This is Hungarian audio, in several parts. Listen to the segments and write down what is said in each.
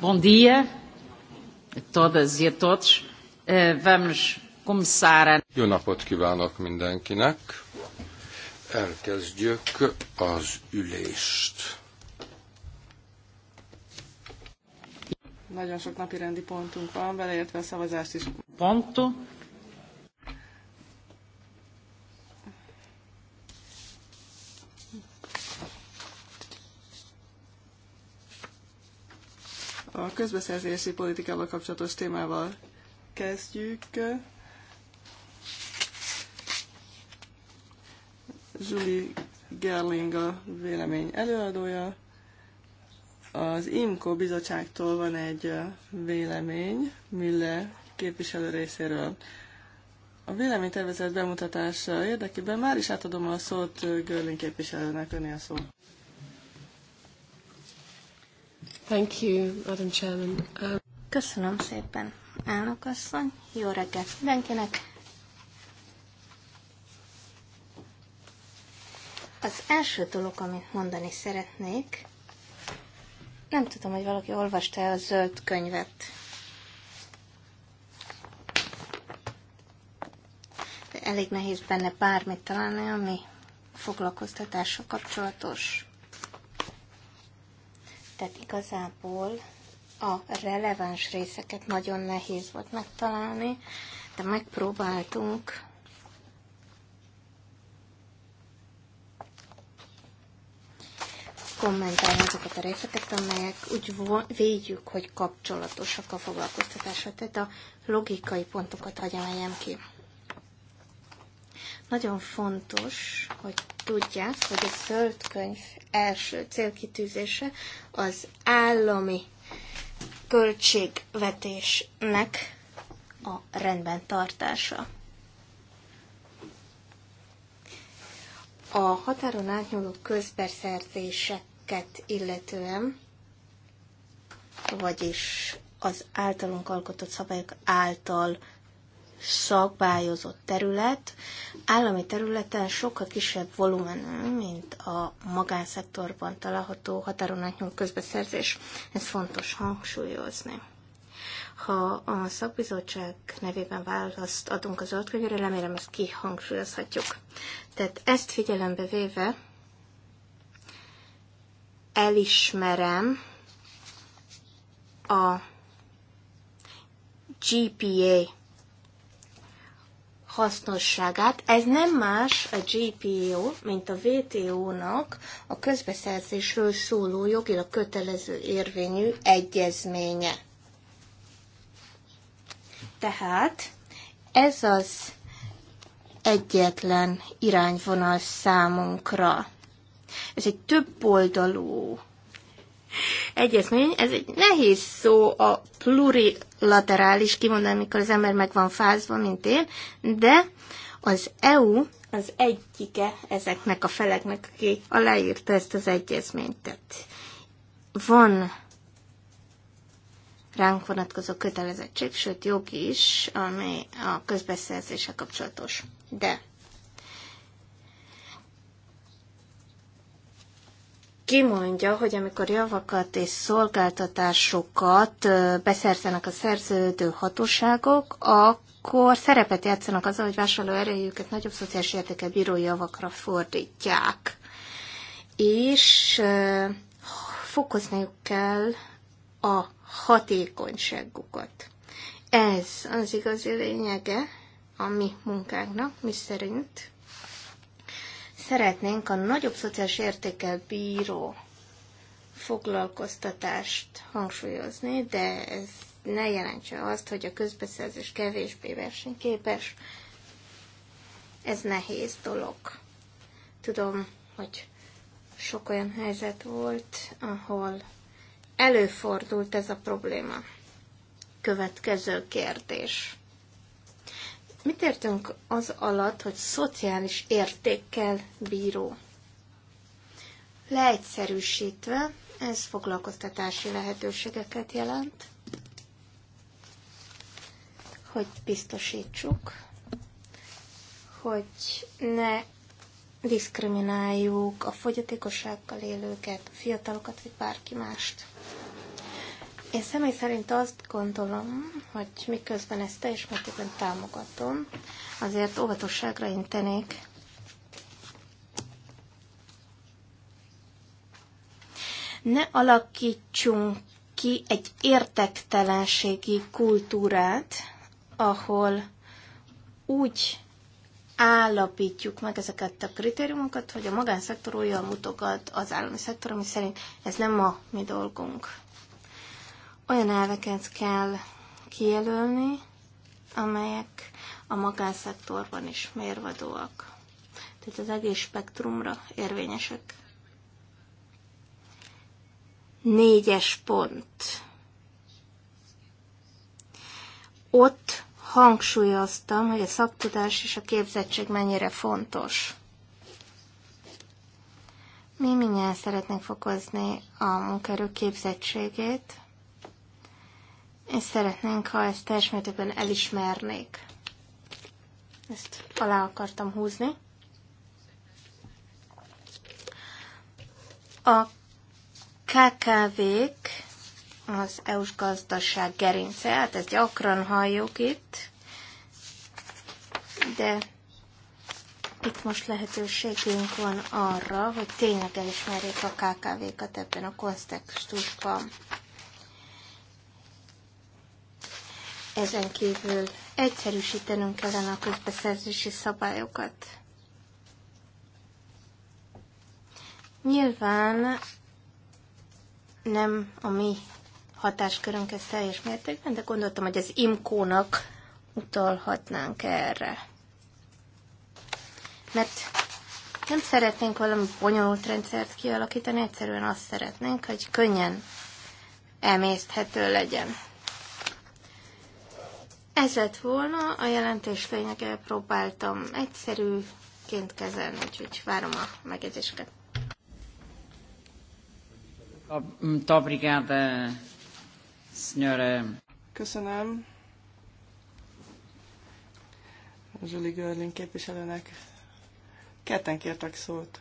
Bom dia a todas e a todos. Eh, vamos começar a... Jó napot kívánok mindenkinek. Elkezdjük az ülést. Nagyon sok napi rendi pontunk van, beleértve a szavazást is. Ponto közbeszerzési politikával kapcsolatos témával kezdjük. Julie Gerling a vélemény előadója. Az IMCO bizottságtól van egy vélemény, Mille képviselő részéről. A véleménytervezet bemutatása érdekében már is átadom a szót Görling képviselőnek, öné a szó. Thank you, Madam Chairman. Um... Köszönöm szépen, elnök asszony. Jó reggelt mindenkinek. Az első dolog, amit mondani szeretnék, nem tudom, hogy valaki olvasta el a zöld könyvet. De elég nehéz benne bármit találni, ami foglalkoztatással kapcsolatos. Tehát igazából a releváns részeket nagyon nehéz volt megtalálni, de megpróbáltunk kommentálni azokat a részeket, amelyek úgy védjük, hogy kapcsolatosak a foglalkoztatásra, tehát a logikai pontokat hagyom ki. Nagyon fontos, hogy tudják, hogy a zöld könyv első célkitűzése az állami költségvetésnek a rendben tartása. A határon átnyúló közbeszerzéseket illetően, vagyis az általunk alkotott szabályok által szabályozott terület, állami területen sokkal kisebb volumenű, mint a magánszektorban található határon átnyúló közbeszerzés. Ez fontos hangsúlyozni. Ha a szakbizottság nevében választ adunk az zöldkönyvre, remélem ezt kihangsúlyozhatjuk. Tehát ezt figyelembe véve elismerem a GPA hasznosságát. Ez nem más a GPO, mint a WTO-nak a közbeszerzésről szóló jogilag kötelező érvényű egyezménye. Tehát ez az egyetlen irányvonal számunkra. Ez egy több oldalú egyezmény. Ez egy nehéz szó a plurilaterális kimondani, amikor az ember meg van fázva, mint én, de az EU az egyike ezeknek a feleknek, aki aláírta ezt az egyezményt. Tehát van ránk vonatkozó kötelezettség, sőt jog is, ami a közbeszerzése kapcsolatos. De kimondja, hogy amikor javakat és szolgáltatásokat beszerzenek a szerződő hatóságok, akkor szerepet játszanak azzal, hogy vásárló erejüket nagyobb szociális értéke bíró javakra fordítják. És fokozniuk kell a hatékonyságukat. Ez az igazi lényege a mi munkánknak, mi szerint szeretnénk a nagyobb szociális értékkel bíró foglalkoztatást hangsúlyozni, de ez ne jelentse azt, hogy a közbeszerzés kevésbé versenyképes. Ez nehéz dolog. Tudom, hogy sok olyan helyzet volt, ahol előfordult ez a probléma. Következő kérdés. Mit értünk az alatt, hogy szociális értékkel bíró? Leegyszerűsítve, ez foglalkoztatási lehetőségeket jelent, hogy biztosítsuk, hogy ne diszkrimináljuk a fogyatékossággal élőket, a fiatalokat, vagy bárki mást. Én személy szerint azt gondolom, hogy miközben ezt teljes mértékben támogatom, azért óvatosságra intenék. Ne alakítsunk ki egy értektelenségi kultúrát, ahol úgy állapítjuk meg ezeket a kritériumokat, hogy a magánszektor olyan mutogat az állami szektor, ami szerint ez nem a mi dolgunk. Olyan elveket kell kijelölni, amelyek a magánszektorban is mérvadóak. Tehát az egész spektrumra érvényesek. Négyes pont. Ott hangsúlyoztam, hogy a szaktudás és a képzettség mennyire fontos. Mi mindjárt szeretnénk fokozni a munkaerő képzettségét, ezt szeretnénk, ha ezt teljes mértékben elismernék. Ezt alá akartam húzni. A KKV-k az EU-s gazdaság gerince, hát ezt gyakran halljuk itt, de itt most lehetőségünk van arra, hogy tényleg elismerjék a KKV-kat ebben a kontextusban. Ezen kívül egyszerűsítenünk kellene a közbeszerzési szabályokat. Nyilván nem a mi hatáskörünk ez teljes mértékben, de gondoltam, hogy az imkónak utalhatnánk erre. Mert nem szeretnénk valami bonyolult rendszert kialakítani, egyszerűen azt szeretnénk, hogy könnyen emészthető legyen. Ez lett volna, a jelentés lényege próbáltam egyszerűként kezelni, úgyhogy várom a megjegyzéseket. Köszönöm. Zsuli Görling képviselőnek. Ketten kértek szót.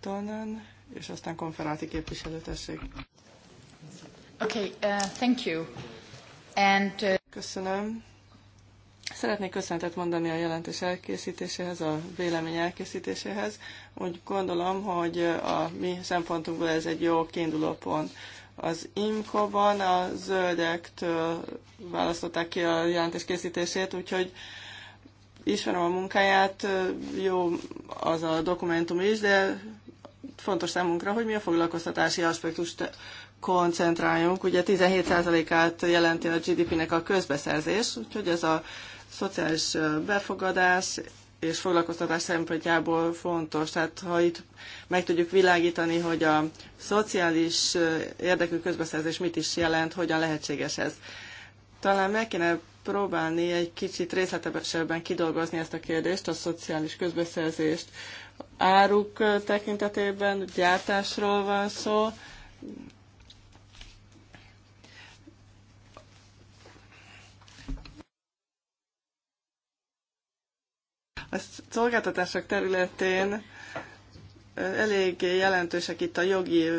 Tonnen, és aztán konferáti képviselő, tessék. Okay, uh, thank you. And, uh... Köszönöm. Szeretnék köszönetet mondani a jelentés elkészítéséhez, a vélemény elkészítéséhez. Úgy gondolom, hogy a mi szempontunkból ez egy jó kiinduló pont. Az IMCO-ban a zöldektől választották ki a jelentés készítését, úgyhogy ismerem a munkáját, jó az a dokumentum is, de fontos számunkra, hogy mi a foglalkoztatási aspektust koncentráljunk. Ugye 17%-át jelenti a GDP-nek a közbeszerzés, úgyhogy ez a szociális befogadás és foglalkoztatás szempontjából fontos. Tehát ha itt meg tudjuk világítani, hogy a szociális érdekű közbeszerzés mit is jelent, hogyan lehetséges ez. Talán meg kéne próbálni egy kicsit részletesebben kidolgozni ezt a kérdést, a szociális közbeszerzést. Áruk tekintetében gyártásról van szó, A szolgáltatások területén elég jelentősek itt a jogi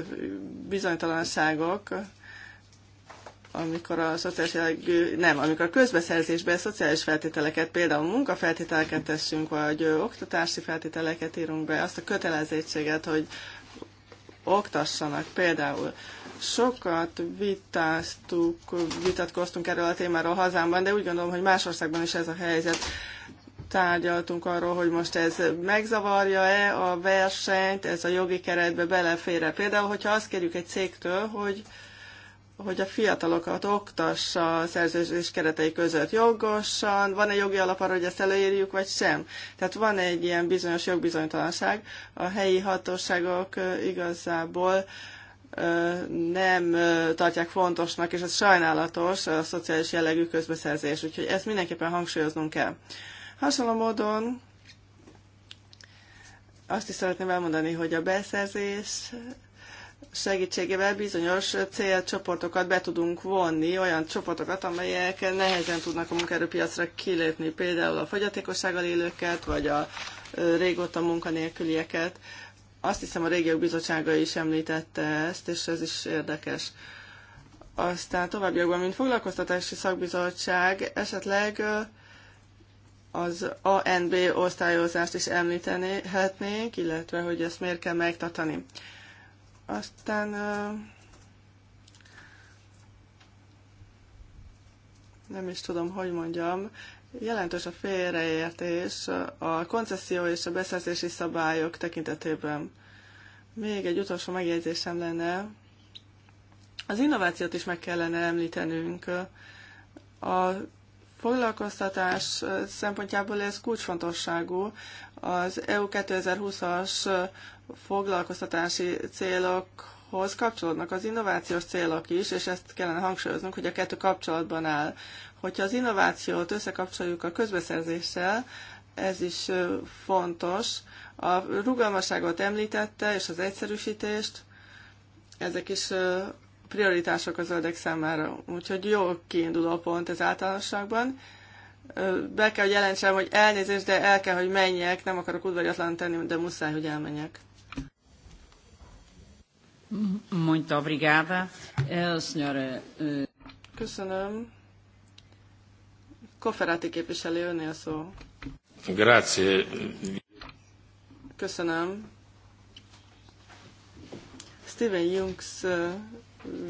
bizonytalanságok, amikor a szociális nem, amikor a közbeszerzésben szociális feltételeket, például munkafeltételeket tessünk, vagy oktatási feltételeket írunk be, azt a kötelezettséget, hogy oktassanak például. Sokat vitáztuk, vitatkoztunk erről a témáról hazámban, de úgy gondolom, hogy más országban is ez a helyzet tárgyaltunk arról, hogy most ez megzavarja-e a versenyt, ez a jogi keretbe belefér-e. Például, hogyha azt kérjük egy cégtől, hogy hogy a fiatalokat oktassa a szerződés keretei között jogosan, van-e jogi alap arra, hogy ezt előírjuk, vagy sem. Tehát van egy ilyen bizonyos jogbizonytalanság. A helyi hatóságok igazából nem tartják fontosnak, és ez sajnálatos a szociális jellegű közbeszerzés, úgyhogy ezt mindenképpen hangsúlyoznunk kell. Hasonló módon azt is szeretném elmondani, hogy a beszerzés segítségével bizonyos célcsoportokat be tudunk vonni, olyan csoportokat, amelyek nehezen tudnak a munkaerőpiacra kilépni, például a fogyatékossággal élőket, vagy a régóta munkanélkülieket. Azt hiszem a régiók bizottsága is említette ezt, és ez is érdekes. Aztán továbbiakban, mint foglalkoztatási szakbizottság, esetleg az ANB osztályozást is említenék, illetve hogy ezt miért kell megtartani. Aztán nem is tudom, hogy mondjam, jelentős a félreértés a koncesszió és a beszerzési szabályok tekintetében. Még egy utolsó megjegyzésem lenne. Az innovációt is meg kellene említenünk. A foglalkoztatás szempontjából ez kulcsfontosságú. Az EU 2020-as foglalkoztatási célokhoz kapcsolódnak az innovációs célok is, és ezt kellene hangsúlyoznunk, hogy a kettő kapcsolatban áll. Hogyha az innovációt összekapcsoljuk a közbeszerzéssel, ez is fontos. A rugalmasságot említette, és az egyszerűsítést, ezek is prioritások a zöldek számára. Úgyhogy jó kiinduló pont ez általánosságban. Be kell, hogy jelentsem, hogy elnézést, de el kell, hogy menjek. Nem akarok udvariatlan tenni, de muszáj, hogy elmenjek. Muito obrigada, senhora. Köszönöm. Koferáti képviselő, önnél szó. Grazie. Köszönöm. Steven Jungs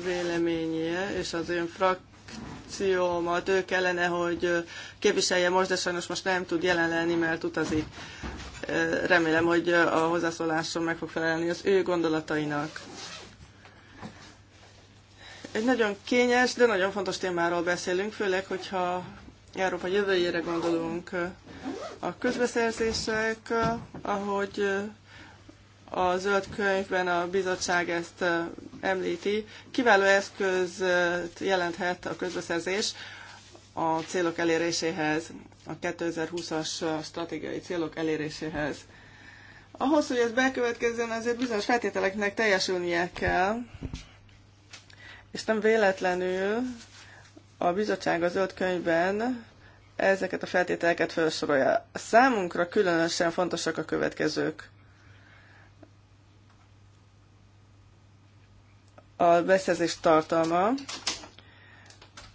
véleménye, és az én frakciómat ő kellene, hogy képviselje most, de sajnos most nem tud jelen lenni, mert utazik. Remélem, hogy a hozzászólásom meg fog felelni az ő gondolatainak. Egy nagyon kényes, de nagyon fontos témáról beszélünk, főleg, hogyha Európa jövőjére gondolunk. A közbeszerzések, ahogy a zöld könyvben a bizottság ezt említi. Kiváló eszköz jelenthet a közbeszerzés a célok eléréséhez, a 2020-as stratégiai célok eléréséhez. Ahhoz, hogy ez bekövetkezzen, azért bizonyos feltételeknek teljesülnie kell, és nem véletlenül a bizottság a zöld könyvben ezeket a feltételeket felsorolja. Számunkra különösen fontosak a következők a beszerzés tartalma.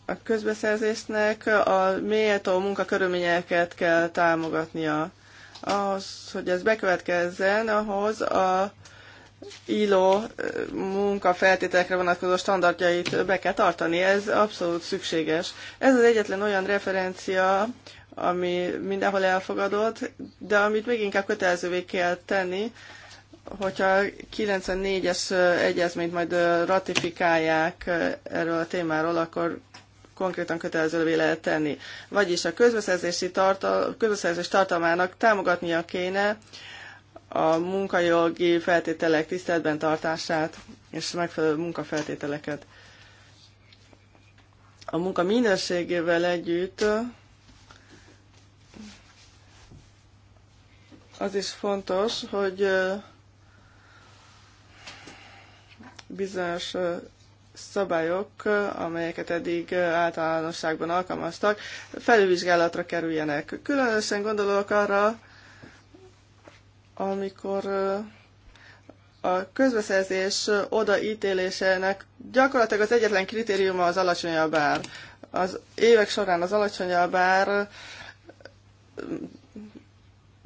A közbeszerzésnek a méltó munkakörülményeket kell támogatnia. Ahhoz, hogy ez bekövetkezzen, ahhoz a ILO eh, munkafeltételekre vonatkozó standardjait be kell tartani. Ez abszolút szükséges. Ez az egyetlen olyan referencia, ami mindenhol elfogadott, de amit még inkább kötelezővé kell tenni, hogyha 94-es egyezményt majd ratifikálják erről a témáról, akkor konkrétan kötelezővé lehet tenni. Vagyis a közbeszerzési tartal, közbeszerzés tartalmának támogatnia kéne a munkajogi feltételek tiszteletben tartását és megfelelő munkafeltételeket. A munka minőségével együtt az is fontos, hogy bizonyos szabályok, amelyeket eddig általánosságban alkalmaztak, felülvizsgálatra kerüljenek. Különösen gondolok arra, amikor a közbeszerzés odaítélésének gyakorlatilag az egyetlen kritériuma az alacsonyabb ár. Az évek során az alacsonyabb ár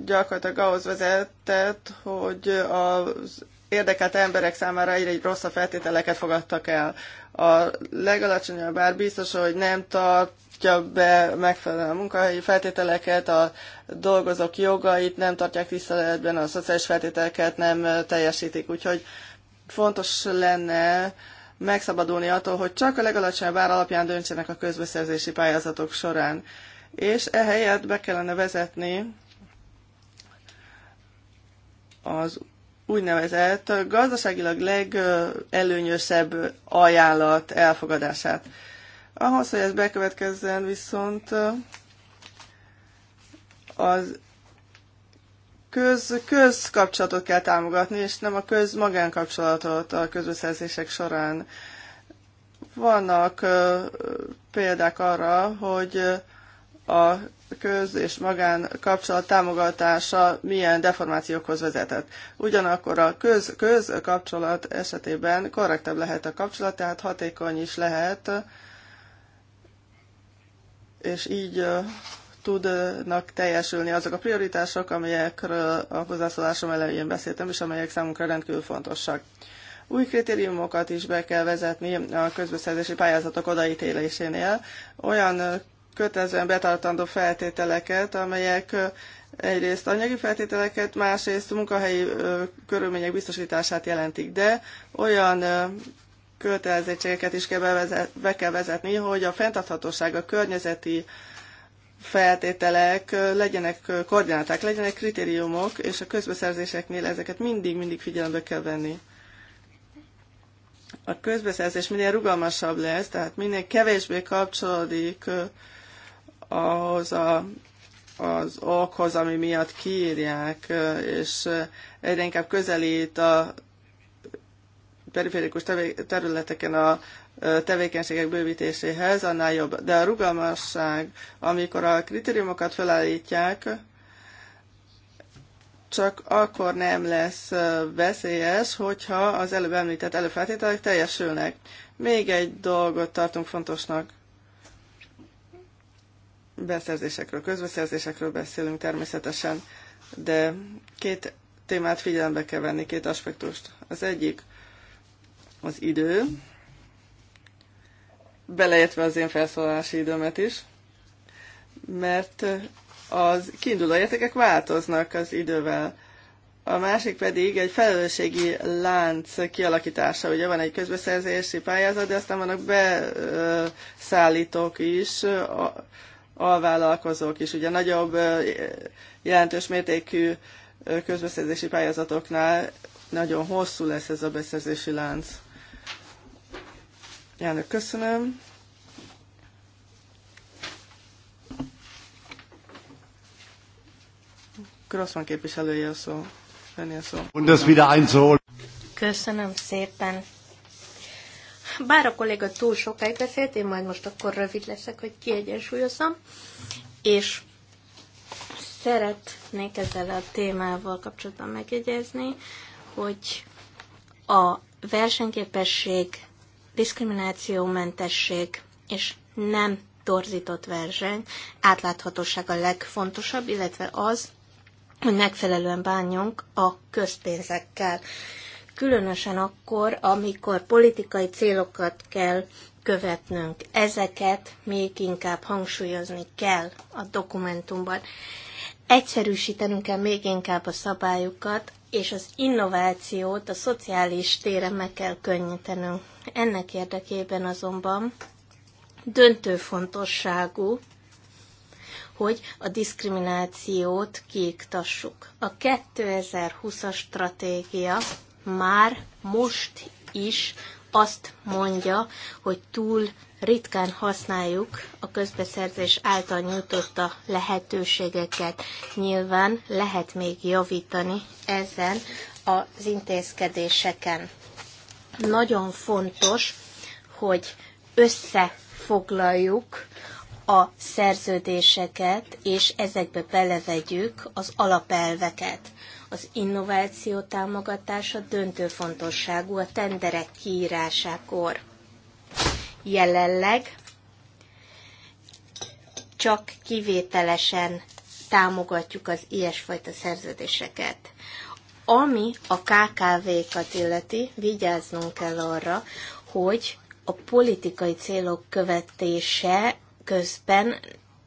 gyakorlatilag ahhoz vezetett, hogy az érdekelt emberek számára egyre egy rosszabb feltételeket fogadtak el. A legalacsonyabb ár biztos, hogy nem tartja be megfelelően a munkahelyi feltételeket, a dolgozók jogait nem tartják tiszteletben, a szociális feltételeket nem teljesítik. Úgyhogy fontos lenne megszabadulni attól, hogy csak a legalacsonyabb ár alapján döntsenek a közbeszerzési pályázatok során. És ehelyett be kellene vezetni az úgynevezett gazdaságilag legelőnyösebb ajánlat elfogadását. Ahhoz, hogy ez bekövetkezzen viszont az köz, közkapcsolatot kell támogatni, és nem a köz-magánkapcsolatot a közbeszerzések során. Vannak példák arra, hogy a köz- és magán kapcsolat támogatása milyen deformációkhoz vezetett. Ugyanakkor a köz, köz kapcsolat esetében korrektebb lehet a kapcsolat, tehát hatékony is lehet, és így tudnak teljesülni azok a prioritások, amelyekről a hozzászólásom elején beszéltem, és amelyek számunkra rendkívül fontosak. Új kritériumokat is be kell vezetni a közbeszerzési pályázatok odaítélésénél. Olyan kötelezően betartandó feltételeket, amelyek egyrészt anyagi feltételeket, másrészt munkahelyi körülmények biztosítását jelentik, de olyan kötelezettségeket is kell bevezet, be kell vezetni, hogy a fenntarthatóság, a környezeti feltételek legyenek koordináták, legyenek kritériumok, és a közbeszerzéseknél ezeket mindig-mindig figyelembe kell venni. A közbeszerzés minél rugalmasabb lesz, tehát minél kevésbé kapcsolódik ahhoz a, az okhoz, ami miatt kiírják, és egyre inkább közelít a periférikus területeken a tevékenységek bővítéséhez, annál jobb. De a rugalmasság, amikor a kritériumokat felállítják, csak akkor nem lesz veszélyes, hogyha az előbb említett előfeltételek teljesülnek. Még egy dolgot tartunk fontosnak beszerzésekről, közbeszerzésekről beszélünk természetesen, de két témát figyelembe kell venni, két aspektust. Az egyik az idő, beleértve az én felszólalási időmet is, mert az kiinduló értékek változnak az idővel. A másik pedig egy felelősségi lánc kialakítása. Ugye van egy közbeszerzési pályázat, de aztán vannak beszállítók is, alvállalkozók is. Ugye nagyobb, jelentős mértékű közbeszerzési pályázatoknál nagyon hosszú lesz ez a beszerzési lánc. Jánok, köszönöm. Grossman képviselője a szó. Köszönöm szépen. Bár a kolléga túl sokáig beszélt, én majd most akkor rövid leszek, hogy kiegyensúlyozom, és szeretnék ezzel a témával kapcsolatban megjegyezni, hogy a versenyképesség, diszkriminációmentesség és nem torzított verseny, átláthatóság a legfontosabb, illetve az, hogy megfelelően bánjunk a közpénzekkel különösen akkor, amikor politikai célokat kell követnünk. Ezeket még inkább hangsúlyozni kell a dokumentumban. Egyszerűsítenünk kell még inkább a szabályokat, és az innovációt a szociális téren meg kell könnyítenünk. Ennek érdekében azonban döntő fontosságú, hogy a diszkriminációt kiiktassuk. A 2020-as stratégia már most is azt mondja, hogy túl ritkán használjuk a közbeszerzés által nyújtotta lehetőségeket. Nyilván lehet még javítani ezen az intézkedéseken. Nagyon fontos, hogy összefoglaljuk a szerződéseket, és ezekbe belevegyük az alapelveket az innováció támogatása döntő fontosságú a tenderek kiírásakor. Jelenleg csak kivételesen támogatjuk az ilyesfajta szerződéseket. Ami a KKV-kat illeti, vigyáznunk kell arra, hogy a politikai célok követése közben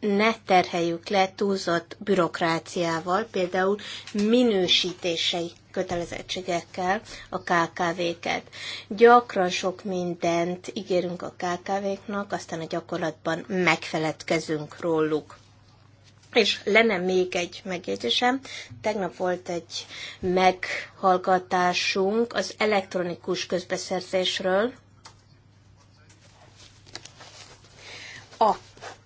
ne terheljük le túlzott bürokráciával, például minősítései kötelezettségekkel a KKV-ket. Gyakran sok mindent ígérünk a KKV-knak, aztán a gyakorlatban megfeledkezünk róluk. És lenne még egy megjegyzésem. Tegnap volt egy meghallgatásunk az elektronikus közbeszerzésről. A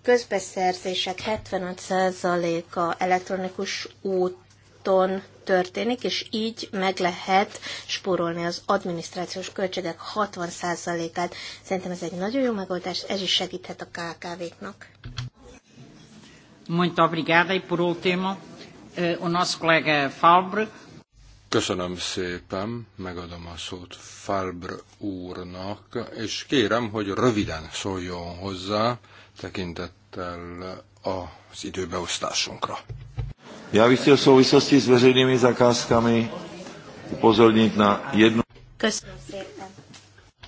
közbeszerzések 75%-a elektronikus úton történik, és így meg lehet spórolni az adminisztrációs költségek 60%-át. Szerintem ez egy nagyon jó megoldás, ez is segíthet a KKV-knak. Muito obrigada e por último, eh, o nosso colega Falbr. Köszönöm szépen, megadom a szót Falbr úrnak, és kérem, hogy röviden szóljon hozzá, tekintettel az időbeosztásunkra. Já bych chtěl v souvislosti s veřejnými zakázkami upozornit na jednu... Köszönöm szépen.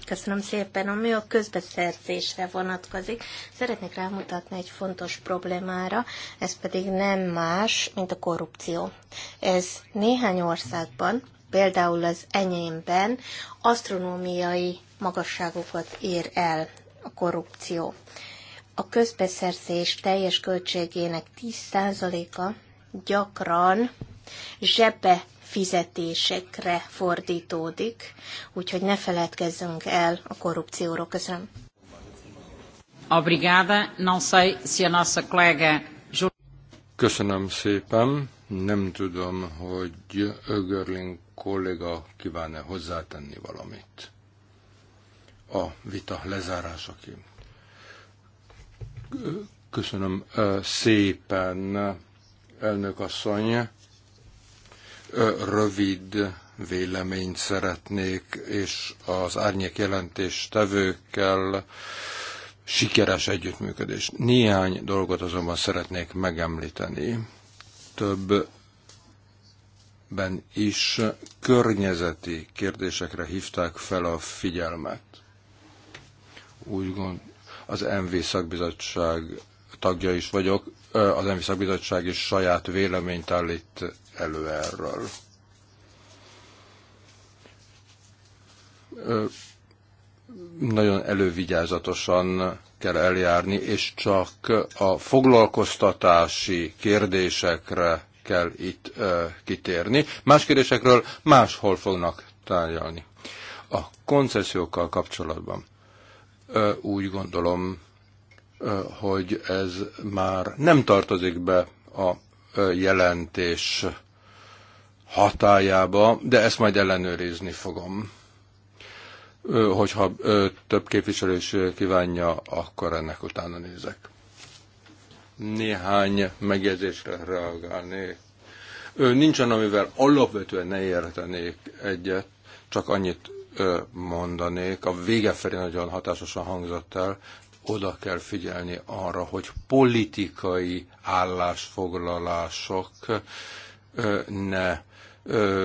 Köszönöm szépen. Ami a közbeszerzésre vonatkozik, szeretnék rámutatni egy fontos problémára, ez pedig nem más, mint a korrupció. Ez néhány országban, például az enyémben, asztronómiai magasságokat ér el a korrupció a közbeszerzés teljes költségének 10%-a gyakran zsebe fizetésekre fordítódik, úgyhogy ne feledkezzünk el a korrupcióról. Köszönöm. Obrigada. Não sei se a nossa colega... Köszönöm szépen. Nem tudom, hogy Ögörling kolléga kíván-e hozzátenni valamit a vita lezárásaként. Köszönöm szépen, elnök asszony. Rövid véleményt szeretnék, és az árnyék tevőkkel sikeres együttműködés. Néhány dolgot azonban szeretnék megemlíteni. Többben is környezeti kérdésekre hívták fel a figyelmet. Úgy gond, az MV szakbizottság tagja is vagyok, az MV szakbizottság is saját véleményt állít elő erről. Nagyon elővigyázatosan kell eljárni, és csak a foglalkoztatási kérdésekre kell itt kitérni. Más kérdésekről máshol fognak tárgyalni. A koncesziókkal kapcsolatban úgy gondolom, hogy ez már nem tartozik be a jelentés hatájába, de ezt majd ellenőrizni fogom. Hogyha több képviselő is kívánja, akkor ennek utána nézek. Néhány megjegyzésre reagálnék. Nincsen, amivel alapvetően ne értenék egyet, csak annyit mondanék. A vége felé nagyon hatásosan hangzott el, oda kell figyelni arra, hogy politikai állásfoglalások ne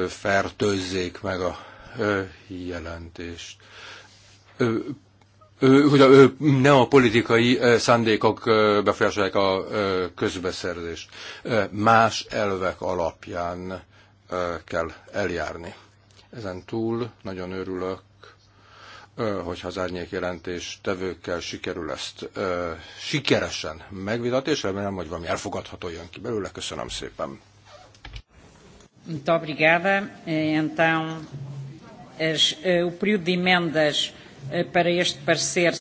fertőzzék meg a jelentést. Hogy a, ne a politikai szándékok befolyásolják a közbeszerzést. Más elvek alapján kell eljárni. Ezen túl nagyon örülök, hogy az árnyék jelentés tevőkkel sikerül ezt sikeresen megvitatni, és remélem, hogy valami elfogadható jön ki belőle. Köszönöm szépen. Muito obrigada. E, então, eh, o período de emendas eh, para este parecer.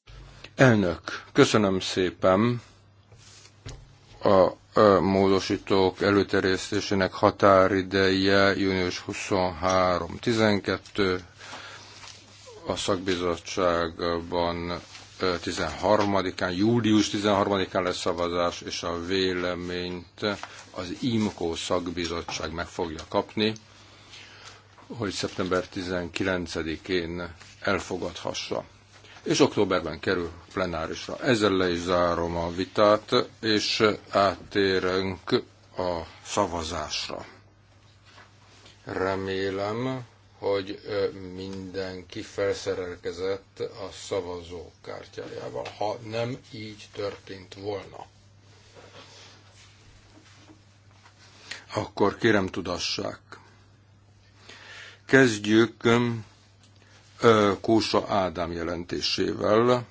Elnök, köszönöm szépen. A módosítók előterjesztésének határideje június 23-12, a szakbizottságban 13-án, július 13-án lesz szavazás, és a véleményt az IMKO szakbizottság meg fogja kapni, hogy szeptember 19-én elfogadhassa és októberben kerül plenárisra. Ezzel le is zárom a vitát, és áttérünk a szavazásra. Remélem, hogy mindenki felszerelkezett a szavazókártyájával, ha nem így történt volna. Akkor kérem tudassák. Kezdjük Kósa Ádám jelentésével,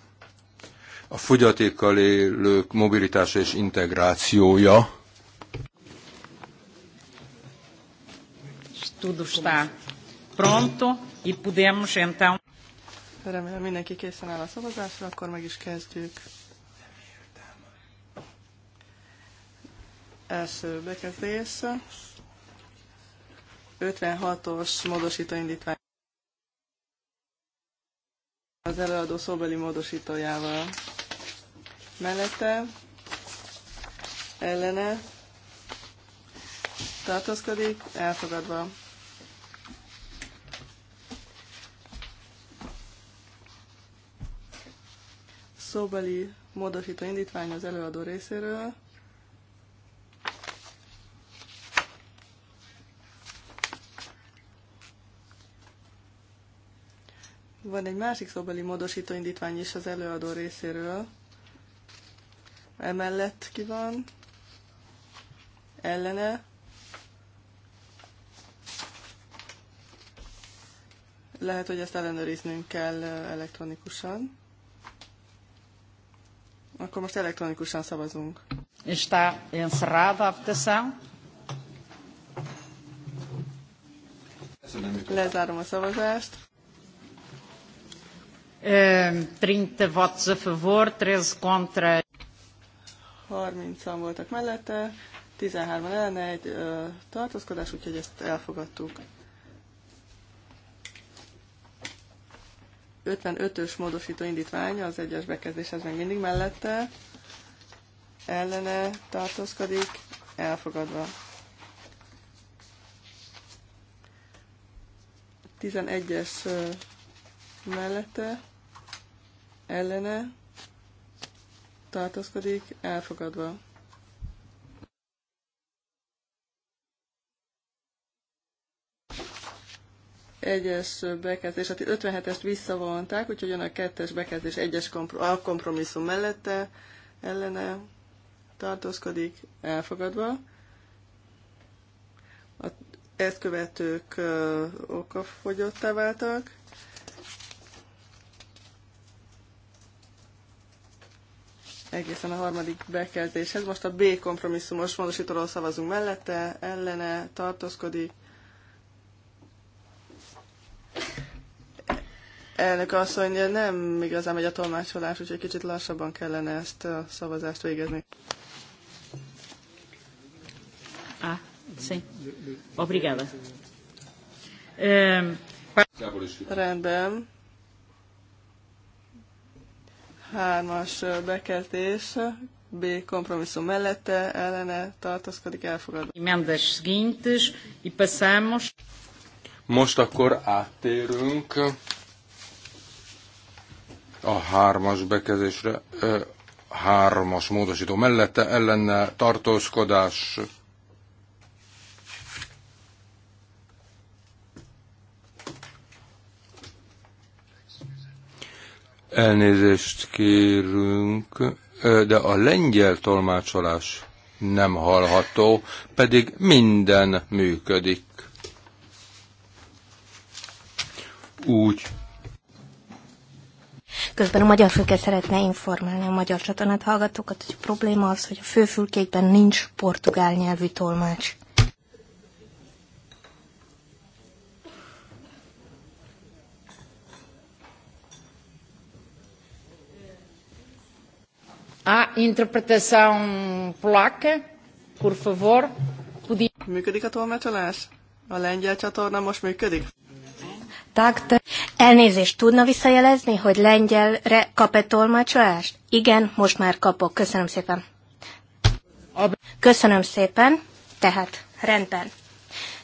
a fogyatékkal élők mobilitása és integrációja. Tudo está pronto e podemos então... Remélem mindenki készen áll a szavazásra, akkor meg is kezdjük. Első bekezdés. 56-os módosító indítvány az előadó szóbeli módosítójával. Mellette, ellene, tartózkodik, elfogadva. Szóbeli módosító indítvány az előadó részéről. Van egy másik szóbeli módosító indítvány is az előadó részéről. Emellett ki van? Ellene? Lehet, hogy ezt ellenőriznünk kell elektronikusan. Akkor most elektronikusan szavazunk. Está encerrada a votação. Lezárom a szavazást. 30 ehm, votos a favor, 13 contra. 30-an voltak mellette, 13-an ellene egy ö, tartózkodás, úgyhogy ezt elfogadtuk. 55-ös módosító indítvány az egyes bekezdéshez még mindig mellette, ellene tartózkodik, elfogadva. 11-es mellette ellene tartózkodik, elfogadva. Egyes bekezdés, hát 57-est visszavonták, úgyhogy jön a kettes bekezdés egyes komprom- kompromisszum mellette, ellene tartózkodik, elfogadva. A ezt követők ö, okafogyottá váltak. egészen a harmadik bekezdéshez. Most a B kompromisszumos módosítóról szavazunk mellette, ellene tartózkodik. Elnök azt mondja, nem igazán megy a tolmácsolás, úgyhogy kicsit lassabban kellene ezt a szavazást végezni. Ah, sí. Obrigada. Um, Rendben hármas bekezdés, B kompromisszum mellette, ellene tartozkodik elfogadva. Mendes szintes, e passamos. Most akkor áttérünk a hármas bekezdésre, hármas módosító mellette, ellene tartózkodás Elnézést kérünk, de a lengyel tolmácsolás nem hallható, pedig minden működik. Úgy. Közben a magyar fülke szeretne informálni a magyar csatornát hallgatókat, hogy a probléma az, hogy a főfülkékben nincs portugál nyelvű tolmács. Há interpretação polaca, por favor. Podia... Működik a tolmácsolás? A lengyel csatorna most működik? Tak, te... Elnézést, tudna visszajelezni, hogy lengyelre kap-e tolmácsolást? Igen, most már kapok. Köszönöm szépen. Köszönöm szépen. Tehát, rendben.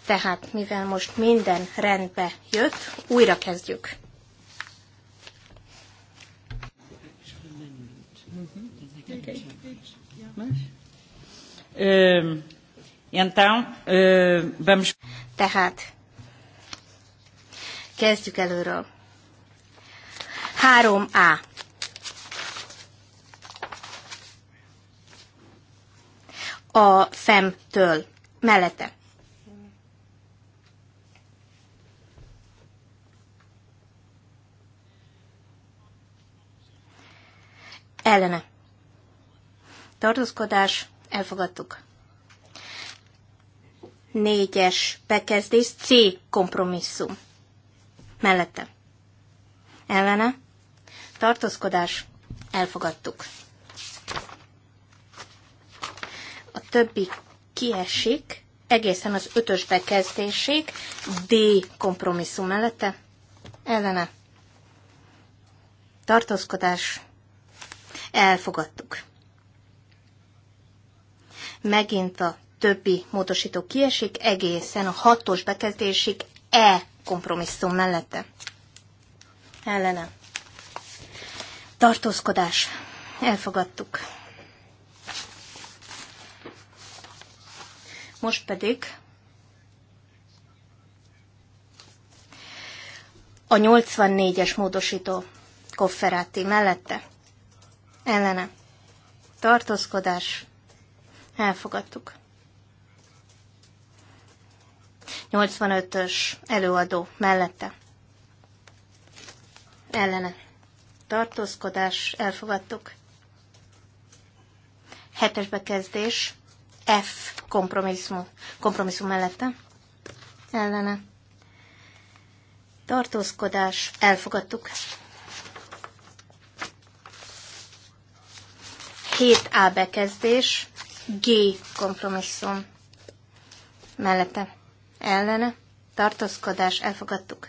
Tehát, mivel most minden rendbe jött, újra kezdjük. Ok. Mas, uh, então, uh, vamos... Tehát, kezdjük előről. 3A. A femtől, mellette. Ellene tartózkodás, elfogadtuk. Négyes bekezdés, C kompromisszum. Mellette. Ellene, tartózkodás, elfogadtuk. A többi kiesik, egészen az ötös bekezdésig, D kompromisszum mellette, ellene, tartózkodás, elfogadtuk megint a többi módosító kiesik, egészen a hatos bekezdésig E kompromisszum mellette. Ellene. Tartózkodás. Elfogadtuk. Most pedig a 84-es módosító kofferáti mellette. Ellene. Tartózkodás. Elfogadtuk. 85-ös előadó mellette. Ellene. Tartózkodás. Elfogadtuk. 7 bekezdés. F kompromisszum, kompromisszum mellette. Ellene. Tartózkodás. Elfogadtuk. 7A bekezdés. G kompromisszum mellette ellene tartózkodás elfogadtuk.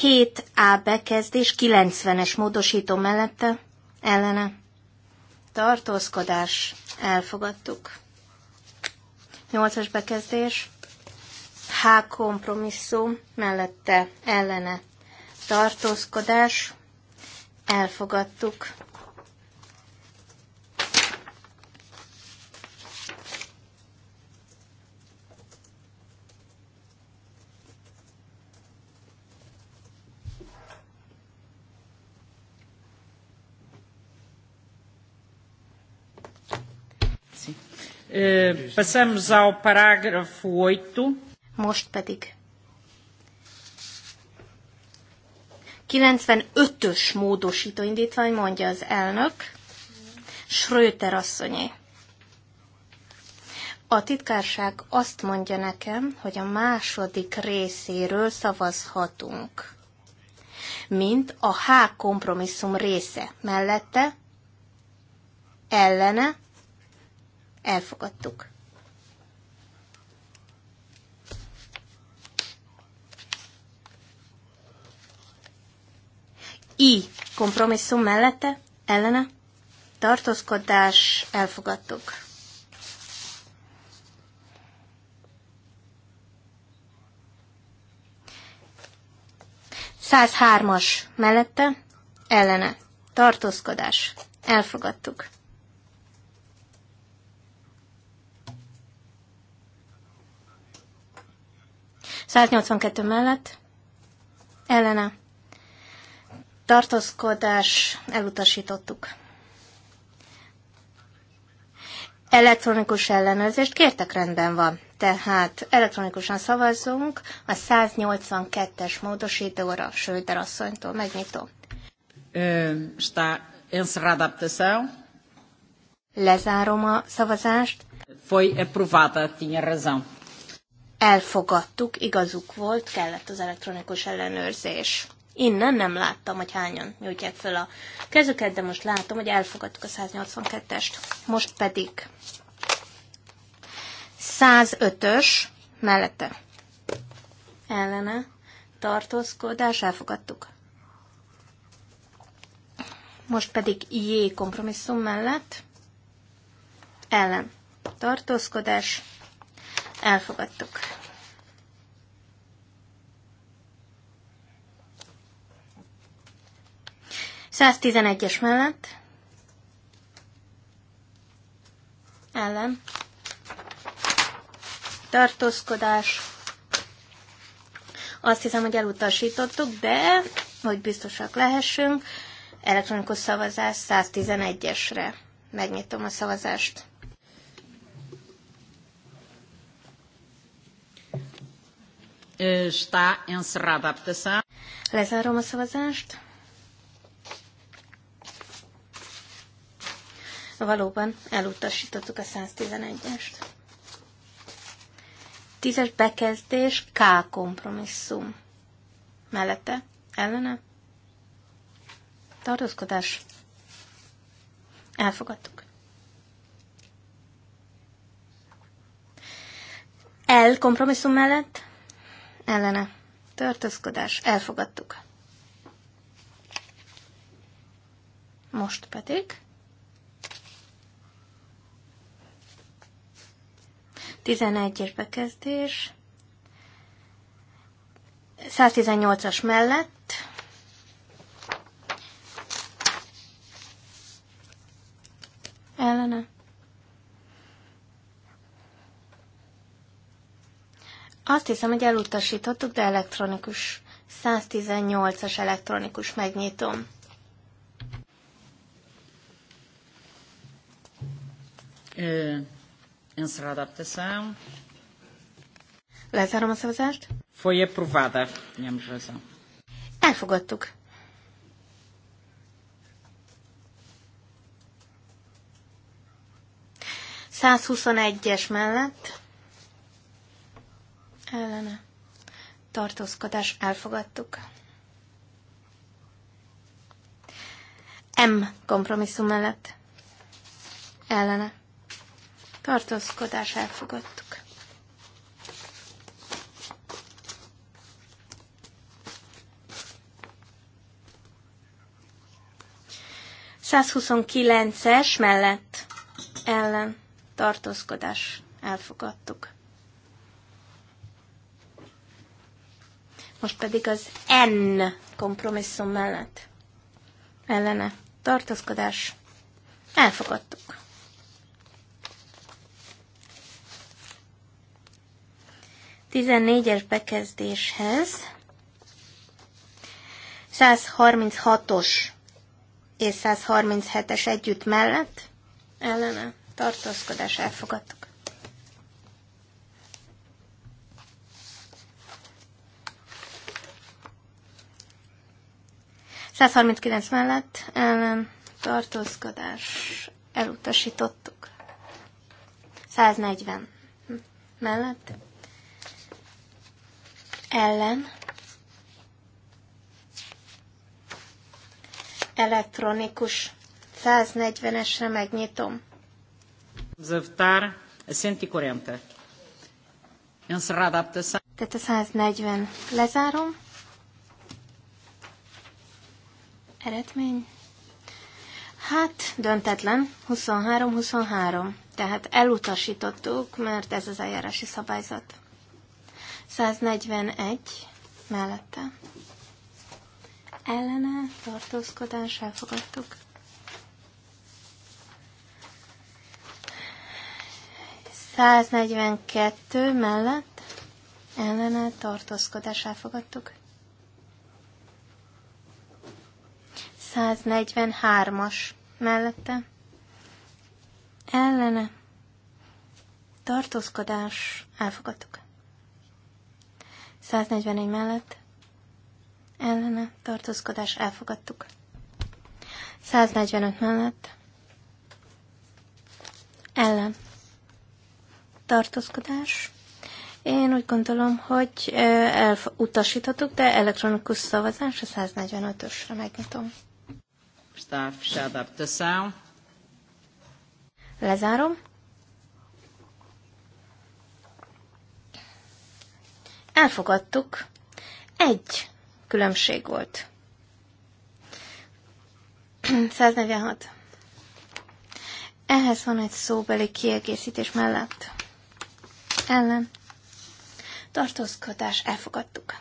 Hét A bekezdés 90-es módosító mellette ellene tartózkodás elfogadtuk. 8-as bekezdés H kompromisszum mellette ellene tartózkodás Elfogadtuk. Eh, passamos ao parágrafo 8. Most pedig 95-ös módosító indítvány, mondja az elnök, Schröter asszonyé. A titkárság azt mondja nekem, hogy a második részéről szavazhatunk, mint a H kompromisszum része. Mellette, ellene, elfogadtuk. I kompromisszum mellette, ellene, tartózkodás, elfogadtuk. Százhármas mellette, ellene, tartózkodás, elfogadtuk. Száznyolcvankettő mellett, ellene, tartózkodás elutasítottuk. Elektronikus ellenőrzést kértek, rendben van. Tehát elektronikusan szavazzunk a 182-es módosítóra, Söder asszonytól. Megnyitom. Está encerrada a votação. Lezárom a szavazást. Foi aprovada, tinha razão. Elfogadtuk, igazuk volt, kellett az elektronikus ellenőrzés. Innen nem láttam, hogy hányan nyújtják föl a kezüket, de most látom, hogy elfogadtuk a 182-est. Most pedig 105-ös mellette ellene tartózkodás elfogadtuk. Most pedig J kompromisszum mellett ellen tartózkodás elfogadtuk. 111-es mellett ellen tartózkodás. Azt hiszem, hogy elutasítottuk, de hogy biztosak lehessünk, elektronikus szavazás 111-esre. Megnyitom a szavazást. Está encerrada a votação. Lezárom a szavazást. valóban elutasítottuk a 111-est. Tízes bekezdés, K kompromisszum. Mellette, ellene, tartózkodás. Elfogadtuk. El kompromisszum mellett, ellene, tartózkodás. Elfogadtuk. Most pedig 11-es bekezdés, 118-as mellett, ellene. Azt hiszem, hogy elutasítottuk, de elektronikus. 118-as elektronikus megnyitom. Ö, Encerra a adaptação. Lezárom a szavazást. Foi aprovada. Tínhamos razão. Elfogadtuk. es mellett ellene tartózkodás elfogadtuk. M kompromisszum mellett ellene tartózkodás elfogadtuk. es mellett ellen tartózkodás elfogadtuk. Most pedig az N kompromisszum mellett ellene tartózkodás elfogadtuk. 14-es bekezdéshez 136-os és 137-es együtt mellett ellene tartózkodás elfogadtuk. kilenc mellett ellen tartózkodás elutasítottuk. 140 mellett ellen elektronikus 140-esre megnyitom. Zövtár 140. Encerrada a Tehát a 140 lezárom. Eredmény. Hát, döntetlen, 23-23. Tehát elutasítottuk, mert ez az eljárási szabályzat. 141 mellette. Ellene tartózkodás elfogadtuk. 142 mellett ellene tartózkodás elfogadtuk. 143-as mellette ellene tartózkodás elfogadtuk. 141 mellett ellene tartózkodás elfogadtuk. 145 mellett ellen tartózkodás. Én úgy gondolom, hogy elutasíthatok, de elektronikus szavazás a 145-ösre megnyitom. Lezárom. elfogadtuk. Egy különbség volt. 146. Ehhez van egy szóbeli kiegészítés mellett. Ellen. Tartózkodás elfogadtuk.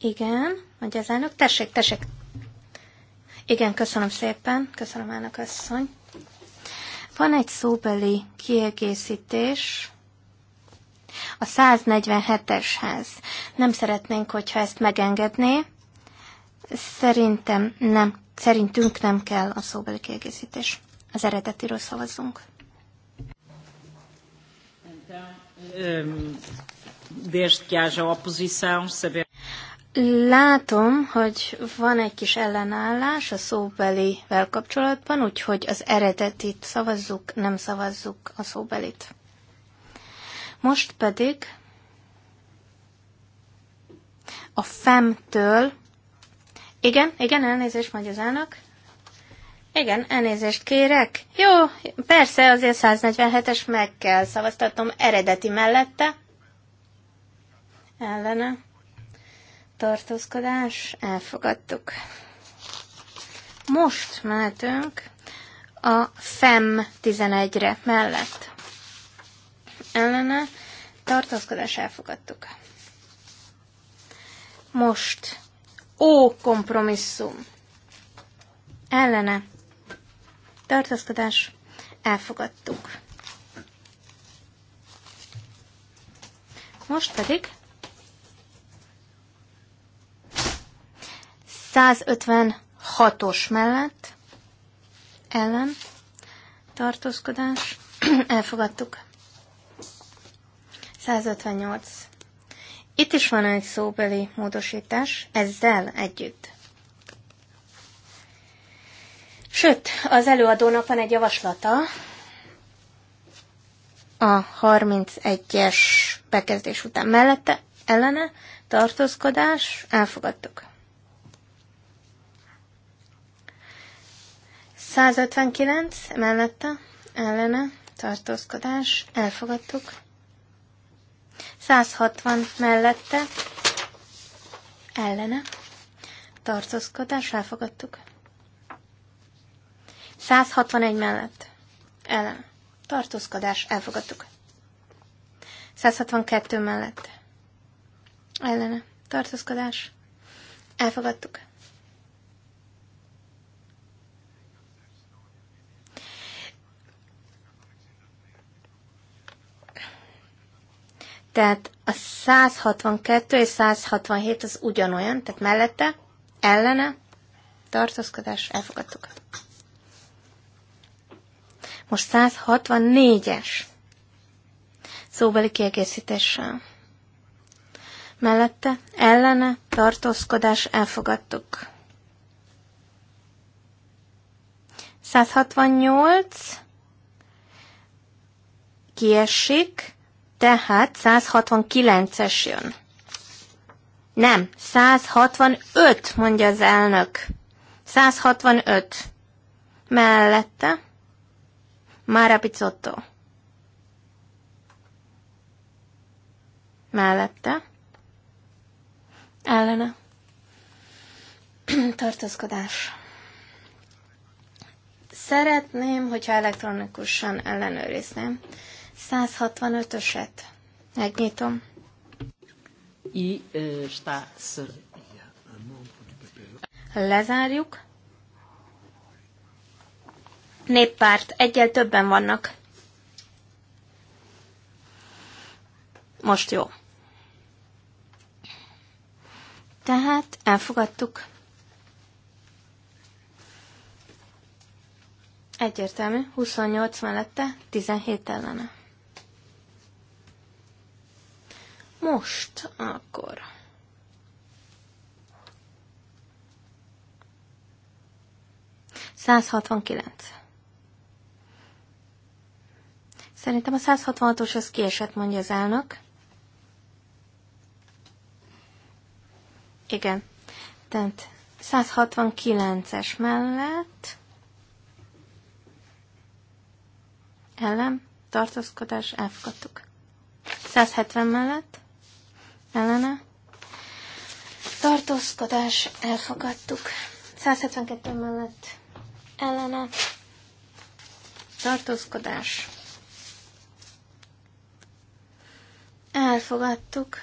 Igen, mondja az elnök. Tessék, tessék. Igen, köszönöm szépen. Köszönöm, elnök asszony. Van egy szóbeli kiegészítés a 147-eshez. Nem szeretnénk, hogyha ezt megengedné. Szerintem nem, szerintünk nem kell a szóbeli kiegészítés. Az eredetiről szavazzunk. Desde que haja oposição, saber Látom, hogy van egy kis ellenállás a szóbelivel kapcsolatban, úgyhogy az eredetit szavazzuk, nem szavazzuk a szóbelit. Most pedig a femtől. igen, igen, elnézést mondja az elnök, igen, elnézést kérek. Jó, persze, azért 147-es meg kell szavaztatnom eredeti mellette. Ellene tartózkodás, elfogadtuk. Most mehetünk a FEM 11-re mellett. Ellene tartózkodás elfogadtuk. Most ó kompromisszum. Ellene tartózkodás elfogadtuk. Most pedig 156-os mellett ellen tartózkodás. Elfogadtuk. 158. Itt is van egy szóbeli módosítás, ezzel együtt. Sőt, az előadónak van egy javaslata a 31-es bekezdés után mellette ellene tartózkodás, elfogadtuk. 159 mellette, ellene, tartózkodás, elfogadtuk. 160 mellette, ellene, tartózkodás, elfogadtuk. 161 mellett, ellen, tartózkodás, elfogadtuk. 162 mellett, ellene, tartózkodás, elfogadtuk. Tehát a 162 és 167 az ugyanolyan, tehát mellette, ellene, tartózkodás, elfogadtuk. Most 164-es szóbeli kiegészítéssel. Mellette, ellene, tartózkodás, elfogadtuk. 168 kiesik, tehát 169-es jön. Nem, 165, mondja az elnök. 165. Mellette. Mára Picotto. Mellette. Ellene. Tartózkodás. Szeretném, hogyha elektronikusan ellenőrizném. 165-öset. Megnyitom. I, está Lezárjuk. Néppárt, egyel többen vannak. Most jó. Tehát elfogadtuk. Egyértelmű, 28 mellette, 17 ellene. Most akkor. Százhatvankilenc. Szerintem a 166-os az kiesett, mondja az elnök. Igen. Tehát 169-es mellett ellen tartózkodás elfogadtuk. 170 mellett ellene. Tartózkodás, elfogadtuk. 172 mellett ellene. Tartózkodás. Elfogadtuk.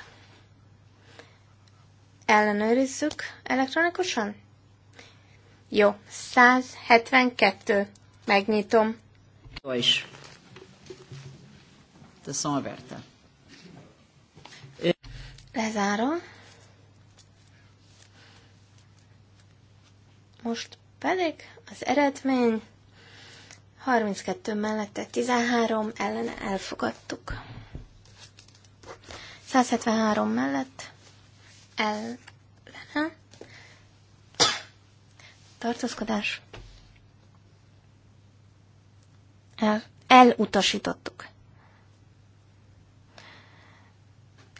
Ellenőrizzük elektronikusan? Jó, 172. Megnyitom. Jó is. De szóval Lezárom. Most pedig az eredmény 32 mellette 13 ellene elfogadtuk. 173 mellett ellene tartózkodás el, elutasítottuk.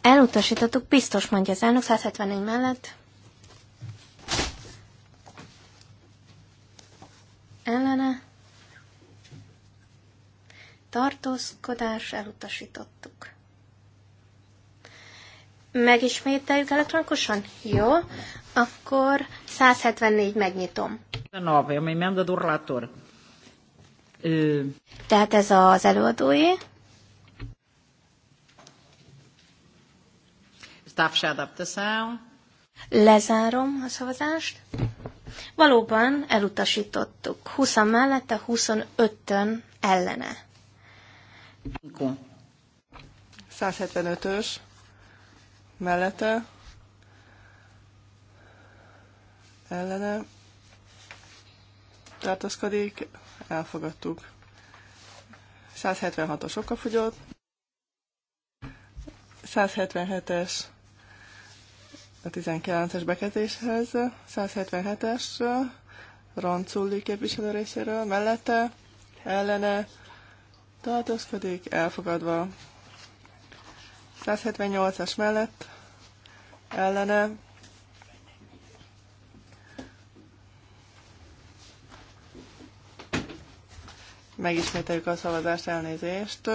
Elutasítottuk, biztos mondja az elnök, 174 mellett. Ellene. Tartózkodás, elutasítottuk. Megismételjük elektronikusan? Jó, akkor 174 megnyitom. ami menda do relator. Tehát ez az előadói. shut up the sound. Lezárom a szavazást. Valóban elutasítottuk. 20 mellette, 25-ön ellene. 175-ös mellette, ellene tartozkodik, elfogadtuk. 176-os okafogyott, 177-es a 19-es bekezéshez, 177-es Ranculli képviselő részéről, mellette, ellene, tartózkodik, elfogadva. 178-as mellett, ellene, megismételjük a szavazást, elnézést.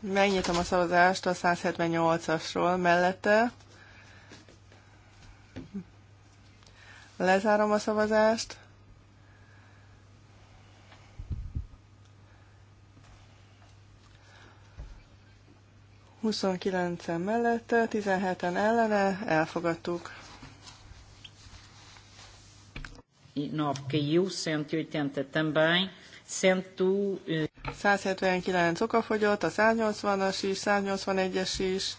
Megnyitom a szavazást a 178-asról mellette, Lezárom a szavazást. Huszonkilencen mellette, 17 ellene, elfogadtuk. No, que eu Szent Tú... 179 okafogyott, a 180-as is, 181-es is,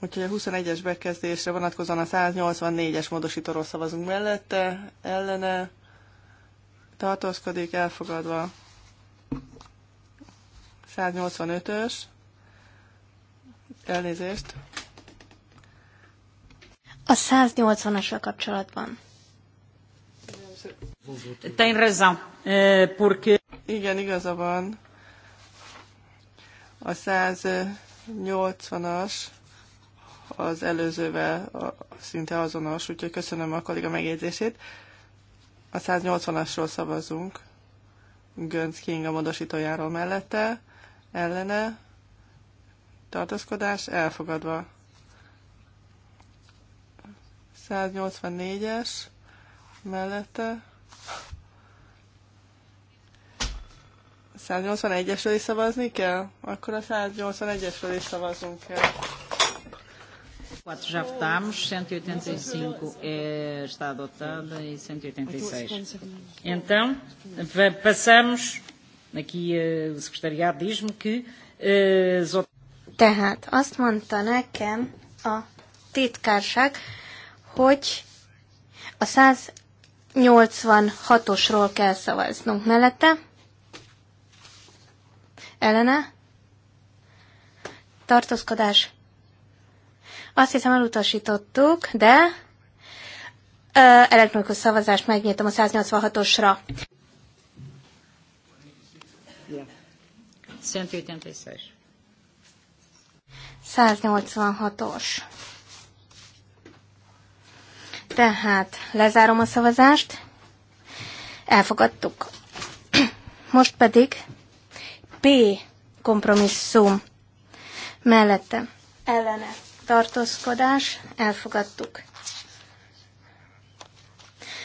Úgyhogy a 21-es bekezdésre vonatkozóan a 184-es módosítóról szavazunk mellette, ellene tartózkodik, elfogadva. 185-ös. Elnézést. A 180-asra kapcsolatban. Tem razão, eh, porque... Igen, igaza van. A 180-as az előzővel szinte azonos, úgyhogy köszönöm a kolléga megjegyzését. A 180-asról szavazunk. Gönc King a módosítójáról mellette, ellene, tartózkodás elfogadva. 184-es mellette. 181-esről is szavazni kell? Akkor a 181-esről is szavazunk kell. 184 já votámos, 185 e e é, está adotada e 186. E então, passamos, aqui eh, o secretariado diz-me que... Uh, Tehát azt mondta nekem a titkárság, hogy a 186-osról kell szavaznunk mellette. Ellene? Tartózkodás azt hiszem elutasítottuk, de elektronikus szavazást megnyitom a 186-osra. 186 186-os. Tehát lezárom a szavazást. Elfogadtuk. Most pedig P kompromisszum mellette ellene tartózkodás, elfogadtuk.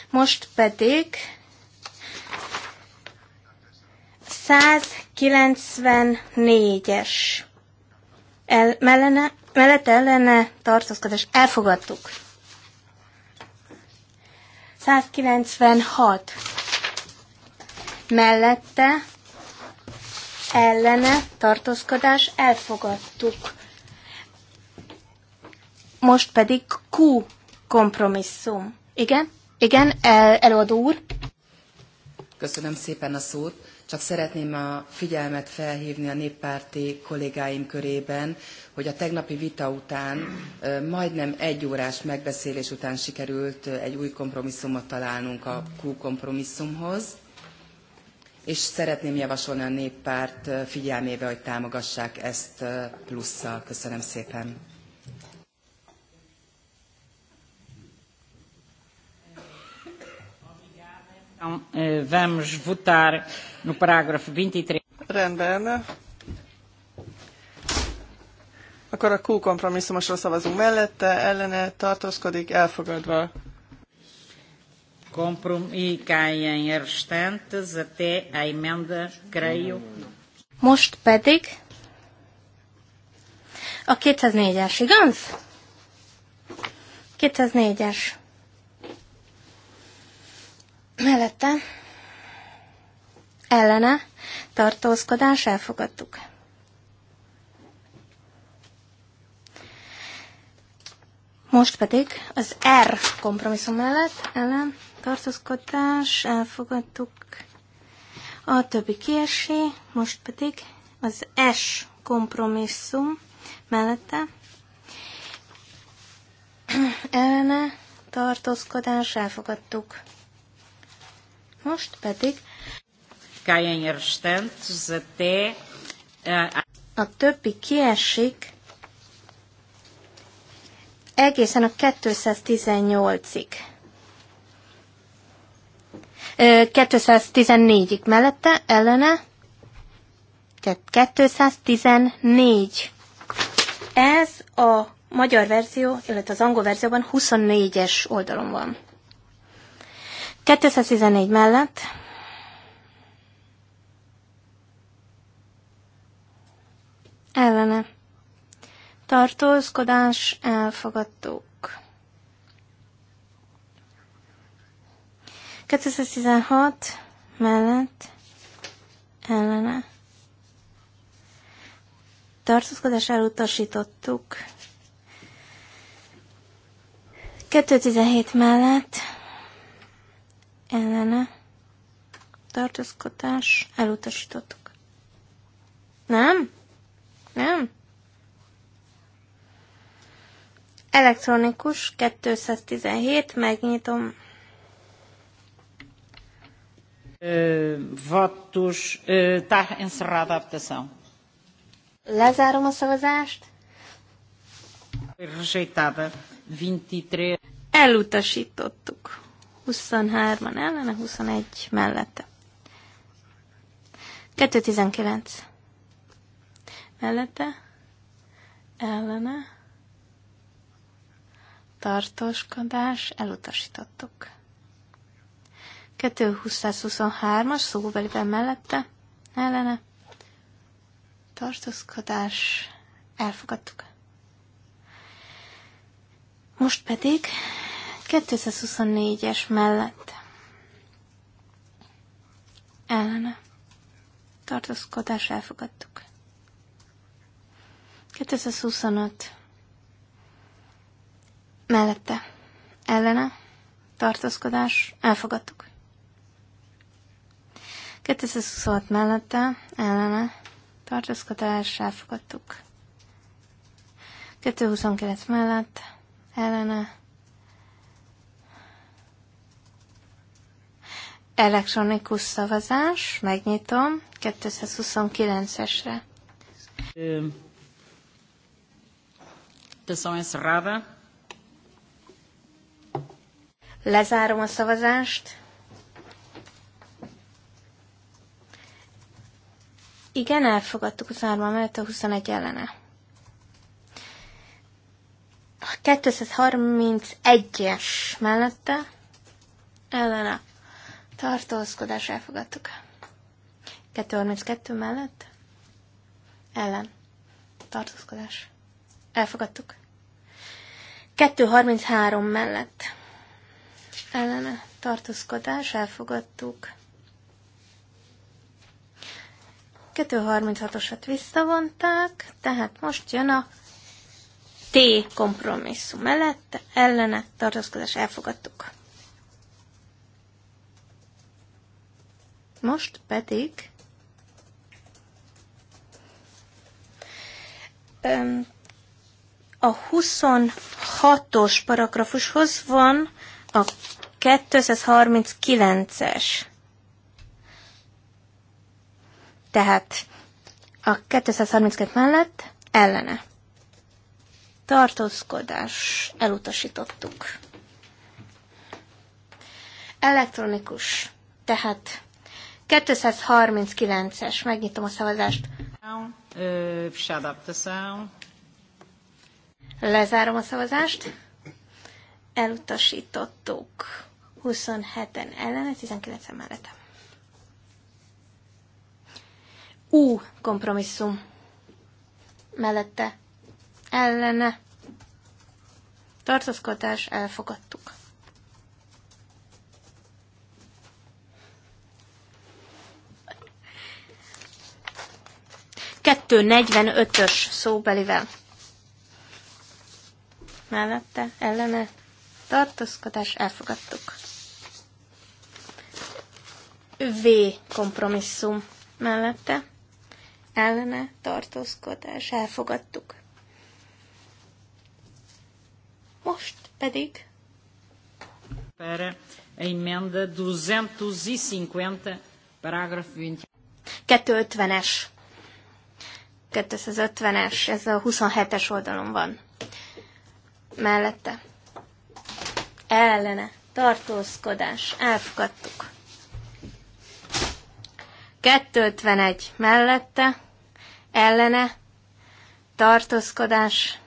Most pedig 194-es el, mellene, mellett ellene tartózkodás, elfogadtuk. 196 mellette ellene tartózkodás elfogadtuk. Most pedig Q kompromisszum. Igen? Igen, el, előadó úr. Köszönöm szépen a szót. Csak szeretném a figyelmet felhívni a néppárti kollégáim körében, hogy a tegnapi vita után, majdnem egy órás megbeszélés után sikerült egy új kompromisszumot találnunk a Q kompromisszumhoz, és szeretném javasolni a néppárt figyelmébe, hogy támogassák ezt plusszal. Köszönöm szépen. Eh, vamos votar no parágrafo 23. E Rendben. Akkor a Q kompromisszumosra szavazunk mellette, ellene tartózkodik, elfogadva. Comprom e a restantes a emenda, creio. Most pedig a 204-es, igaz? 204-es mellette ellene tartózkodás elfogadtuk. Most pedig az R kompromisszum mellett ellen tartózkodás elfogadtuk. A többi kiesé, most pedig az S kompromisszum mellette ellene tartózkodás elfogadtuk. Most pedig eh, a többi kiesik egészen a 218-ig. 214-ig mellette, ellene, 214. Ez a magyar verzió, illetve az angol verzióban 24-es oldalon van. 214 mellett ellene tartózkodás elfogadtuk. 216 mellett ellene tartózkodás elutasítottuk. 217 mellett ellene tartózkodás elutasítottuk. Nem? Nem? Elektronikus 217, megnyitom. votos, está encerrada a votação. Lezárom a szavazást. Rejeitada, 23. E elutasítottuk. 23-an ellene, 21 mellette. 219 mellette, ellene, tartóskodás, elutasítottuk. 223-as szóbeliben mellette, ellene, tartózkodás, elfogadtuk. Most pedig 224-es mellett ellene tartózkodás elfogadtuk. 225 mellette ellene tartózkodás elfogadtuk. 226 mellette ellene tartózkodás elfogadtuk. 229 mellett ellene Elektronikus szavazás, megnyitom, 229-esre. Lezárom a szavazást. Igen, elfogadtuk árma mellett a 21 ellene. 231-es mellette ellene Tartózkodás elfogadtuk. 232 mellett. Ellen. Tartózkodás. Elfogadtuk. 233 mellett. Ellene. Tartózkodás. Elfogadtuk. 236-osat visszavonták, tehát most jön a T kompromisszum mellett, ellene tartózkodás elfogadtuk. Most pedig a 26-os paragrafushoz van a 239-es. Tehát a 232 mellett ellene. Tartózkodás. Elutasítottuk. Elektronikus. Tehát 239-es, megnyitom a szavazást. Shut up the sound. Lezárom a szavazást. Elutasítottuk. 27-en ellene, 19-en mellette. ú kompromisszum. Mellette. Ellene. Tartózkodás elfogadtuk. 245-ös szóbelivel. Mellette, ellene, tartózkodás, elfogadtuk. V kompromisszum mellette, ellene, tartózkodás, elfogadtuk. Most pedig para a emenda 250, e parágrafo 20. 250-es 250-es, ez a 27-es oldalon van. Mellette. Ellene. Tartózkodás. Elfogadtuk. 251 mellette, ellene, tartózkodás.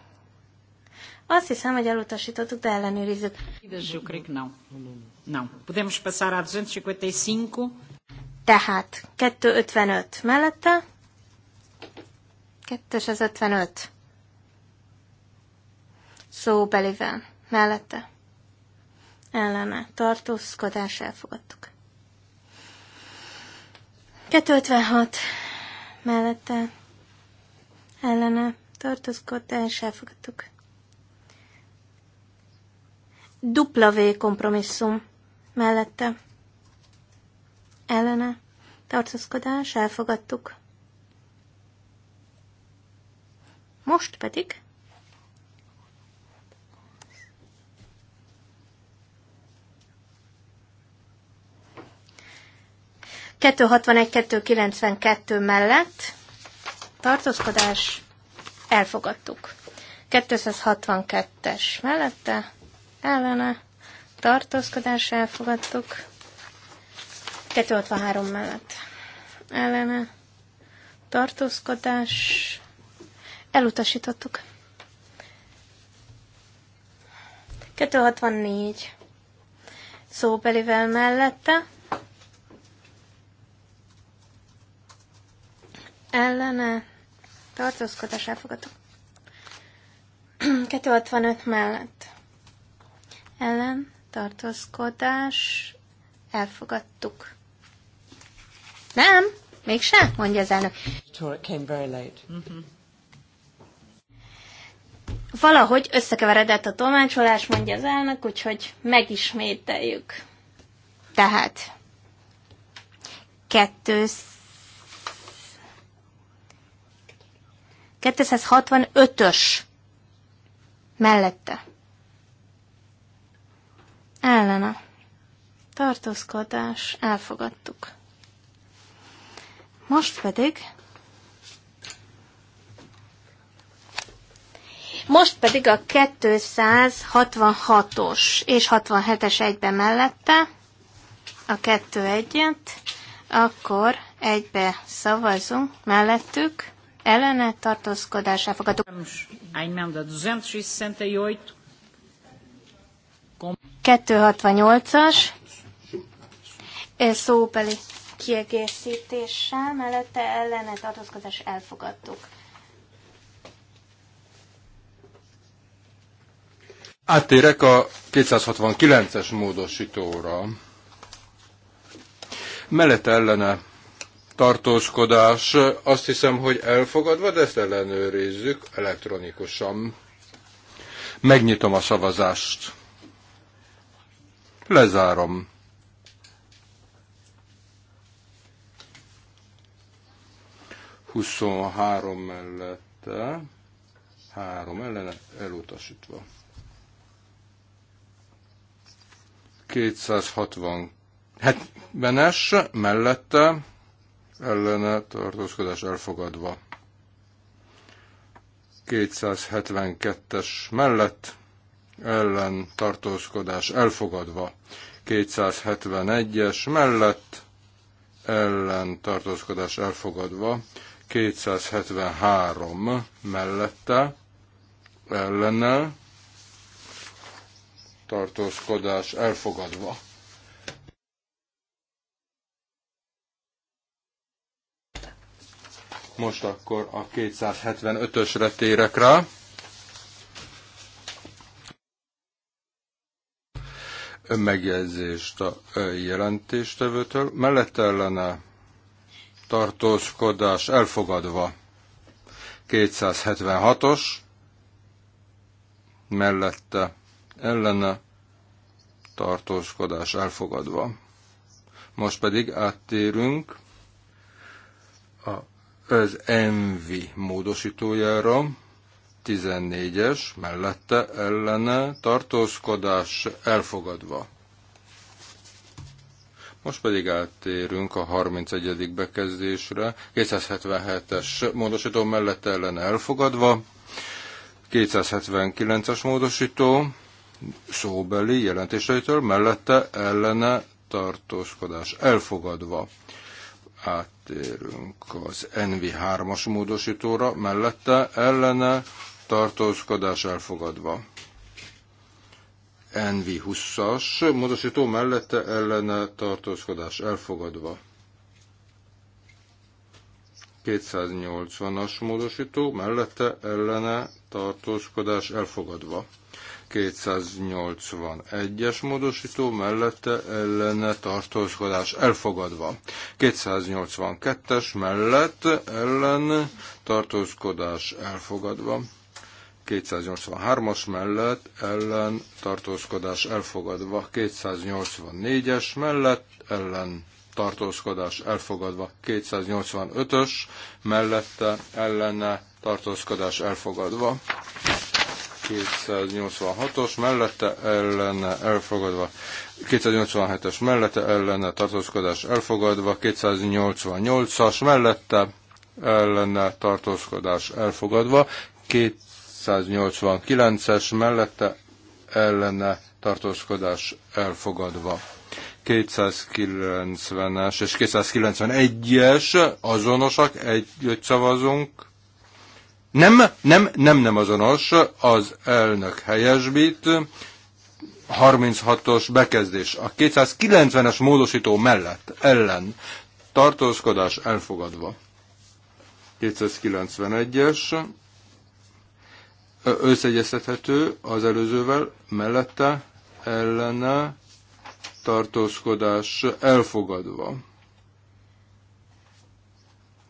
Azt hiszem, hogy elutasítottuk, de ellenőrizzük. Eu creio que Podemos passar a 255. E Tehát 255 mellette, Kettes az 55. Szóbelivel. Mellette. Ellene. Tartózkodás elfogadtuk. 256. Mellette. Ellene. Tartózkodás elfogadtuk. V kompromisszum. Mellette. Ellene. Tartózkodás elfogadtuk. Most pedig Kettő kettő mellett tartózkodás elfogadtuk. 262-es mellette ellene tartózkodás elfogadtuk. 263 mellett ellene tartózkodás Elutasítottuk. 264 szóbelivel mellette. Ellene tartózkodás elfogadtuk. 265 mellett. Ellen tartózkodás elfogadtuk. Nem, mégse, mondja az elnök. came very late. Mm-hmm. Valahogy összekeveredett a tolmácsolás, mondja az elnök, úgyhogy megismételjük. Tehát 265-ös mellette. Ellene. Tartózkodás. Elfogadtuk. Most pedig Most pedig a 266-os és 67-es egybe mellette, a kettő egyet, akkor egybe szavazunk mellettük, ellene tartózkodás elfogadó. A 268. 268-as e, szóbeli kiegészítéssel mellette ellene tartózkodás elfogadtuk. Áttérek a 269-es módosítóra. Mellett ellene tartózkodás, azt hiszem, hogy elfogadva, de ezt ellenőrizzük elektronikusan. Megnyitom a szavazást. Lezárom. Huszonhárom mellette, három ellene elutasítva. 260-70-es hát, mellette ellene tartózkodás elfogadva. 272-es mellett ellen tartózkodás elfogadva. 271-es mellett ellen tartózkodás elfogadva. 273 mellette ellene tartózkodás elfogadva. Most akkor a 275-ösre térek rá. megjegyzést a jelentéstevőtől, mellett ellene tartózkodás elfogadva 276-os, mellette ellene tartózkodás elfogadva. Most pedig áttérünk az envi módosítójára, 14-es, mellette ellene tartózkodás elfogadva. Most pedig áttérünk a 31. bekezdésre, 277-es módosító mellette ellen elfogadva, 279-es módosító szóbeli jelentéseitől, mellette ellene tartózkodás elfogadva. Áttérünk az NV3-as módosítóra, mellette ellene tartózkodás elfogadva. NV20-as módosító mellette ellene tartózkodás elfogadva. 280-as módosító mellette ellene tartózkodás elfogadva. 281-es módosító mellette ellene tartózkodás elfogadva. 282-es mellett ellen tartózkodás elfogadva. 283-as mellett ellen tartózkodás elfogadva. 284-es mellett ellen tartózkodás elfogadva. 285-ös mellette ellene tartózkodás elfogadva. 286-os mellette ellene elfogadva, 287-es mellette ellene tartózkodás elfogadva, 288-as mellette ellene tartózkodás elfogadva, 289-es mellette ellene tartózkodás elfogadva. 290-es és 291-es azonosak, együtt szavazunk nem, nem, nem, nem azonos az elnök helyesbít, 36-os bekezdés. A 290-es módosító mellett, ellen, tartózkodás elfogadva. 291-es, összeegyeztethető az előzővel, mellette, ellene, tartózkodás elfogadva.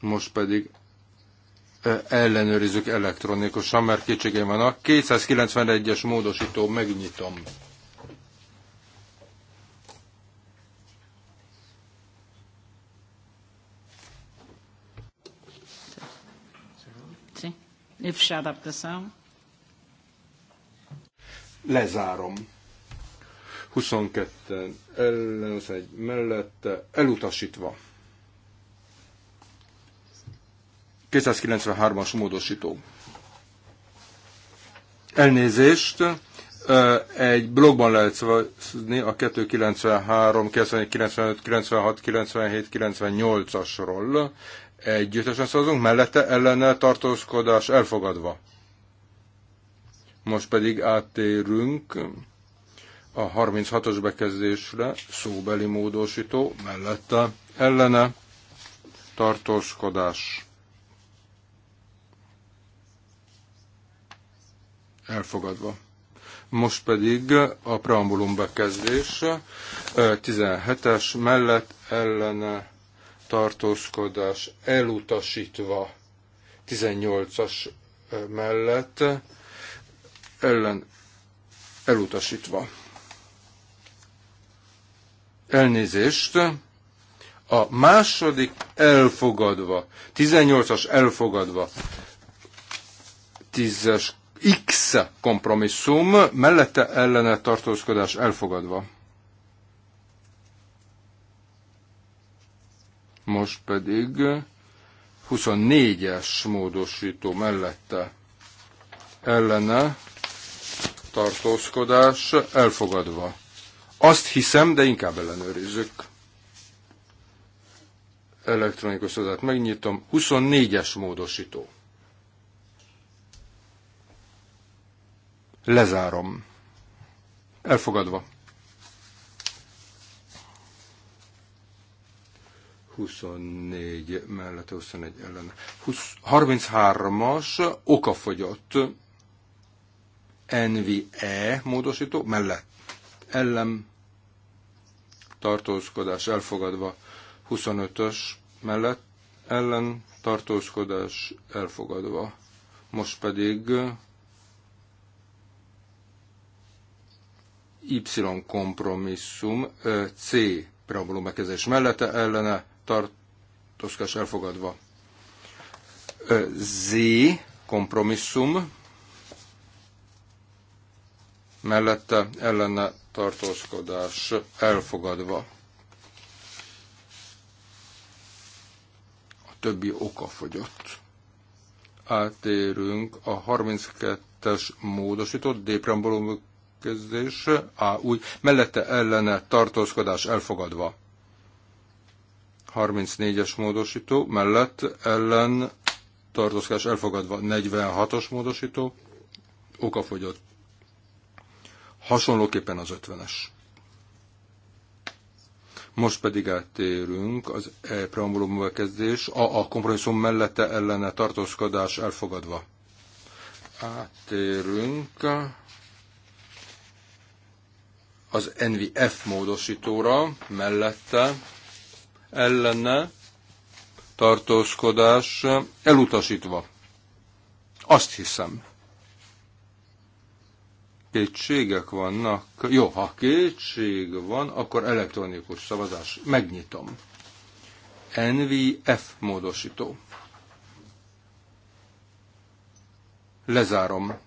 Most pedig ellenőrizzük elektronikusan, mert kétségeim vannak. 291-es módosító, megnyitom. Lezárom. 22 ellen, egy mellette, elutasítva. 293-as módosító. Elnézést, egy blogban lehet szavazni a 293, 95, 96, 97, 98-asról. Együttesen szavazunk, mellette ellene tartózkodás elfogadva. Most pedig áttérünk a 36-os bekezdésre, szóbeli módosító, mellette ellene tartózkodás elfogadva. Most pedig a preambulum bekezdés 17-es mellett ellene tartózkodás elutasítva 18-as mellett ellen elutasítva. Elnézést, a második elfogadva, 18-as elfogadva, 10-es X kompromisszum, mellette ellene tartózkodás elfogadva. Most pedig 24-es módosító mellette ellene tartózkodás elfogadva. Azt hiszem, de inkább ellenőrizzük. Elektronikus adat megnyitom. 24-es módosító. Lezárom. Elfogadva. 24 mellett 21 ellen. 33-as okafogyott NVE módosító mellett ellen tartózkodás elfogadva 25-ös mellett ellen tartózkodás elfogadva. Most pedig Y kompromisszum C preambulum bekezdés mellette ellene tartózkodás elfogadva. Z kompromisszum mellette ellene tartózkodás elfogadva. A többi oka fogyott. Átérünk a 32-es módosított déprambulum bekezdés, á, új, mellette ellene tartózkodás elfogadva. 34-es módosító, mellett ellen tartózkodás elfogadva. 46-os módosító, okafogyott. Hasonlóképpen az 50-es. Most pedig áttérünk az e preambulum kezdés, a, a kompromisszum mellette ellene tartózkodás elfogadva. Áttérünk az NVF módosítóra mellette ellene tartózkodás elutasítva. Azt hiszem. Kétségek vannak. Jó, ha kétség van, akkor elektronikus szavazás. Megnyitom. NVF módosító. Lezárom.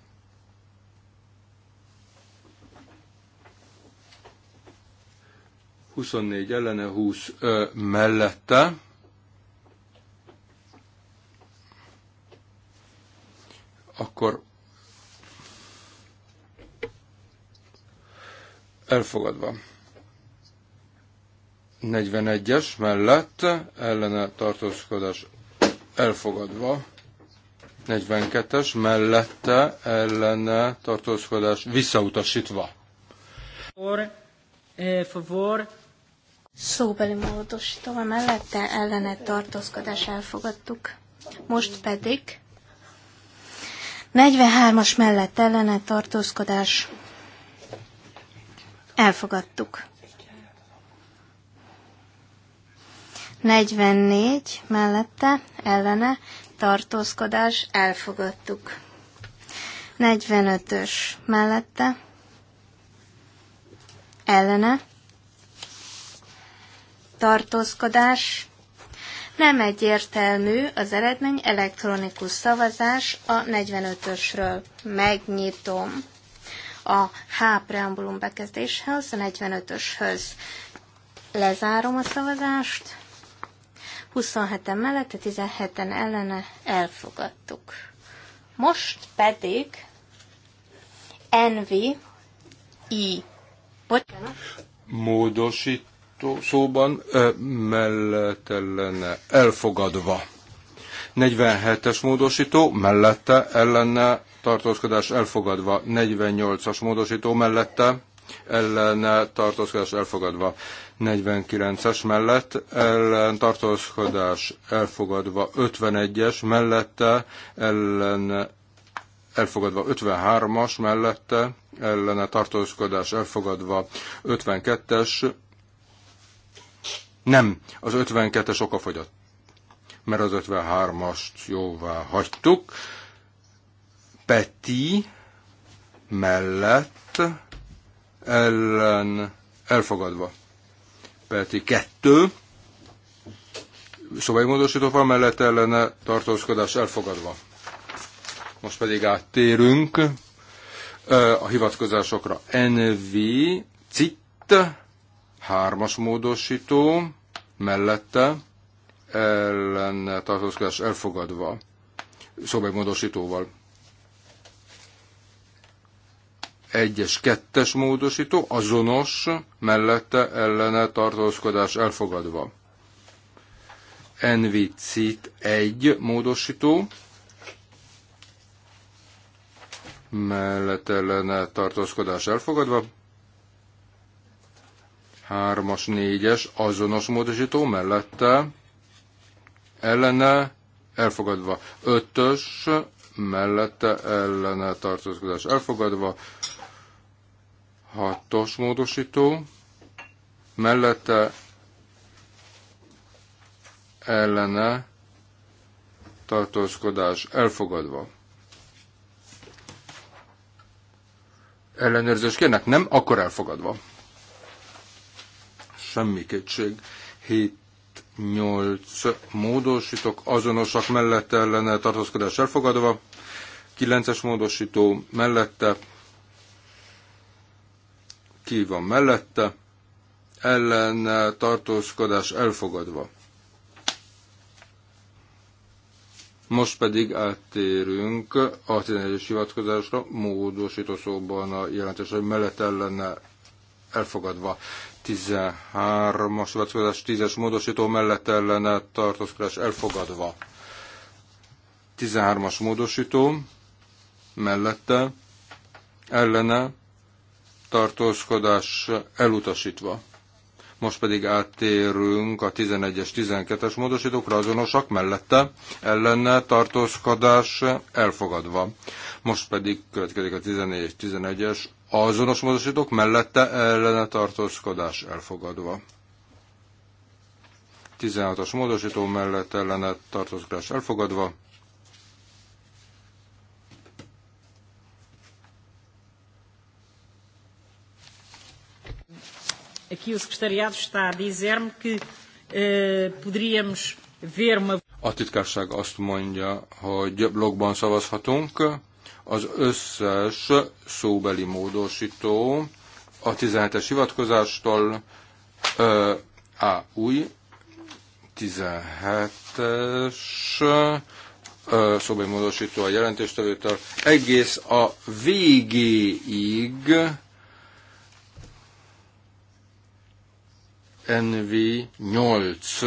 24 ellene, 20 ö, mellette. Akkor elfogadva. 41-es mellett ellene tartózkodás elfogadva. 42-es mellette ellene tartózkodás visszautasítva. Or, eh, favor, Szóbeli módosítóval mellette ellene tartózkodás elfogadtuk. Most pedig 43-as mellett ellene tartózkodás elfogadtuk. 44 mellette ellene tartózkodás elfogadtuk. 45-ös mellette ellene tartózkodás. Nem egyértelmű az eredmény elektronikus szavazás a 45-ösről. Megnyitom a H preambulum bekezdéshez, a 45-öshöz. Lezárom a szavazást. 27-en mellette, 17-en ellene elfogadtuk. Most pedig NVI. I. Bocsánat. Módosít szóban mellette lenne elfogadva. 47-es módosító mellette ellenne tartózkodás elfogadva. 48-as módosító mellette ellene tartózkodás elfogadva. 49-es mellett ellen tartózkodás elfogadva 51-es, mellette ellen elfogadva 53-as, mellette ellene tartózkodás elfogadva 52-es, nem, az 52-es okafogyott, mert az 53-ast jóvá hagytuk. Peti mellett ellen elfogadva. Peti 2 szóval módosító van mellett ellene tartózkodás elfogadva. Most pedig áttérünk a hivatkozásokra. NV, CIT, Hármas módosító mellette ellen tartózkodás elfogadva szobegmódosítóval. Egyes, kettes módosító azonos mellette ellene tartózkodás elfogadva. Envicit egy módosító mellette ellene tartózkodás elfogadva. 3-as, 4-es azonos módosító mellette ellene elfogadva. 5-ös mellette ellene tartózkodás elfogadva. 6-os módosító mellette ellene tartózkodás elfogadva. Ellenőrzés kérnek? Nem? Akkor elfogadva semmi kétség. 7-8 módosítok, azonosak mellette ellene tartózkodás elfogadva. 9-es módosító mellette ki van mellette, ellen tartózkodás elfogadva. Most pedig áttérünk a 11-es hivatkozásra, módosító szóban a jelentés, hogy mellett ellene elfogadva. 13-as hivatkozás 10-es módosító mellett ellene tartózkodás elfogadva. 13-as módosító mellette ellene tartózkodás elutasítva. Most pedig áttérünk a 11-es, 12-es módosítókra azonosak mellette, ellene tartózkodás elfogadva. Most pedig következik a 14-es, 11-es Azonos módosítók mellette ellene tartózkodás elfogadva. 16-os módosító mellett ellene tartózkodás elfogadva. Aqui o secretariado está a dizer-me que eh, poderíamos ver uma... A titkárság azt mondja, hogy blogban szavazhatunk. Az összes szóbeli módosító a 17-es hivatkozástól ö, á, új, 17-es szóbeli módosító a jelentéstevőtől egész a végéig NV 8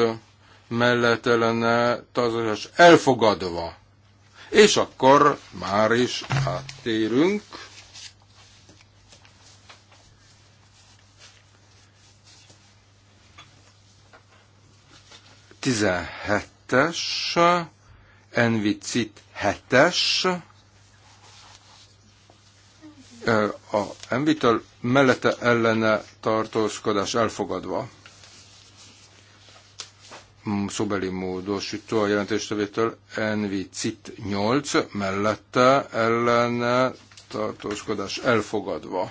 mellett lenne tazasás elfogadva. És akkor már is áttérünk. Tizenhettes, Envicit hetes, a Envitől mellette ellene tartózkodás elfogadva szobeli módosító a jelentéstevétől Envi Cit 8 mellette ellene tartózkodás elfogadva.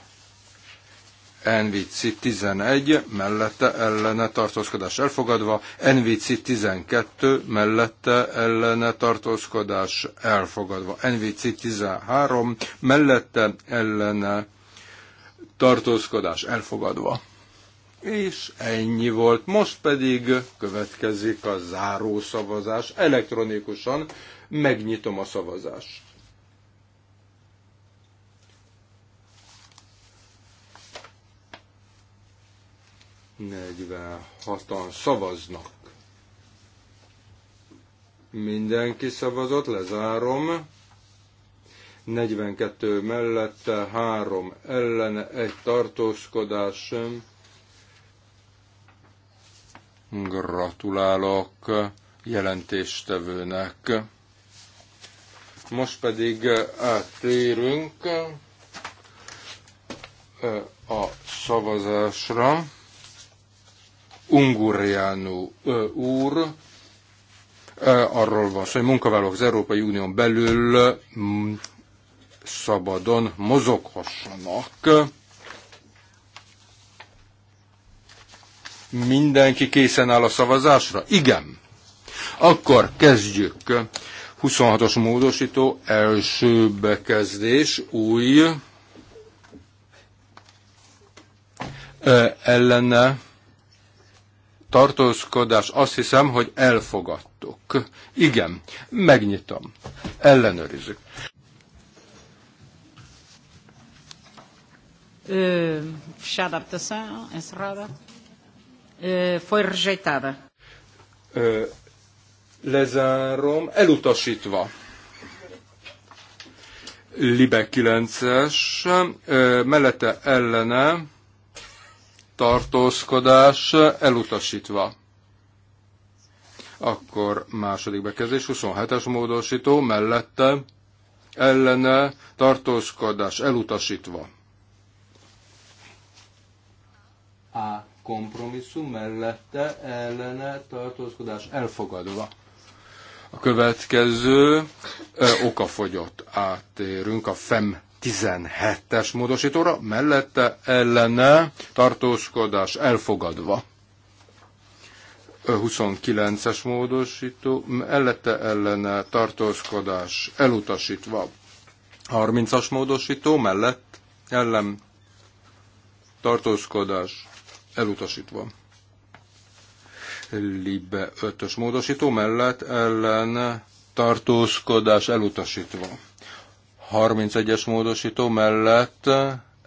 NVC 11 mellette ellene tartózkodás elfogadva, NVC 12 mellette ellene tartózkodás elfogadva, NVC 13 mellette ellene tartózkodás elfogadva. És ennyi volt. Most pedig következik a záró szavazás. Elektronikusan megnyitom a szavazást. Negyvenhatan szavaznak. Mindenki szavazott, lezárom. 42 mellette, 3 ellene, egy tartózkodás sem. Gratulálok jelentéstevőnek. Most pedig eh, áttérünk eh, a szavazásra. Unguriánu eh, úr, arról van szó, hogy munkavállalók az Európai Unión belül mm, szabadon mozoghassanak Mindenki készen áll a szavazásra? Igen. Akkor kezdjük. 26-os módosító, első bekezdés, új ellene tartózkodás, azt hiszem, hogy elfogadtuk. Igen, megnyitom, ellenőrizzük. Ö, shut up the sound, foi rejeitada. Lezárom, elutasítva. Libe 9-es, mellette ellene tartózkodás elutasítva. Akkor második bekezdés, 27-es módosító, mellette ellene tartózkodás elutasítva. A kompromisszum mellette ellene tartózkodás elfogadva. A következő ö, okafogyott áttérünk a FEM 17-es módosítóra, mellette ellene tartózkodás elfogadva. 29-es módosító, mellette ellene tartózkodás elutasítva. 30-as módosító mellett ellen tartózkodás elutasítva. Libe 5-ös módosító mellett ellen tartózkodás elutasítva. 31-es módosító mellett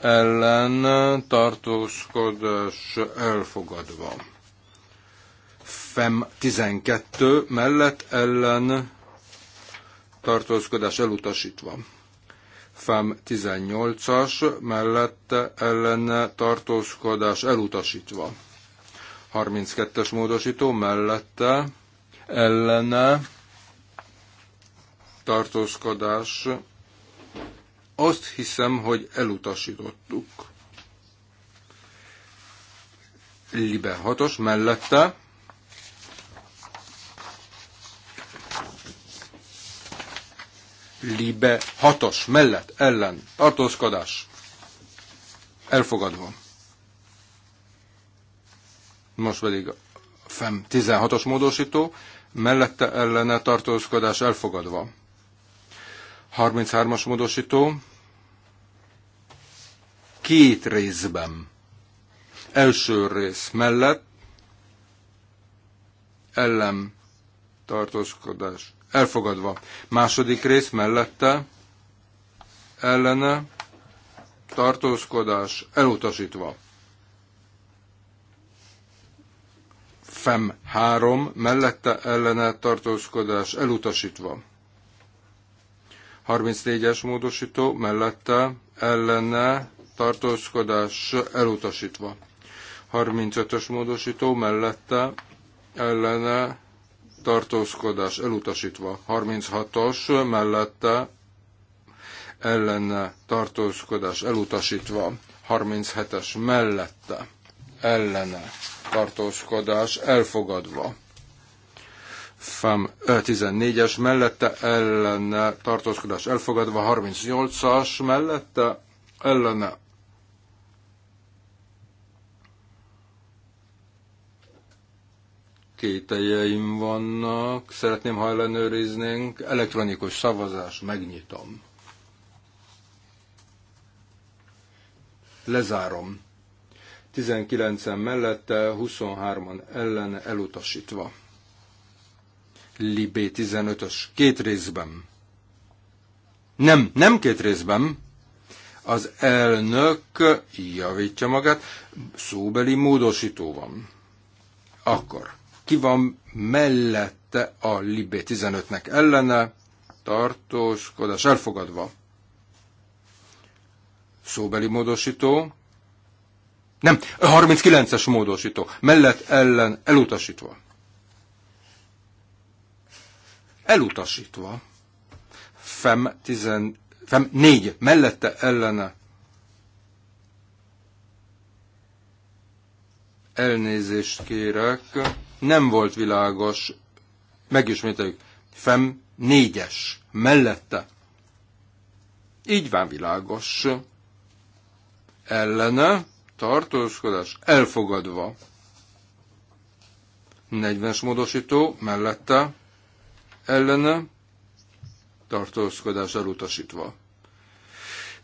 ellen tartózkodás elfogadva. FEM 12 mellett ellen tartózkodás elutasítva fem 18-as mellette ellene tartózkodás elutasítva. 32-es módosító mellette ellene tartózkodás azt hiszem, hogy elutasítottuk. Libe 6-os mellette libe hatos mellett ellen tartózkodás elfogadva. Most pedig a FEM 16-os módosító mellette ellene tartózkodás elfogadva. 33-as módosító két részben. Első rész mellett ellen tartózkodás Elfogadva. Második rész mellette ellene tartózkodás elutasítva. FEM 3 mellette ellene tartózkodás elutasítva. 34-es módosító mellette ellene tartózkodás elutasítva. 35-ös módosító mellette ellene tartózkodás elutasítva. 36-os mellette ellene tartózkodás elutasítva. 37-es mellette ellene tartózkodás elfogadva. fem 14-es mellette ellene tartózkodás elfogadva, 38-as mellette ellene kételjeim vannak, szeretném, ha ellenőriznénk. Elektronikus szavazás, megnyitom. Lezárom. 19-en mellette, 23-an ellene elutasítva. Libé 15-ös, két részben. Nem, nem két részben. Az elnök javítja magát, szóbeli módosító van. Akkor ki van mellette a Libé 15-nek ellene, tartózkodás elfogadva. Szóbeli módosító, nem, 39-es módosító, mellett ellen elutasítva. Elutasítva. Fem, tizen, fem négy mellette ellene elnézést kérek, nem volt világos, megismételjük, FEM négyes, mellette. Így van világos. Ellene, tartózkodás, elfogadva. 40-es módosító, mellette, ellene, tartózkodás elutasítva.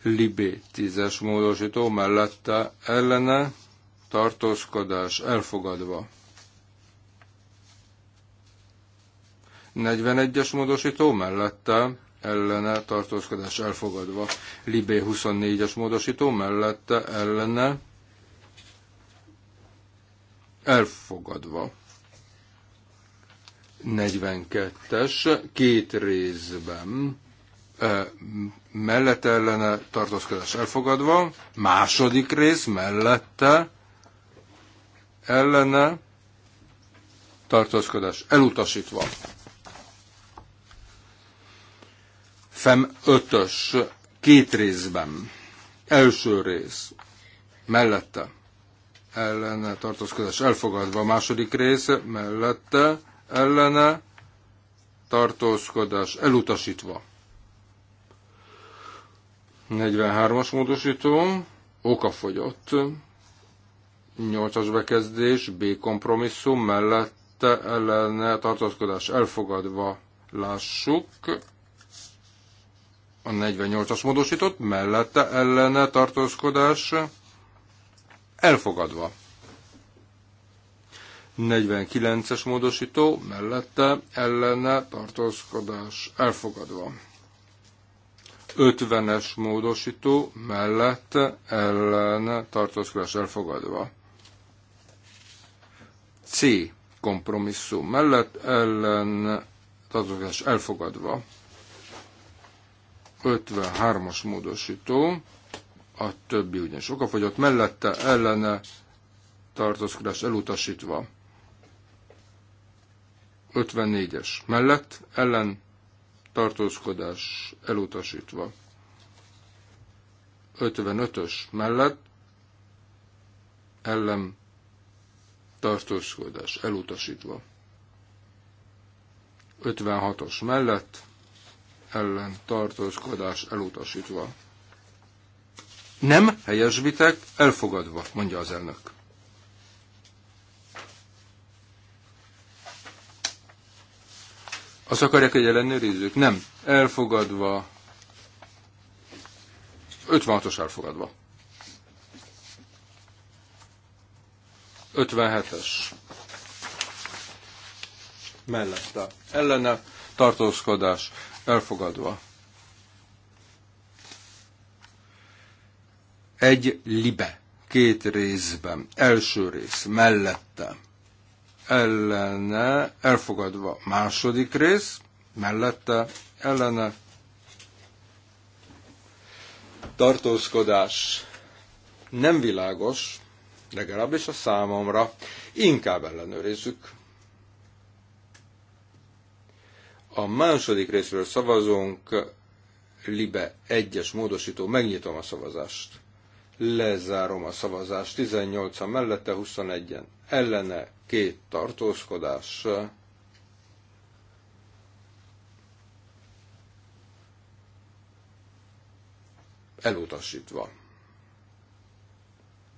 Libé 10-es módosító, mellette, ellene, tartózkodás elfogadva. 41-es módosító mellette ellene tartózkodás elfogadva. Libé 24-es módosító mellette ellene elfogadva. 42-es két részben mellette ellene tartózkodás elfogadva, második rész mellette ellene tartózkodás elutasítva. FEM 5-ös két részben. Első rész mellette ellene tartózkodás elfogadva. A második rész mellette ellene tartózkodás elutasítva. 43-as módosító, fogyott, 8-as bekezdés, B kompromisszum, mellette ellene tartózkodás elfogadva. Lássuk, a 48-as módosított, mellette ellene tartózkodás elfogadva. 49-es módosító, mellette ellene tartózkodás elfogadva. 50-es módosító, mellette ellene tartózkodás elfogadva. C kompromisszum mellett ellen tartózkodás elfogadva. 53-as módosító, a többi ugyanis okafogyott, mellette ellene tartózkodás elutasítva. 54-es mellett ellen tartózkodás elutasítva. 55-ös mellett ellen tartózkodás elutasítva. 56-os mellett ellen tartózkodás elutasítva. Nem helyesbitek, elfogadva, mondja az elnök. Azt akarják, hogy ellenőrizzük? Nem. Elfogadva. 56-os elfogadva. 57-es. Mellette. Ellene tartózkodás Elfogadva. Egy libe. Két részben. Első rész. Mellette. Ellene. Elfogadva. Második rész. Mellette. Ellene. Tartózkodás. Nem világos legalábbis a számomra. Inkább ellenőrizzük. A második részről szavazunk, Libe egyes módosító, megnyitom a szavazást. Lezárom a szavazást, 18-a mellette, 21-en ellene, két tartózkodás. Elutasítva.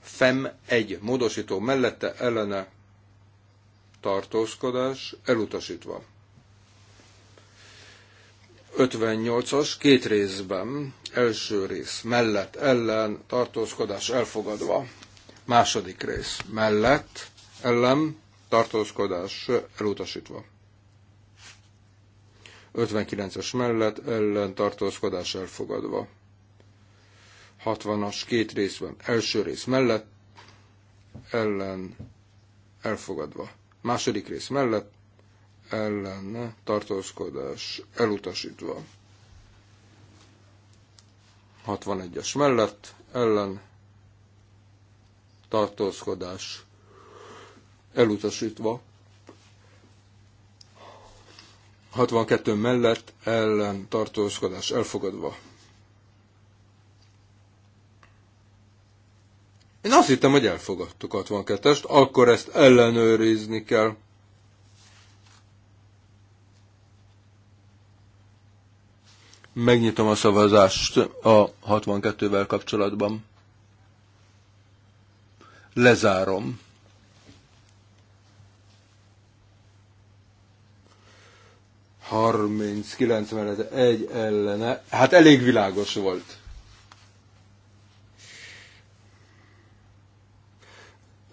FEM egy módosító mellette, ellene, tartózkodás, elutasítva. 58-as két részben, első rész mellett ellen tartózkodás elfogadva, második rész mellett ellen tartózkodás elutasítva. 59-es mellett ellen tartózkodás elfogadva. 60-as két részben, első rész mellett ellen elfogadva. Második rész mellett ellen tartózkodás elutasítva. 61-es mellett ellen tartózkodás elutasítva. 62 mellett ellen tartózkodás elfogadva. Én azt hittem, hogy elfogadtuk 62-est, akkor ezt ellenőrizni kell. Megnyitom a szavazást a 62-vel kapcsolatban. Lezárom. Harminc, mellett egy ellene. Hát elég világos volt.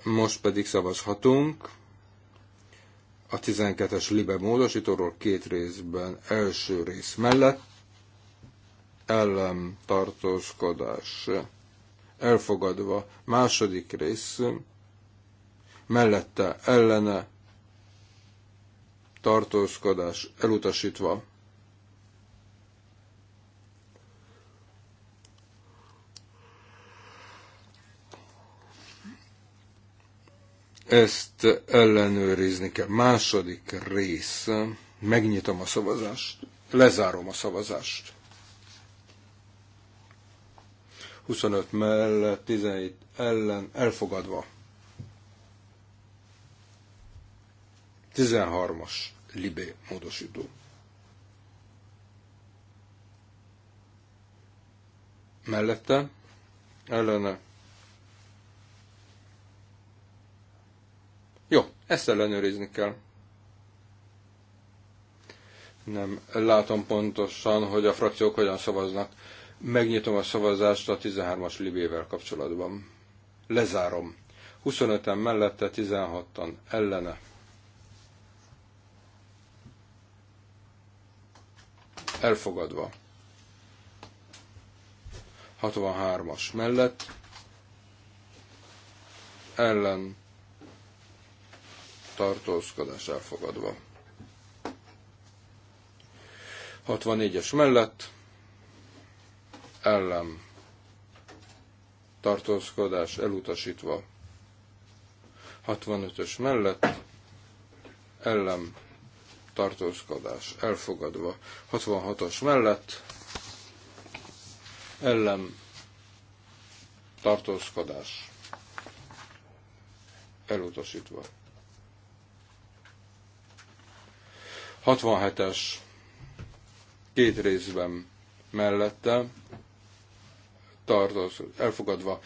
Most pedig szavazhatunk a 12-es libe módosítóról két részben első rész mellett ellen tartózkodás elfogadva. Második rész mellette ellene tartózkodás elutasítva. Ezt ellenőrizni kell. Második rész. Megnyitom a szavazást. Lezárom a szavazást. 25 mellett, 17 ellen elfogadva. 13-as libé módosító. Mellette, ellene. Jó, ezt ellenőrizni kell. Nem látom pontosan, hogy a frakciók hogyan szavaznak. Megnyitom a szavazást a 13-as libével kapcsolatban. Lezárom. 25-en mellette, 16-an ellene. Elfogadva. 63-as mellett. Ellen. Tartózkodás elfogadva. 64-es mellett ellen tartózkodás elutasítva. 65-ös mellett ellen tartózkodás elfogadva. 66-os mellett ellen tartózkodás elutasítva. 67-es két részben mellette tartoz, elfogadva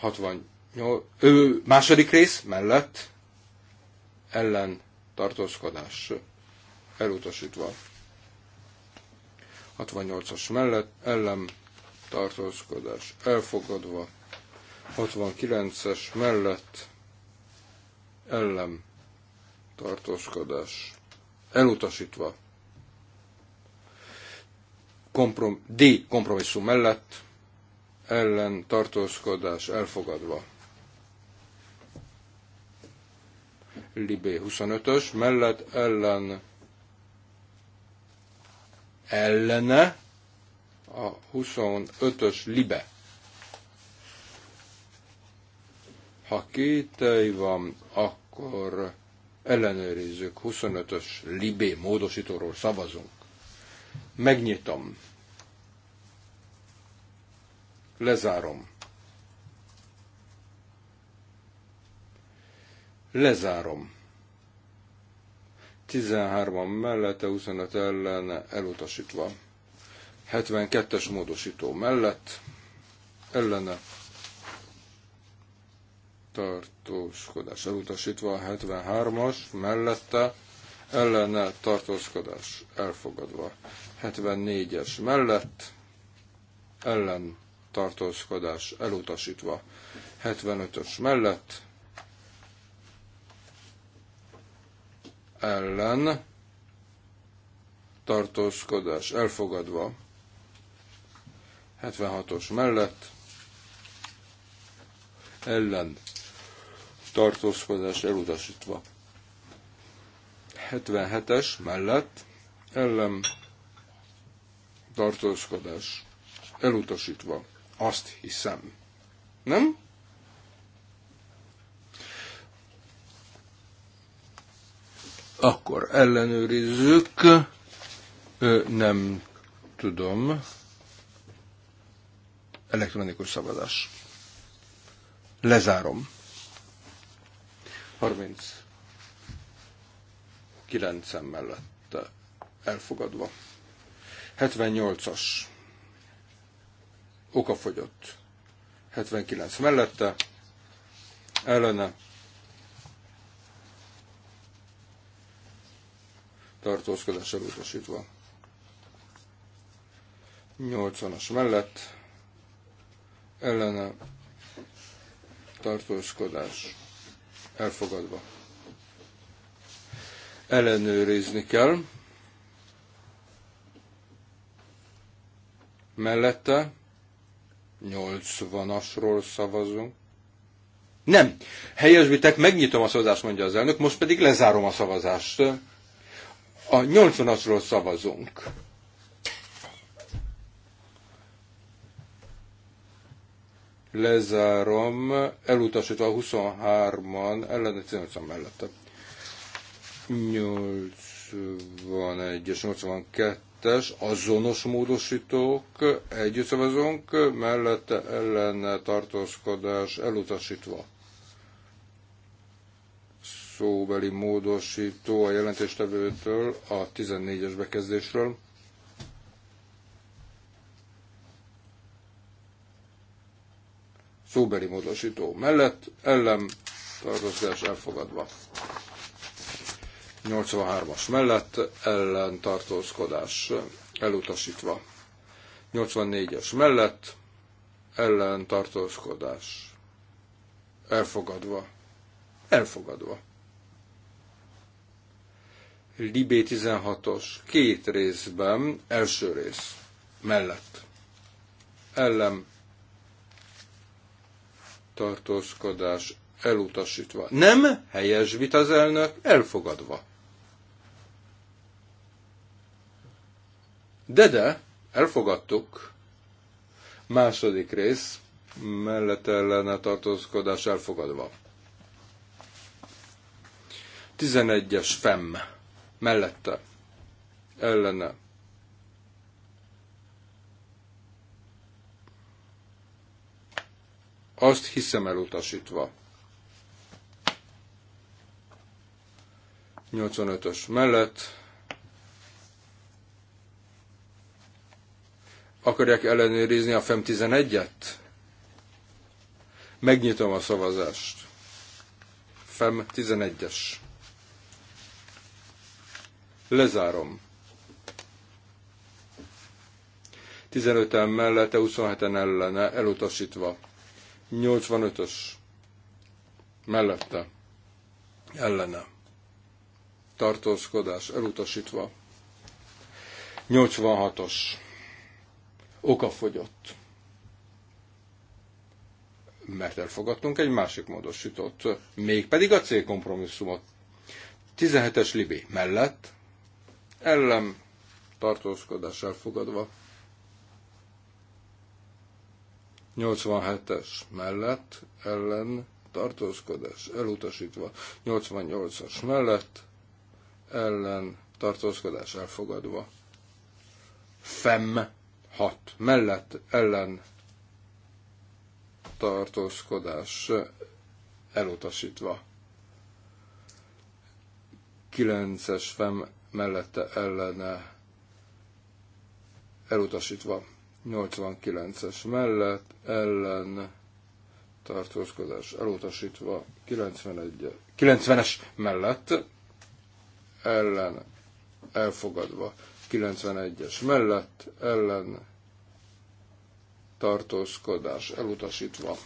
68, ő második rész mellett ellen tartózkodás elutasítva. 68-as mellett ellen tartózkodás elfogadva. 69-es mellett ellen tartózkodás elutasítva. Komprom D kompromisszum mellett ellen tartózkodás elfogadva. Libé 25-ös, mellett ellen ellene a 25-ös libe. Ha kétei van, akkor ellenőrizzük, 25-ös libé módosítóról szavazunk. Megnyitom. Lezárom. Lezárom. 13 mellette, 25 ellen elutasítva. 72-es módosító mellett, ellene tartózkodás elutasítva, 73-as mellette, ellene tartózkodás elfogadva. 74-es mellett, ellen tartózkodás elutasítva. 75-ös mellett ellen tartózkodás elfogadva. 76-os mellett ellen tartózkodás elutasítva. 77-es mellett ellen tartózkodás elutasítva. Azt hiszem. Nem? Akkor ellenőrizzük. Ö, nem tudom. Elektronikus szavazás. Lezárom. 39 9 mellett elfogadva. 78-as okafogyott. 79 mellette, ellene, tartózkodás elutasítva. 80-as mellett, ellene, tartózkodás elfogadva. Ellenőrizni kell. Mellette 80-asról szavazunk. Nem. Helyesbitek, megnyitom a szavazást, mondja az elnök, most pedig lezárom a szavazást. A 80-asról szavazunk. Lezárom, elutasítva a 23-an, ellen, ellene 18 mellette. 81 és 82 kettes azonos módosítók, együtt szavazunk, mellette ellen tartózkodás elutasítva. Szóbeli módosító a jelentéstevőtől a 14-es bekezdésről. Szóbeli módosító mellett ellen tartózkodás elfogadva. 83-as mellett ellentartózkodás elutasítva. 84-es mellett ellentartózkodás elfogadva. Elfogadva. Libé 16-os két részben, első rész mellett ellen tartózkodás elutasítva. Nem, helyes vit az elnök, elfogadva. De, de, elfogadtuk. Második rész, mellett ellene tartózkodás elfogadva. 11-es fem, mellette, ellene. Azt hiszem elutasítva. 85-ös mellett, akarják ellenőrizni a FEM 11-et? Megnyitom a szavazást. FEM 11-es. Lezárom. 15-en mellette, 27-en ellene, elutasítva. 85-ös. Mellette. Ellene. Tartózkodás, elutasítva. 86-os okafogyott. Mert elfogadtunk egy másik módosítót, mégpedig a célkompromisszumot. 17-es libé mellett, ellen tartózkodás elfogadva. 87-es mellett, ellen tartózkodás elutasítva. 88-as mellett, ellen tartózkodás elfogadva. FEM hat mellett ellen tartózkodás elutasítva. 9-es fem mellette ellene elutasítva. 89-es mellett ellen tartózkodás elutasítva. 91 90-es mellett ellen elfogadva. 91-es mellett ellen tartózkodás elutasítva.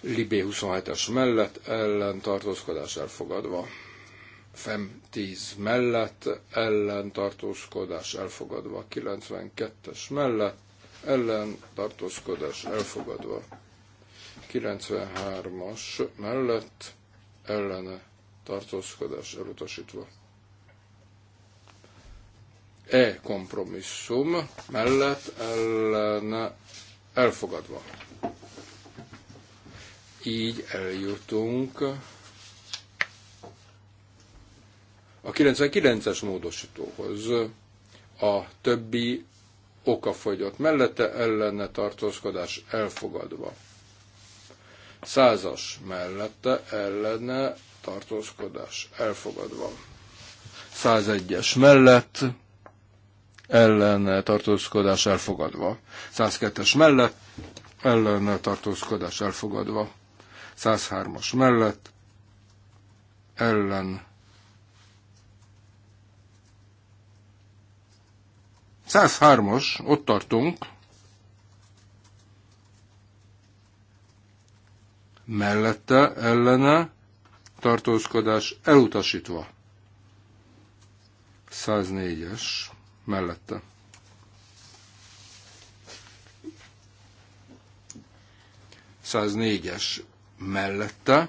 Libé 27-es mellett ellen tartózkodás elfogadva. FEM 10 mellett ellen tartózkodás elfogadva. 92-es mellett ellen tartózkodás elfogadva. 93-as mellett ellene tartózkodás elutasítva. E kompromisszum mellett ellen elfogadva. Így eljutunk a 99-es módosítóhoz. A többi okafogyott mellette ellene tartózkodás elfogadva. Százas mellette ellene tartózkodás elfogadva. 101-es mellett ellen tartózkodás elfogadva. 102-es mellett ellen tartózkodás elfogadva. 103-as mellett ellen 103-as, ott tartunk, mellette, ellene, tartózkodás elutasítva. 104-es, mellette. négyes mellette.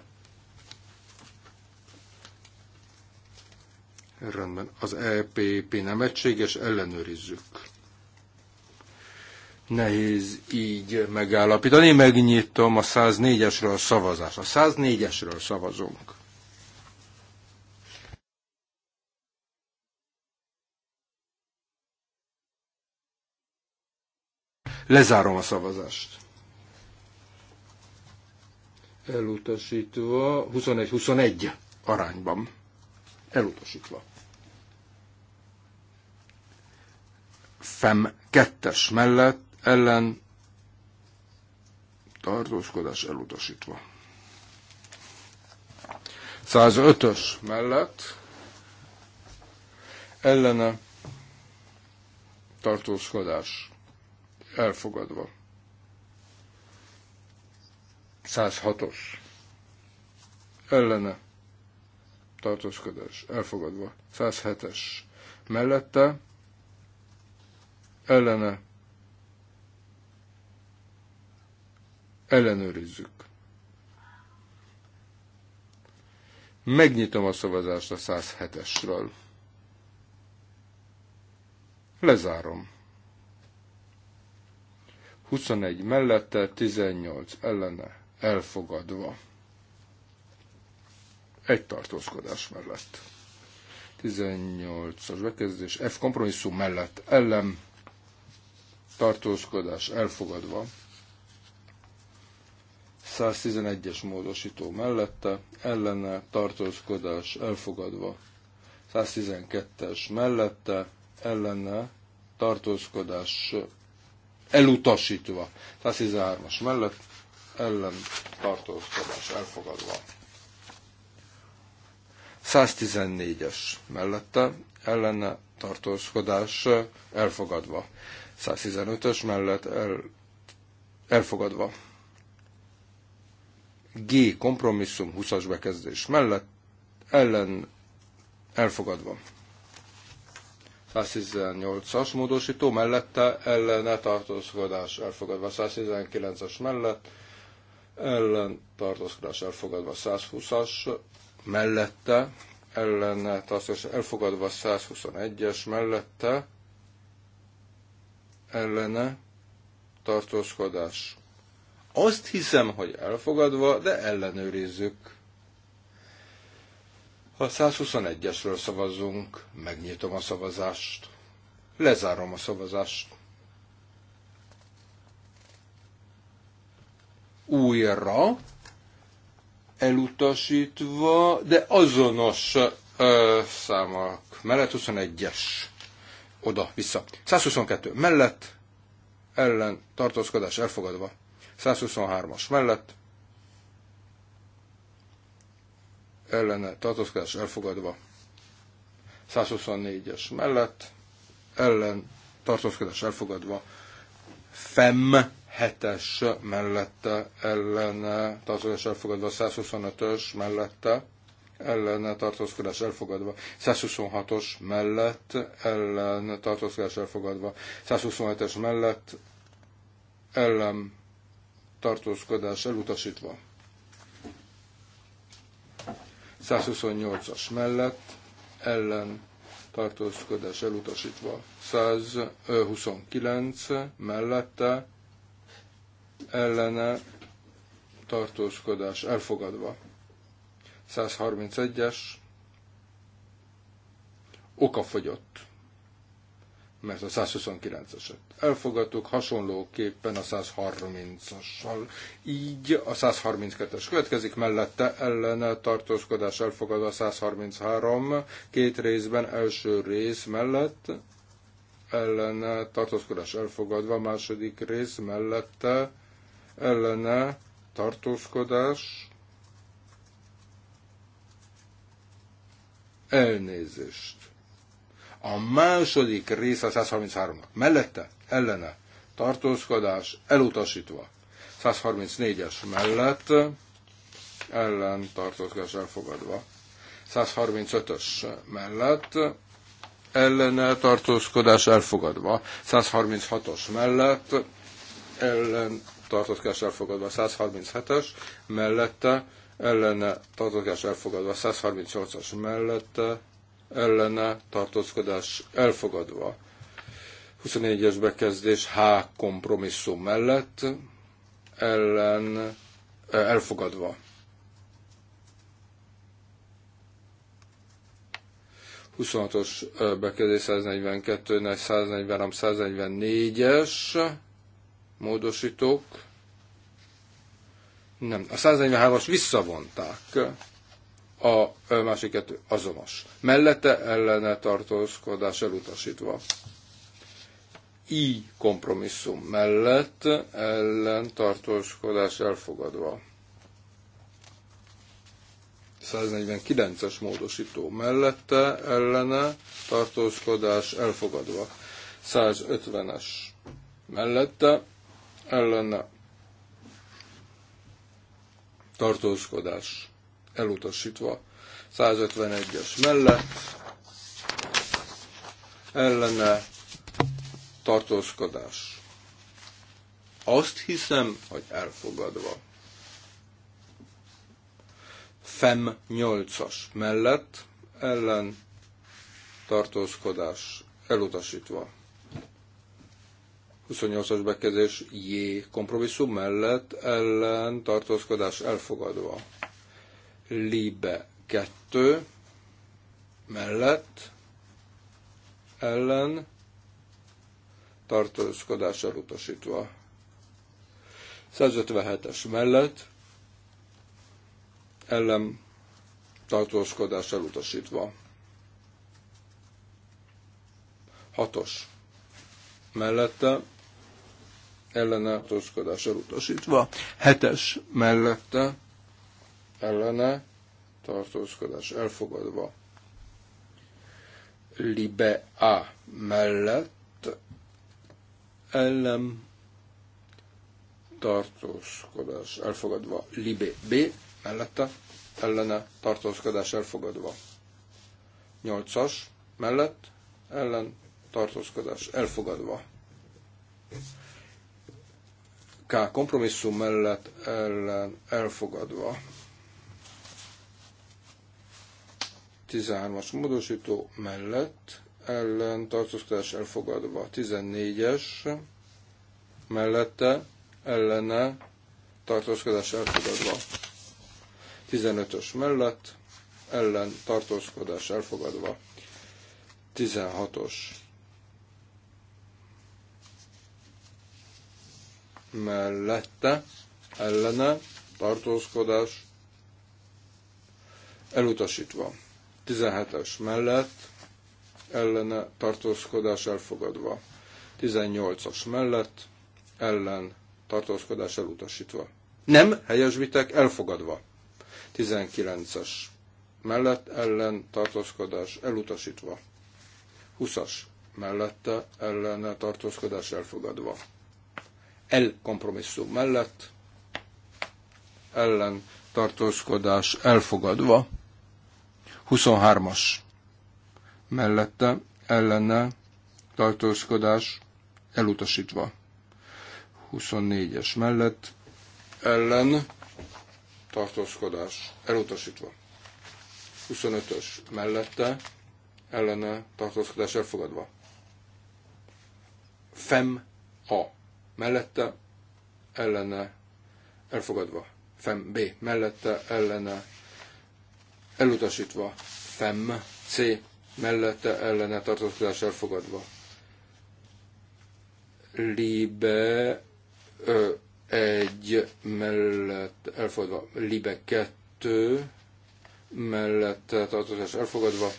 Rendben, az EPP nem egységes, ellenőrizzük. Nehéz így megállapítani, megnyitom a 104-esről a szavazást. A 104-esről szavazunk. Lezárom a szavazást. Elutasítva 21-21 arányban. Elutasítva. Fem kettes mellett ellen tartózkodás elutasítva. 105-ös mellett ellene tartózkodás elfogadva. 106-os ellene tartózkodás elfogadva. 107-es mellette ellene ellenőrizzük. Megnyitom a szavazást a 107-esről. Lezárom. 21 mellette, 18 ellene elfogadva. Egy tartózkodás mellett. 18-as bekezdés, F kompromisszum mellett ellen tartózkodás elfogadva. 111-es módosító mellette, ellene tartózkodás elfogadva. 112-es mellette, ellene tartózkodás elutasítva. 113-as mellett ellen tartózkodás elfogadva. 114-es mellette ellene tartózkodás elfogadva. 115-ös mellett el, elfogadva. G kompromisszum 20-as bekezdés mellett ellen elfogadva. 118-as módosító mellette ellene tartózkodás elfogadva, 119-as mellett ellen tartózkodás elfogadva, 120-as mellette ellene tartózkodás elfogadva, 121-es mellette ellene tartózkodás. Azt hiszem, hogy elfogadva, de ellenőrizzük. A 121-esről szavazzunk, megnyitom a szavazást, lezárom a szavazást. Újra elutasítva, de azonos ö, számok mellett 21-es. Oda-vissza. 122 mellett, ellen, tartózkodás elfogadva. 123-as mellett, ellene tartózkodás elfogadva. 124-es mellett ellen tartózkodás elfogadva. FEM 7-es mellette ellene tartózkodás elfogadva, 125-ös mellette ellene tartózkodás elfogadva, 126-os mellett ellen tartózkodás elfogadva, 127-es mellett ellen tartózkodás elutasítva. 128-as mellett ellen tartózkodás elutasítva. 129 mellette ellene tartózkodás elfogadva. 131-es okafogyott mert a 129-eset elfogadtuk, hasonlóképpen a 130-assal. Így a 132-es következik, mellette ellene tartózkodás elfogadva a 133, két részben első rész mellett ellene tartózkodás elfogadva, második rész mellette ellene tartózkodás elnézést a második rész a 133-nak. Mellette, ellene, tartózkodás, elutasítva. 134-es mellett, ellen, tartózkodás elfogadva. 135-ös mellett, ellen, tartózkodás elfogadva. 136-os mellett, ellen, tartózkodás elfogadva. 137-es mellette, ellene tartózkodás, elfogadva 138-as mellette, ellene tartózkodás elfogadva. 24-es bekezdés H kompromisszum mellett ellen elfogadva. 26-os bekezdés 142, 143, 144-es módosítók. Nem, a 143-as visszavonták a másik kettő azonos. Mellette ellene tartózkodás elutasítva. I kompromisszum mellett ellen tartózkodás elfogadva. 149-es módosító mellette ellene tartózkodás elfogadva. 150-es mellette ellene tartózkodás elutasítva. 151-es mellett ellene tartózkodás. Azt hiszem, hogy elfogadva. FEM 8-as mellett ellen tartózkodás elutasítva. 28-as bekezdés J kompromisszum mellett ellen tartózkodás elfogadva. Liebe 2 mellett ellen tartózkodással utasítva. 157-es mellett ellen tartózkodással utasítva. 6-os mellette ellen tartózkodással utasítva. 7-es mellette ellene tartózkodás elfogadva. Libe A mellett ellen tartózkodás elfogadva. Libe B mellette ellene tartózkodás elfogadva. 8-as mellett ellen tartózkodás elfogadva. K kompromisszum mellett ellen elfogadva. 13-as módosító mellett ellen tartóztatás elfogadva. 14-es mellette ellene tartózkodás elfogadva. 15-ös mellett ellen tartózkodás elfogadva. 16-os mellette ellene tartózkodás elutasítva. 17-es mellett ellene tartózkodás elfogadva. 18-as mellett ellen tartózkodás elutasítva. Nem, helyes vitek elfogadva. 19-es mellett ellen tartózkodás elutasítva. 20-as mellette ellene tartózkodás elfogadva. El kompromisszum mellett ellen tartózkodás elfogadva. 23-as mellette ellene tartózkodás elutasítva. 24-es mellett ellen tartózkodás elutasítva. 25-ös mellette ellene tartózkodás elfogadva. Fem A mellette ellene elfogadva. Fem B mellette ellene elutasítva FEM C mellette ellene tartózkodás elfogadva. Libe ö, egy mellett elfogadva, Libe kettő mellette tartózkodás elfogadva.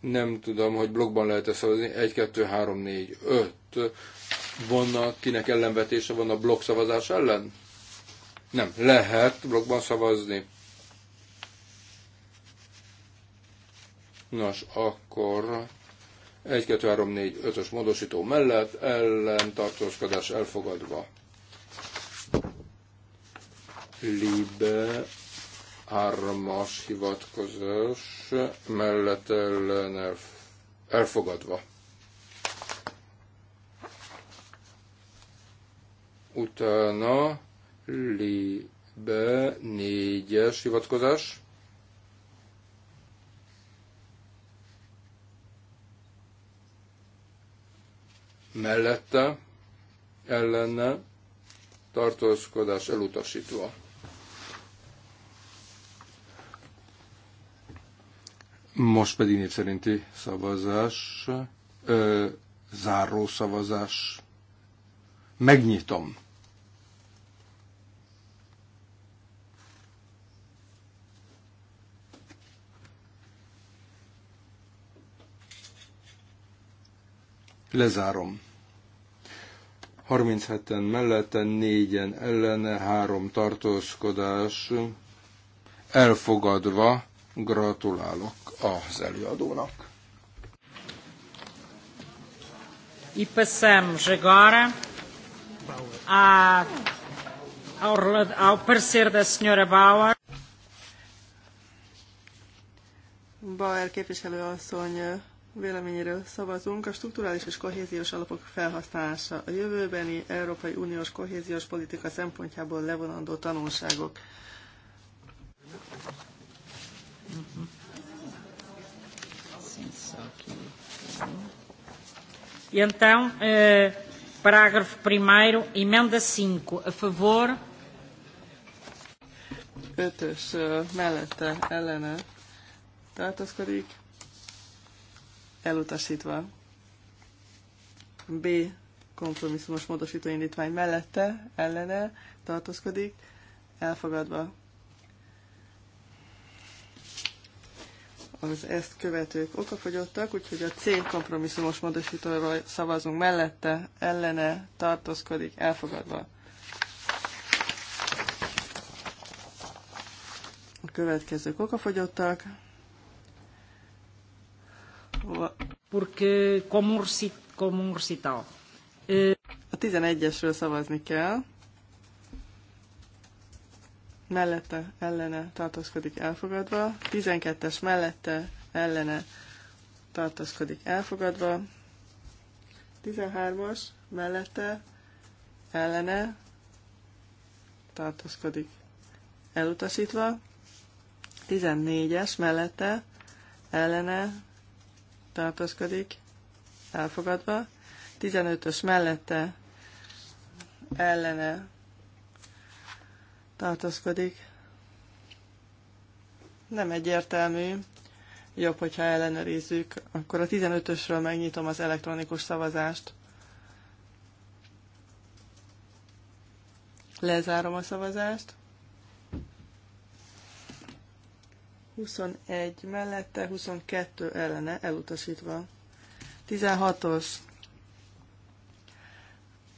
Nem tudom, hogy blogban lehet-e szavazni. 1, 2, 3, 4, 5 vannak, kinek ellenvetése van a blokkszavazás ellen? Nem, lehet blokkban szavazni. Nos, akkor 1, 2, 3, 4, 5-ös módosító mellett ellen tartózkodás elfogadva. Libe 3-as hivatkozás mellett ellen elfogadva. Utána libe négyes hivatkozás. Mellette, ellenne, tartózkodás elutasítva. Most pedig szerinti szavazás, ö, záró szavazás. Megnyitom. Lezárom. 37-en mellette, 4-en ellene, 3 tartózkodás elfogadva. Gratulálok az előadónak. E passamos agora a ao, ao parecer da senhora Bauer. Bauer képviselőasszony véleményéről szavazunk. A strukturális és kohéziós alapok felhasználása a jövőbeni Európai Uniós kohéziós politika szempontjából levonandó tanulságok. E então, eh, parágrafo 1, emenda 5, a favor. Ötös eh, mellette ellene tartozkodik elutasítva. B. Kompromisszumos módosító indítvány mellette, ellene tartózkodik, elfogadva. Az ezt követők okafogyottak, úgyhogy a C kompromisszumos módosítóról szavazunk mellette, ellene tartózkodik, elfogadva. A következők okafogyottak. Porque como recital. A 11-esről szavazni kell. Mellette, ellene tartózkodik elfogadva. 12-es mellette, ellene tartózkodik elfogadva. 13-as mellette, ellene tartózkodik elutasítva. 14-es mellette, ellene tartózkodik, elfogadva. 15-ös mellette ellene tartózkodik. Nem egyértelmű, jobb, hogyha ellenőrizzük. Akkor a 15-ösről megnyitom az elektronikus szavazást. Lezárom a szavazást. 21 mellette, 22 ellene elutasítva. 16-os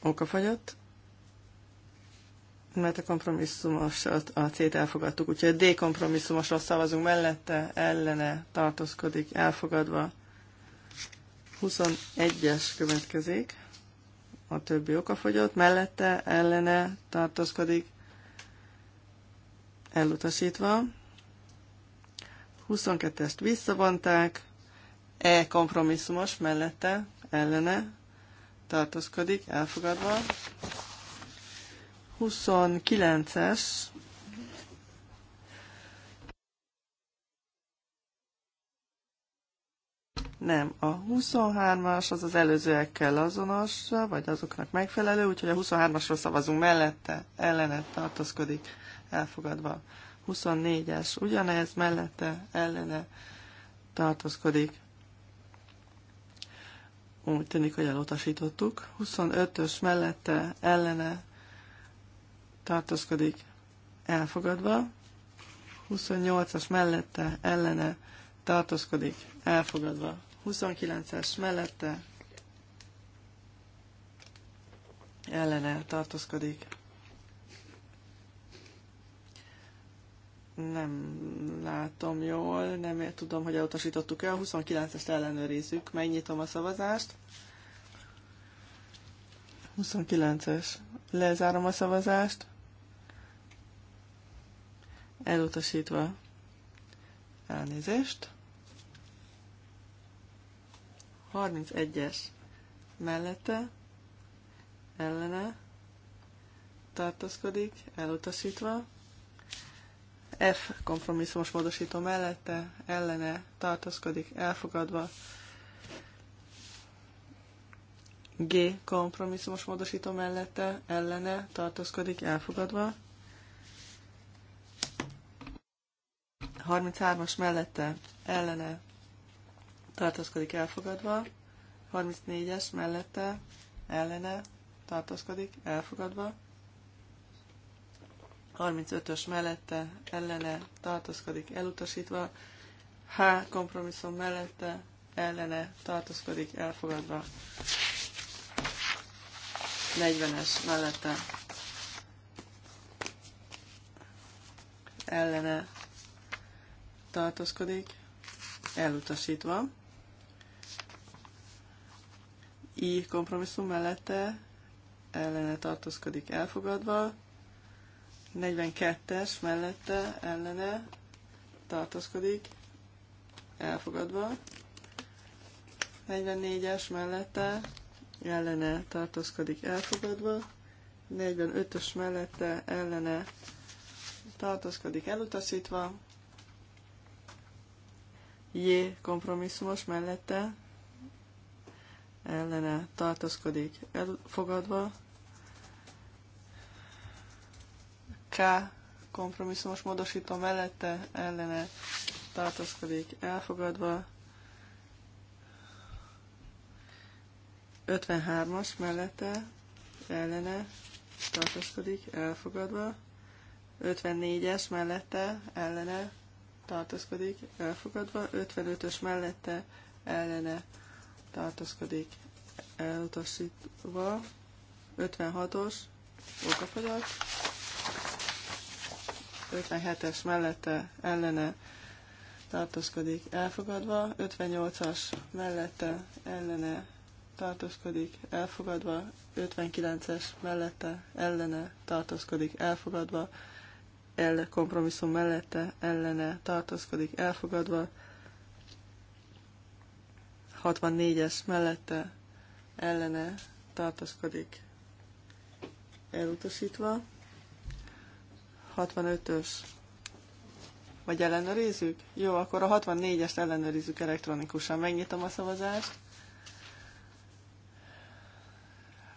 okafagyott, mert a kompromisszumosat, a C-t elfogadtuk, úgyhogy a D kompromisszumosra szavazunk mellette, ellene tartózkodik, elfogadva. 21-es következik, a többi okafogyott, mellette, ellene tartózkodik, elutasítva. 22-est visszavonták, E kompromisszumos mellette, ellene tartózkodik, elfogadva. 29-es Nem, a 23-as az az előzőekkel azonos, vagy azoknak megfelelő, úgyhogy a 23-asról szavazunk mellette, ellene tartózkodik, elfogadva. 24-es ugyanez mellette ellene tartozkodik. Úgy tűnik, hogy elutasítottuk. 25-ös mellette ellene tartozkodik elfogadva. 28-as mellette ellene tartozkodik elfogadva. 29-es mellette ellene tartozkodik. nem látom jól, nem tudom, hogy elutasítottuk el. 29-est ellenőrizzük. Megnyitom a szavazást. 29-es. Lezárom a szavazást. Elutasítva. Elnézést. 31-es. Mellette. Ellene. Tartózkodik. Elutasítva. F kompromisszumos módosító mellette ellene tartózkodik elfogadva. G kompromisszumos módosító mellette ellene tartózkodik elfogadva. 33-as mellette ellene tartózkodik elfogadva. 34-es mellette ellene tartózkodik elfogadva. 35-ös mellette ellene tartozkodik elutasítva, H kompromisszum mellette ellene tartozkodik elfogadva, 40-es mellette ellene tartozkodik elutasítva, I kompromisszum mellette ellene tartózkodik elfogadva, 42-es mellette ellene tartózkodik, elfogadva. 44-es mellette ellene tartózkodik, elfogadva. 45-ös mellette ellene tartózkodik, elutasítva. J kompromisszumos mellette ellene tartózkodik, elfogadva. K kompromisszumos módosító mellette ellene tartozkodik elfogadva. 53-as mellette ellene tartozkodik elfogadva. 54-es mellette ellene tartozkodik elfogadva. 55-ös mellette ellene tartozkodik elutasítva. 56-os okafagyat 57-es mellette ellene tartózkodik elfogadva, 58-as mellette ellene tartózkodik elfogadva, 59-es mellette ellene tartózkodik elfogadva, el kompromisszum mellette ellene tartózkodik elfogadva, 64-es mellette ellene tartózkodik elutasítva, 65-ös. Vagy ellenőrizzük? Jó, akkor a 64-est ellenőrizzük elektronikusan. Megnyitom a szavazást.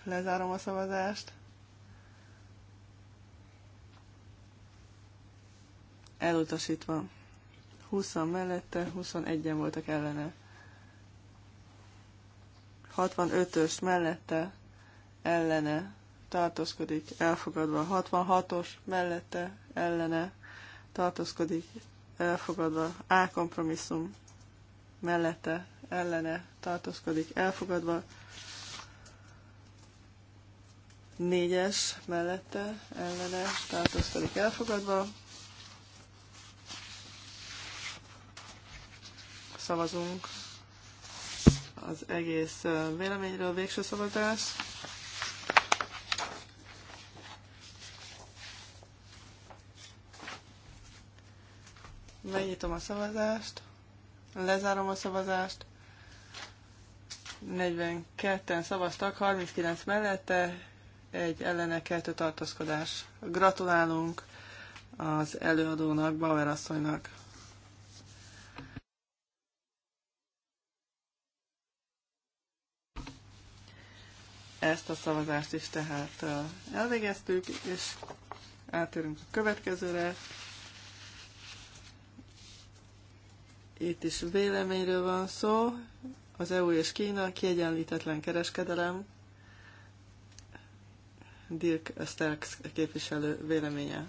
Lezárom a szavazást. Elutasítva. 20 mellette, 21-en voltak ellene. 65-ös mellette, ellene tartózkodik, elfogadva. 66-os mellette, ellene, tartózkodik, elfogadva. A kompromisszum mellette, ellene, tartózkodik, elfogadva. 4-es mellette, ellene, tartózkodik, elfogadva. Szavazunk az egész véleményről, végső szavazás. Megnyitom a szavazást, lezárom a szavazást. 42-en szavaztak, 39 mellette, egy ellene kettő tartózkodás. Gratulálunk az előadónak, Bauer asszonynak. Ezt a szavazást is tehát elvégeztük, és átérünk a következőre. Itt is véleményről van szó. Az EU és Kína kiegyenlítetlen kereskedelem. Dirk Sterks képviselő véleménye.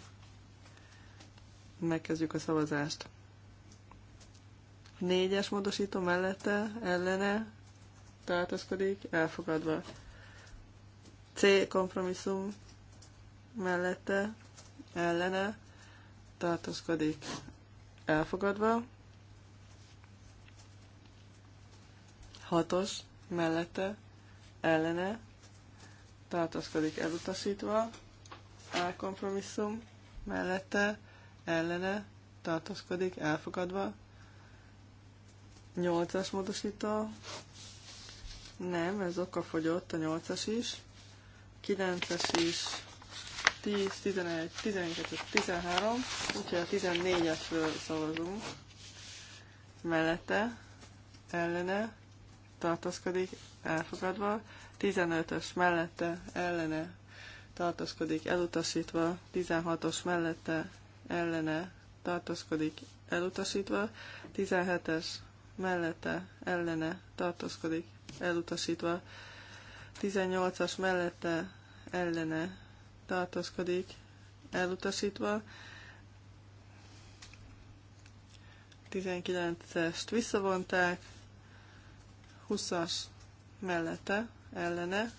Megkezdjük a szavazást. Négyes módosító mellette, ellene tartozkodik, elfogadva. C kompromisszum mellette, ellene tartozkodik, elfogadva. Hatos mellette ellene tartózkodik elutasítva. A mellette ellene tartózkodik elfogadva. Nyolcas módosító. Nem, ez oka fogyott, a nyolcas is. kilences is, 10, 11, 12, 13, úgyhogy a 14-esről szavazunk. Mellette, ellene, tartózkodik, elfogadva. 15-ös mellette ellene tartózkodik, elutasítva. 16-os mellette ellene tartózkodik, elutasítva. 17-es mellette ellene tartózkodik, elutasítva. 18-as mellette ellene tartózkodik, elutasítva. 19-est visszavonták, 20-as mellette ellene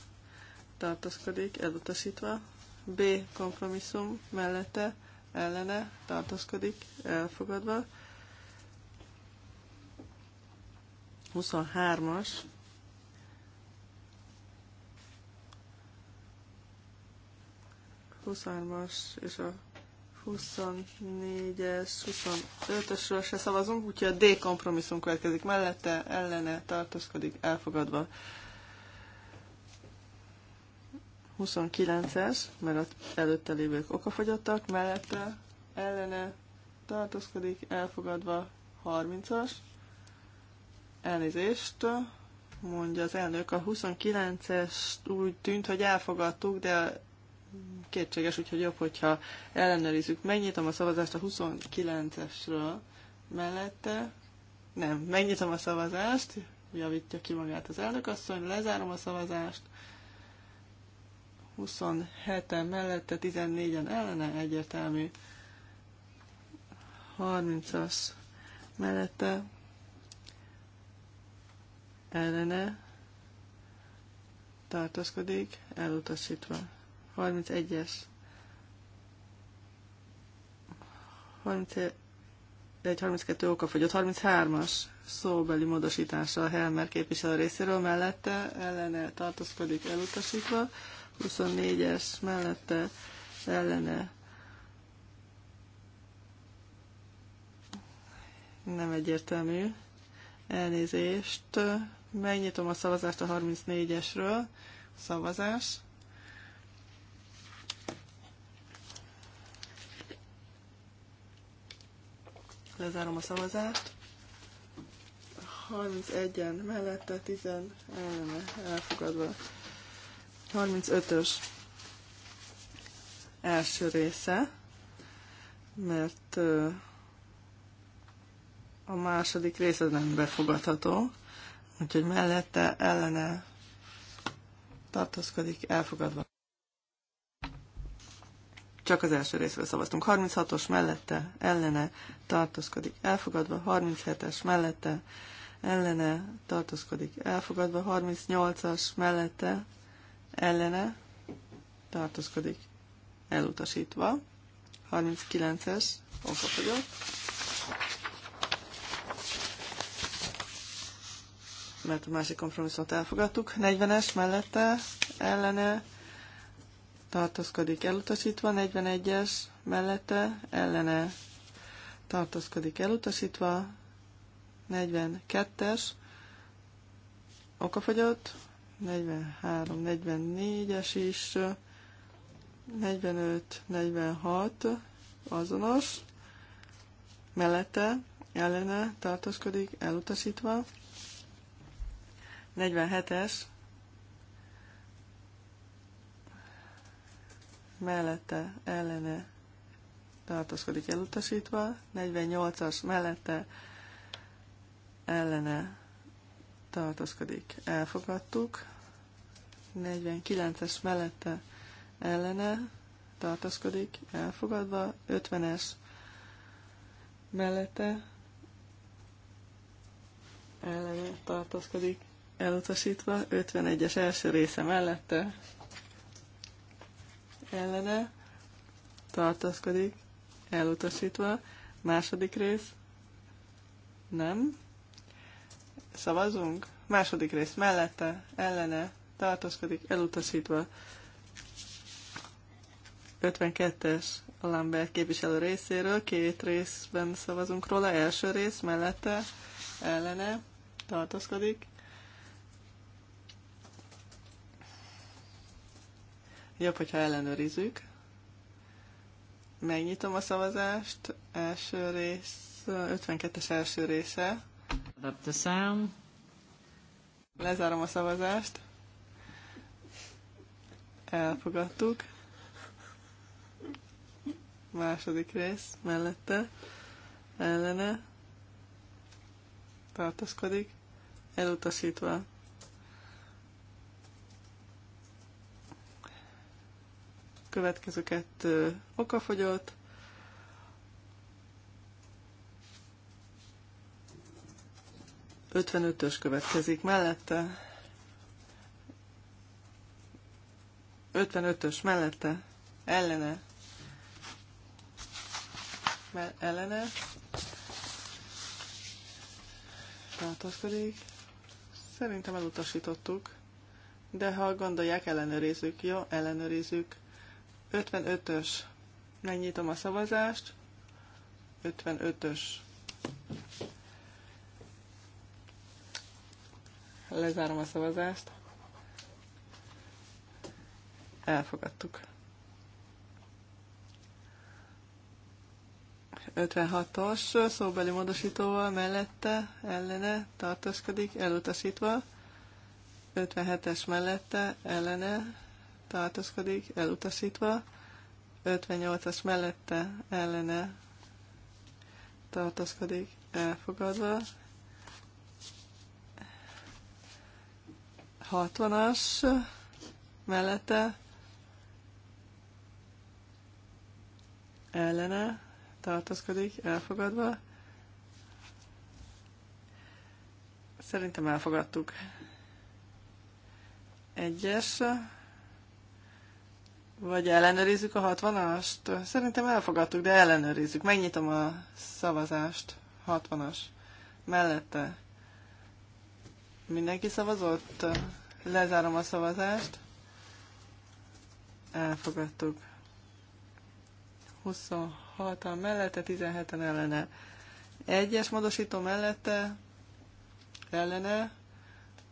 tartózkodik, elutasítva. B kompromisszum mellette ellene tartózkodik, elfogadva. 23-as Huszármas és a 24-es, 25-ösről se szavazunk, úgyhogy a D kompromisszum következik mellette, ellene tartózkodik, elfogadva. 29-es, mert az előtte lévők okafogyottak, mellette, ellene tartózkodik, elfogadva. 30-as, elnézést, mondja az elnök. A 29-es úgy tűnt, hogy elfogadtuk, de kétséges, úgyhogy jobb, hogyha ellenőrizzük. Megnyitom a szavazást a 29-esről mellette. Nem, megnyitom a szavazást, javítja ki magát az elnökasszony, lezárom a szavazást. 27-en mellette, 14-en ellene egyértelmű. 30-as mellette ellene tartózkodik, elutasítva. 31-es. 31, 32 oka fogyott, 33-as szóbeli módosítása a Helmer képviselő részéről mellette, ellene tartózkodik elutasítva, 24-es mellette ellene nem egyértelmű elnézést. Megnyitom a szavazást a 34-esről. Szavazás. Lezárom a szavazást. 31-en mellette, 10 ellene elfogadva. 35-ös első része, mert a második része nem befogadható, úgyhogy mellette ellene tartózkodik elfogadva. Csak az első részről szavaztunk. 36-os mellette, ellene, tartózkodik, elfogadva. 37-es mellette, ellene, tartózkodik, elfogadva. 38-as mellette, ellene, tartózkodik, elutasítva. 39-es, okapagyott. Mert a másik kompromisszumot elfogadtuk. 40-es mellette, ellene, tartózkodik elutasítva, 41-es mellette ellene tartózkodik elutasítva, 42-es okafogyott, 43, 44-es is, 45, 46 azonos, mellette ellene tartózkodik elutasítva, 47-es mellette ellene tartózkodik elutasítva, 48-as mellette ellene tartózkodik elfogadtuk, 49-es mellette ellene tartózkodik elfogadva, 50-es mellette ellene tartózkodik elutasítva, 51-es első része mellette ellene tartózkodik, elutasítva. Második rész, nem. Szavazunk? Második rész mellette, ellene tartózkodik, elutasítva. 52-es a Lambert képviselő részéről, két részben szavazunk róla, első rész mellette, ellene tartózkodik, Jobb, hogyha ellenőrizzük. Megnyitom a szavazást. Első rész, 52-es első része. the sound. Lezárom a szavazást. Elfogadtuk. Második rész mellette. Ellene. Tartaszkodik. Elutasítva. következő kettő okafogyott. Ötvenötös következik mellette. 55-ös mellette, ellene, Mell ellene, tartózkodik. Szerintem elutasítottuk, de ha gondolják, ellenőrizzük. Jó, ellenőrizzük. 55-ös. Megnyitom a szavazást. 55-ös. Lezárom a szavazást. Elfogadtuk. 56-os szóbeli módosítóval mellette, ellene tartózkodik, elutasítva. 57-es mellette, ellene tartózkodik, elutasítva. 58-as mellette ellene tartózkodik, elfogadva. 60-as mellette ellene tartózkodik, elfogadva. Szerintem elfogadtuk. Egyes vagy ellenőrizzük a 60-ast? Szerintem elfogadtuk, de ellenőrizzük. Megnyitom a szavazást. 60-as. Mellette. Mindenki szavazott? Lezárom a szavazást. Elfogadtuk. 26-an mellette, 17-en ellene. Egyes módosító mellette, ellene,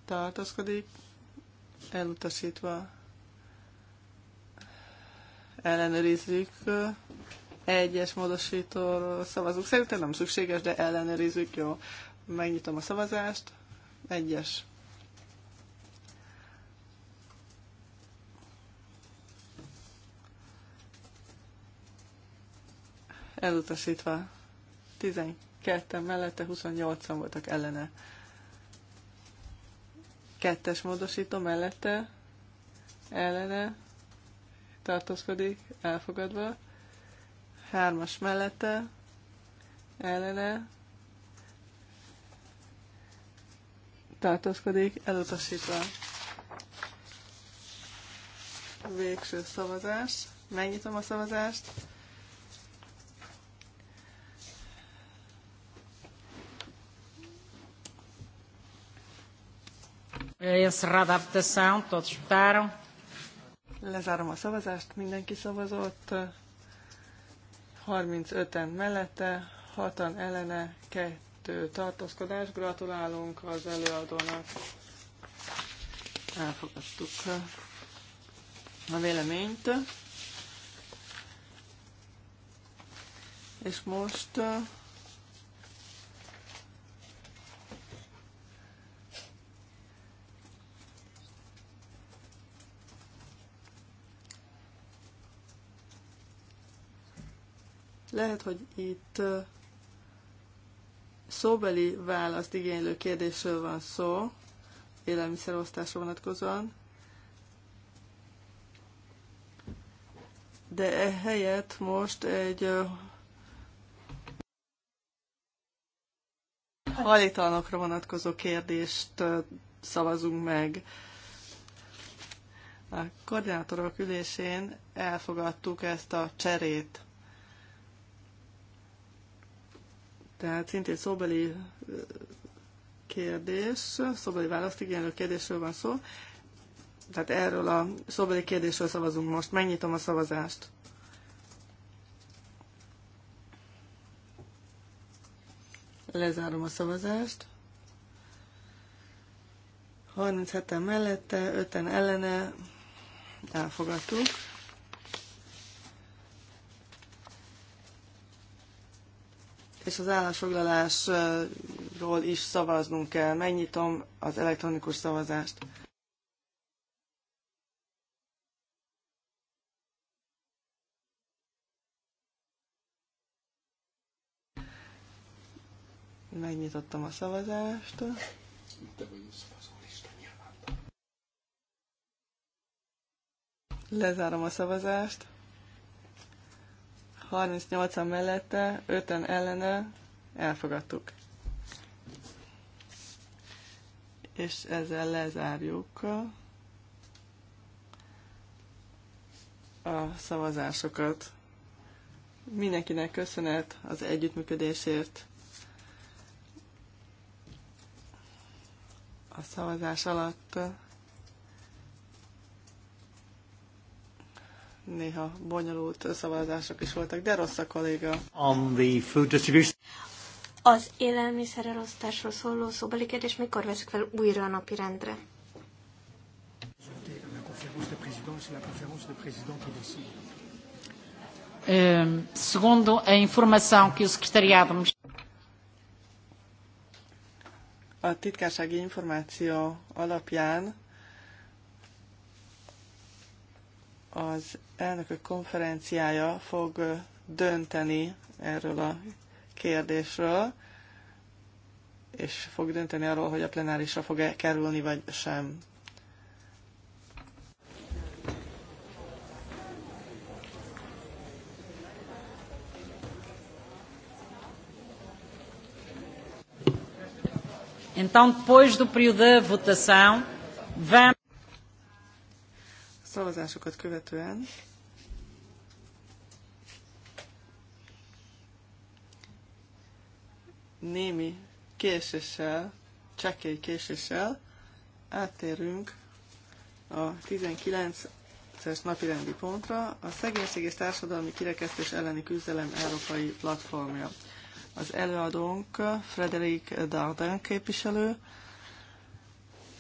tartózkodik, elutasítva ellenőrizzük. Egyes módosítóról szavazunk. Szerintem nem szükséges, de ellenőrizzük. Jó, megnyitom a szavazást. Egyes. Elutasítva. 12 mellette, 28-an voltak ellene. Kettes módosító mellette, ellene, tartózkodik, elfogadva. Hármas mellette, ellene, tartózkodik, elutasítva. Végső szavazás. Megnyitom a szavazást. Encerrada de votação, todos votaram. Lezárom a szavazást, mindenki szavazott. 35-en mellette, 6-an ellene, 2 tartózkodás. Gratulálunk az előadónak. Elfogadtuk a véleményt. És most Lehet, hogy itt szóbeli választ igénylő kérdésről van szó, élelmiszerosztásra vonatkozóan, de ehelyett most egy hajléktalanokra vonatkozó kérdést szavazunk meg. A koordinátorok ülésén elfogadtuk ezt a cserét. Tehát szintén szóbeli kérdés, szóbeli választ igénylő kérdésről van szó. Tehát erről a szóbeli kérdésről szavazunk most. Megnyitom a szavazást. Lezárom a szavazást. 37-en mellette, 5-en ellene elfogadtuk. és az állásfoglalásról is szavaznunk kell. Megnyitom az elektronikus szavazást. Megnyitottam a szavazást. Lezárom a szavazást. 38-an mellette, 5-en ellene elfogadtuk. És ezzel lezárjuk a szavazásokat. Mindenkinek köszönet az együttműködésért. A szavazás alatt néha bonyolult szavazások is voltak, de rossz a kolléga. On the food distribution. Az élelmiszerelosztásról szóló szóbeli kérdés mikor veszük fel újra a napi rendre? Ehm, segundo a informação que o secretariado me... a titkársági információ alapján az elnökök konferenciája fog dönteni erről a kérdésről, és fog dönteni arról, hogy a plenárisra fog-e kerülni, vagy sem. Então, depois do período de votação, vamos szavazásokat követően némi késéssel, csekély késéssel áttérünk a 19-es napirendi pontra, a Szegénység és Társadalmi Kirekesztés elleni küzdelem európai platformja. Az előadónk Frederik Darden képviselő,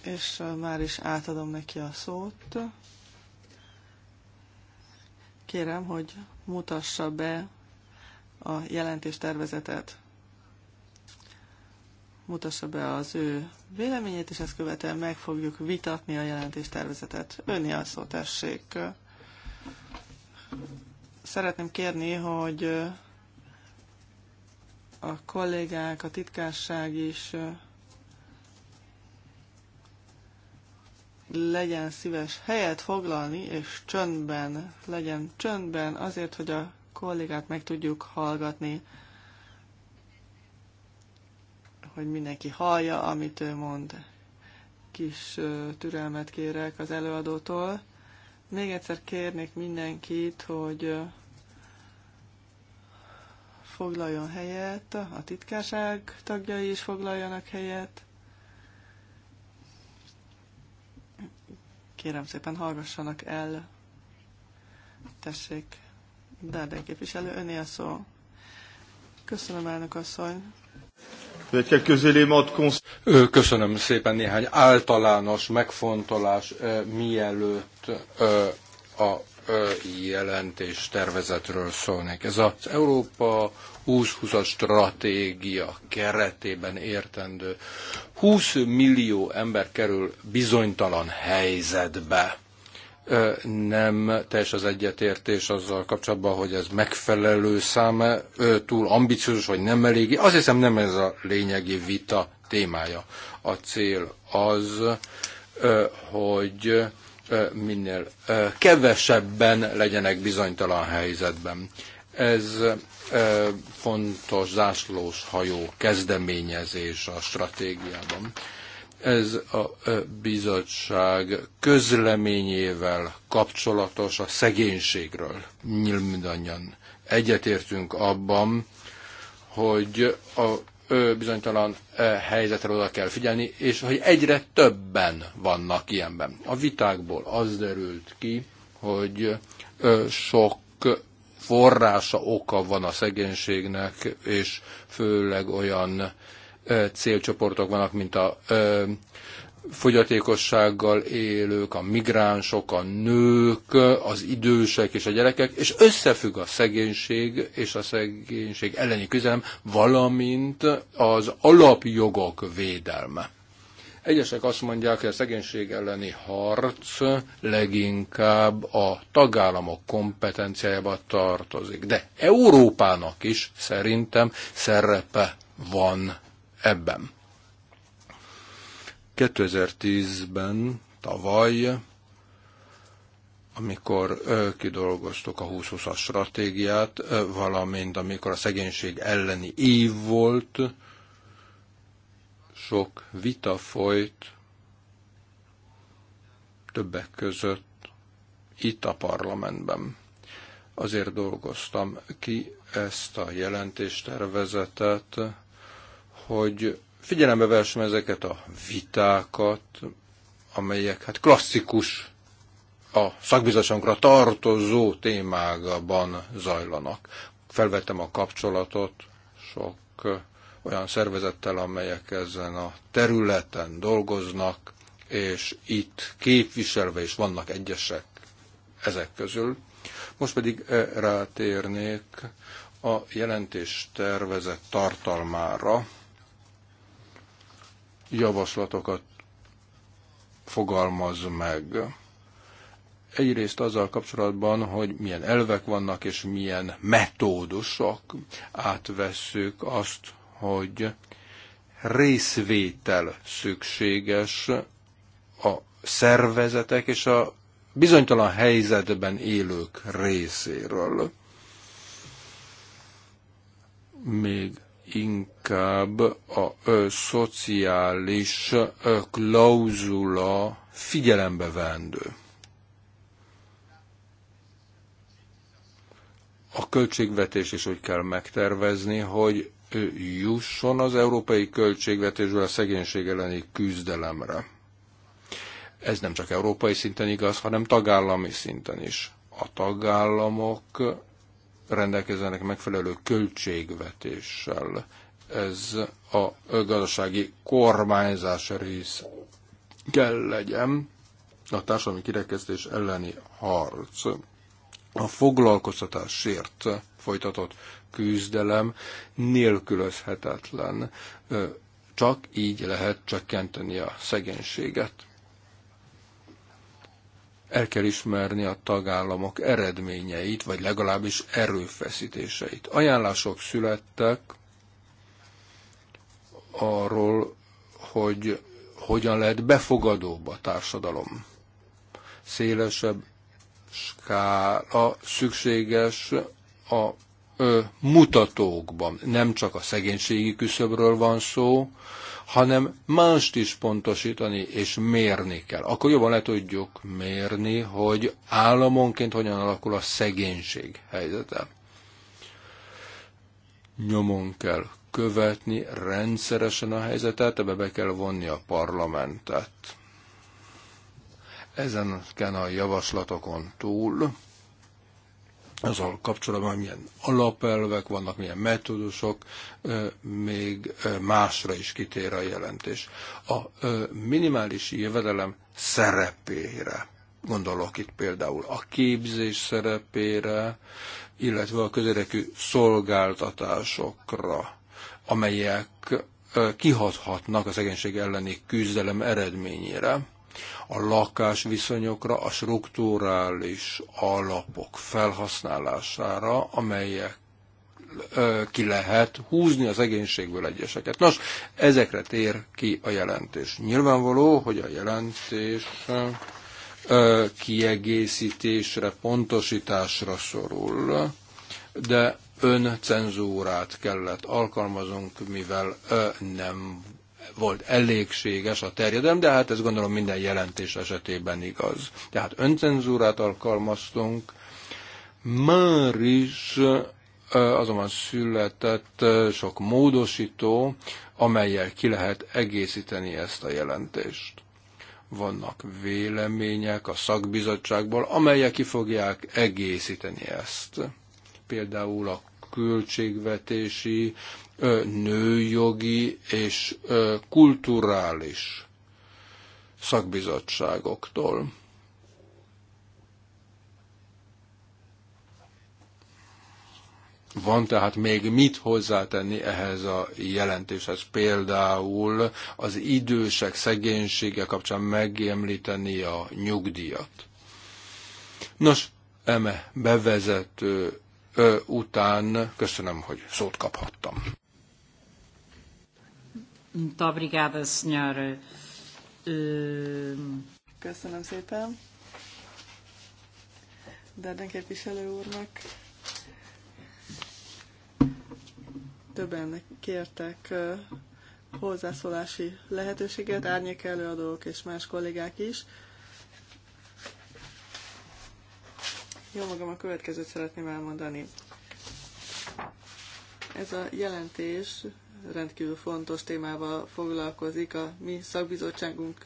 és már is átadom neki a szót. Kérem, hogy mutassa be a jelentéstervezetet. Mutassa be az ő véleményét, és ezt követően meg fogjuk vitatni a jelentéstervezetet. Önni a szó, tessék. Szeretném kérni, hogy a kollégák, a titkásság is legyen szíves helyet foglalni, és csöndben, legyen csöndben azért, hogy a kollégát meg tudjuk hallgatni, hogy mindenki hallja, amit ő mond. Kis türelmet kérek az előadótól. Még egyszer kérnék mindenkit, hogy foglaljon helyet, a titkárság tagjai is foglaljanak helyet. Kérem szépen, hallgassanak el. Tessék, Dárden képviselő, öné a szó. Köszönöm, elnök asszony. Köszönöm szépen néhány általános megfontolás, mielőtt a jelentés tervezetről szólnék. Ez az Európa 2020-as stratégia keretében értendő 20 millió ember kerül bizonytalan helyzetbe. Nem teljes az egyetértés azzal kapcsolatban, hogy ez megfelelő száma, túl ambiciózus vagy nem eléggé. Azt hiszem nem ez a lényegi vita témája. A cél az, hogy minél kevesebben legyenek bizonytalan helyzetben. Ez fontos zászlós hajó kezdeményezés a stratégiában. Ez a bizottság közleményével kapcsolatos a szegénységről. Mindannyian egyetértünk abban, hogy a bizonytalan helyzetre oda kell figyelni, és hogy egyre többen vannak ilyenben. A vitákból az derült ki, hogy sok forrása, oka van a szegénységnek, és főleg olyan célcsoportok vannak, mint a fogyatékossággal élők, a migránsok, a nők, az idősek és a gyerekek, és összefügg a szegénység és a szegénység elleni küzdelem, valamint az alapjogok védelme. Egyesek azt mondják, hogy a szegénység elleni harc leginkább a tagállamok kompetenciájába tartozik. De Európának is szerintem szerepe van ebben. 2010-ben, tavaly, amikor kidolgoztuk a 2020-as stratégiát, valamint amikor a szegénység elleni év volt, sok vita folyt többek között itt a parlamentben. Azért dolgoztam ki ezt a jelentéstervezetet, hogy figyelembe versem ezeket a vitákat, amelyek hát klasszikus a szakbizottságunkra tartozó témákban zajlanak. Felvettem a kapcsolatot sok olyan szervezettel, amelyek ezen a területen dolgoznak, és itt képviselve is vannak egyesek ezek közül. Most pedig eh, rátérnék a jelentés tervezett tartalmára, javaslatokat fogalmaz meg. Egyrészt azzal kapcsolatban, hogy milyen elvek vannak és milyen metódusok, átvesszük azt, hogy részvétel szükséges a szervezetek és a bizonytalan helyzetben élők részéről. Még inkább a ö, szociális ö, klauzula figyelembe vendő. A költségvetés is úgy kell megtervezni, hogy jusson az európai költségvetésből a szegénység elleni küzdelemre. Ez nem csak európai szinten igaz, hanem tagállami szinten is. A tagállamok rendelkezzenek megfelelő költségvetéssel. Ez a gazdasági kormányzás rész kell legyen a társadalmi kirekesztés elleni harc, a foglalkoztatásért folytatott küzdelem nélkülözhetetlen. Csak így lehet csökkenteni a szegénységet. El kell ismerni a tagállamok eredményeit, vagy legalábbis erőfeszítéseit. Ajánlások születtek arról, hogy hogyan lehet befogadóbb a társadalom. Szélesebb skála szükséges a mutatókban. Nem csak a szegénységi küszöbről van szó, hanem mást is pontosítani és mérni kell. Akkor jobban le tudjuk mérni, hogy államonként hogyan alakul a szegénység helyzete. Nyomon kell követni rendszeresen a helyzetet, ebbe be kell vonni a parlamentet. Ezen a javaslatokon túl azzal kapcsolatban milyen alapelvek vannak, milyen metódusok, még másra is kitér a jelentés. A minimális jövedelem szerepére, gondolok itt például a képzés szerepére, illetve a közérdekű szolgáltatásokra, amelyek kihathatnak a szegénység elleni küzdelem eredményére a lakásviszonyokra, a strukturális alapok felhasználására, amelyek ki lehet húzni az egénységből egyeseket. Nos, ezekre tér ki a jelentés. Nyilvánvaló, hogy a jelentés kiegészítésre, pontosításra szorul, de öncenzúrát kellett alkalmazunk, mivel nem volt elégséges a terjedelem, de hát ez gondolom minden jelentés esetében igaz. Tehát öncenzúrát alkalmaztunk, már is azonban született sok módosító, amelyel ki lehet egészíteni ezt a jelentést. Vannak vélemények a szakbizottságból, amelyek ki fogják egészíteni ezt. Például a költségvetési nőjogi és kulturális szakbizottságoktól. Van tehát még mit hozzátenni ehhez a jelentéshez, például az idősek szegénysége kapcsán megemlíteni a nyugdíjat. Nos, eme bevezető ö, után köszönöm, hogy szót kaphattam. Muito obrigada, senhora. Köszönöm szépen. Darden képviselő úrnak többen kértek hozzászólási lehetőséget, árnyék előadók és más kollégák is. Jó magam, a következőt szeretném elmondani. Ez a jelentés rendkívül fontos témával foglalkozik. A mi szakbizottságunk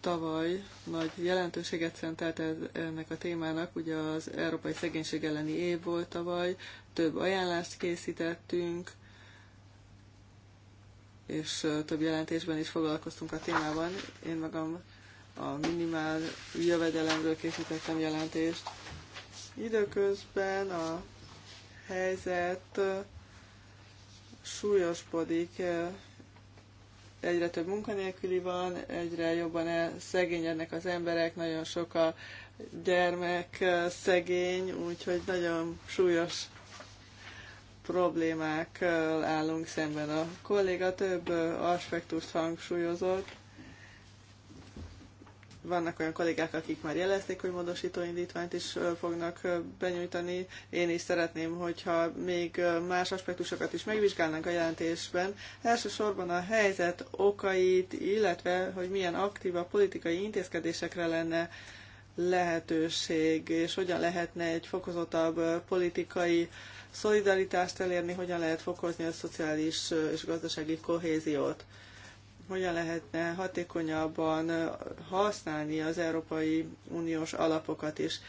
tavaly nagy jelentőséget szentelt ennek a témának, ugye az Európai Szegénység elleni év volt tavaly, több ajánlást készítettünk, és több jelentésben is foglalkoztunk a témában. Én magam a minimál jövedelemről készítettem jelentést. Időközben a helyzet súlyosbodik, eh, egyre több munkanélküli van, egyre jobban szegényednek az emberek, nagyon sok a gyermek eh, szegény, úgyhogy nagyon súlyos problémák állunk szemben. A kolléga több eh, aspektust hangsúlyozott, vannak olyan kollégák, akik már jelezték, hogy módosító indítványt is fognak benyújtani. Én is szeretném, hogyha még más aspektusokat is megvizsgálnánk a jelentésben. Elsősorban a helyzet okait, illetve hogy milyen aktív a politikai intézkedésekre lenne lehetőség, és hogyan lehetne egy fokozottabb politikai szolidaritást elérni, hogyan lehet fokozni a szociális és gazdasági kohéziót hogyan lehetne hatékonyabban használni az Európai Uniós alapokat is.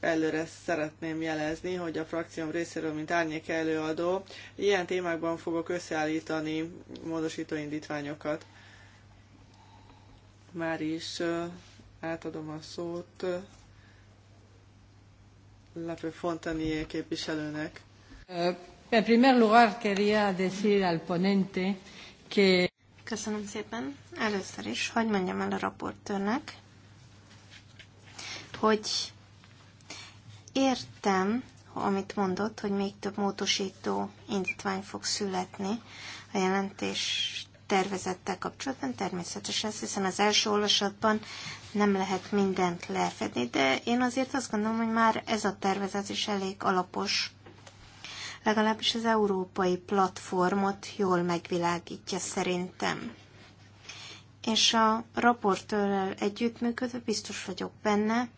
Előre szeretném jelezni, hogy a frakcióm részéről, mint árnyék előadó, ilyen témákban fogok összeállítani módosító indítványokat. Már is átadom a szót Lepő Fontanié képviselőnek. Eh, en primer lugar quería decir al ponente que Köszönöm szépen. Először is, hogy mondjam el a raportőrnek, hogy értem, amit mondott, hogy még több módosító indítvány fog születni a jelentés tervezettel kapcsolatban. Természetesen, hiszen az első olvasatban nem lehet mindent lefedni, de én azért azt gondolom, hogy már ez a tervezet is elég alapos legalábbis az európai platformot jól megvilágítja szerintem. És a raportőrrel együttműködve biztos vagyok benne,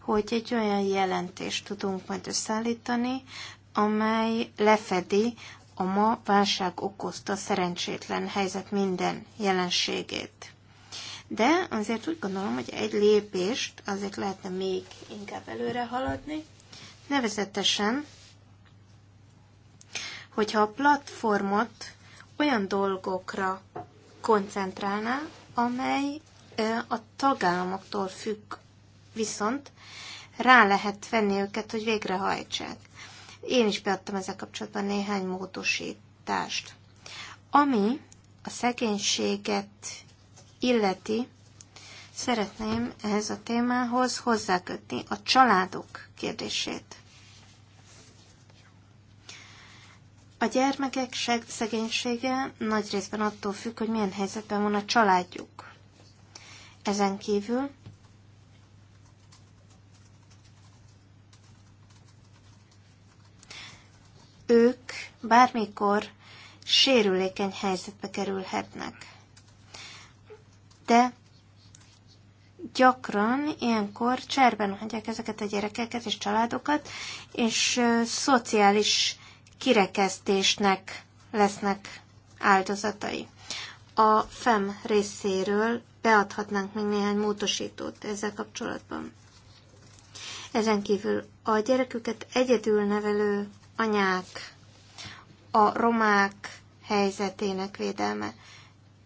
hogy egy olyan jelentést tudunk majd összeállítani, amely lefedi a ma válság okozta szerencsétlen helyzet minden jelenségét. De azért úgy gondolom, hogy egy lépést azért lehetne még inkább előre haladni, nevezetesen hogyha a platformot olyan dolgokra koncentrálná, amely a tagállamoktól függ, viszont rá lehet venni őket, hogy végrehajtsák. Én is beadtam ezzel kapcsolatban néhány módosítást. Ami a szegénységet illeti, szeretném ehhez a témához hozzákötni a családok kérdését. A gyermekek szegénysége nagy részben attól függ, hogy milyen helyzetben van a családjuk. Ezen kívül ők bármikor sérülékeny helyzetbe kerülhetnek. De gyakran ilyenkor cserben hagyják ezeket a gyerekeket és családokat, és szociális kirekesztésnek lesznek áldozatai. A FEM részéről beadhatnánk még néhány módosítót ezzel kapcsolatban. Ezen kívül a gyereküket egyedül nevelő anyák, a romák helyzetének védelme.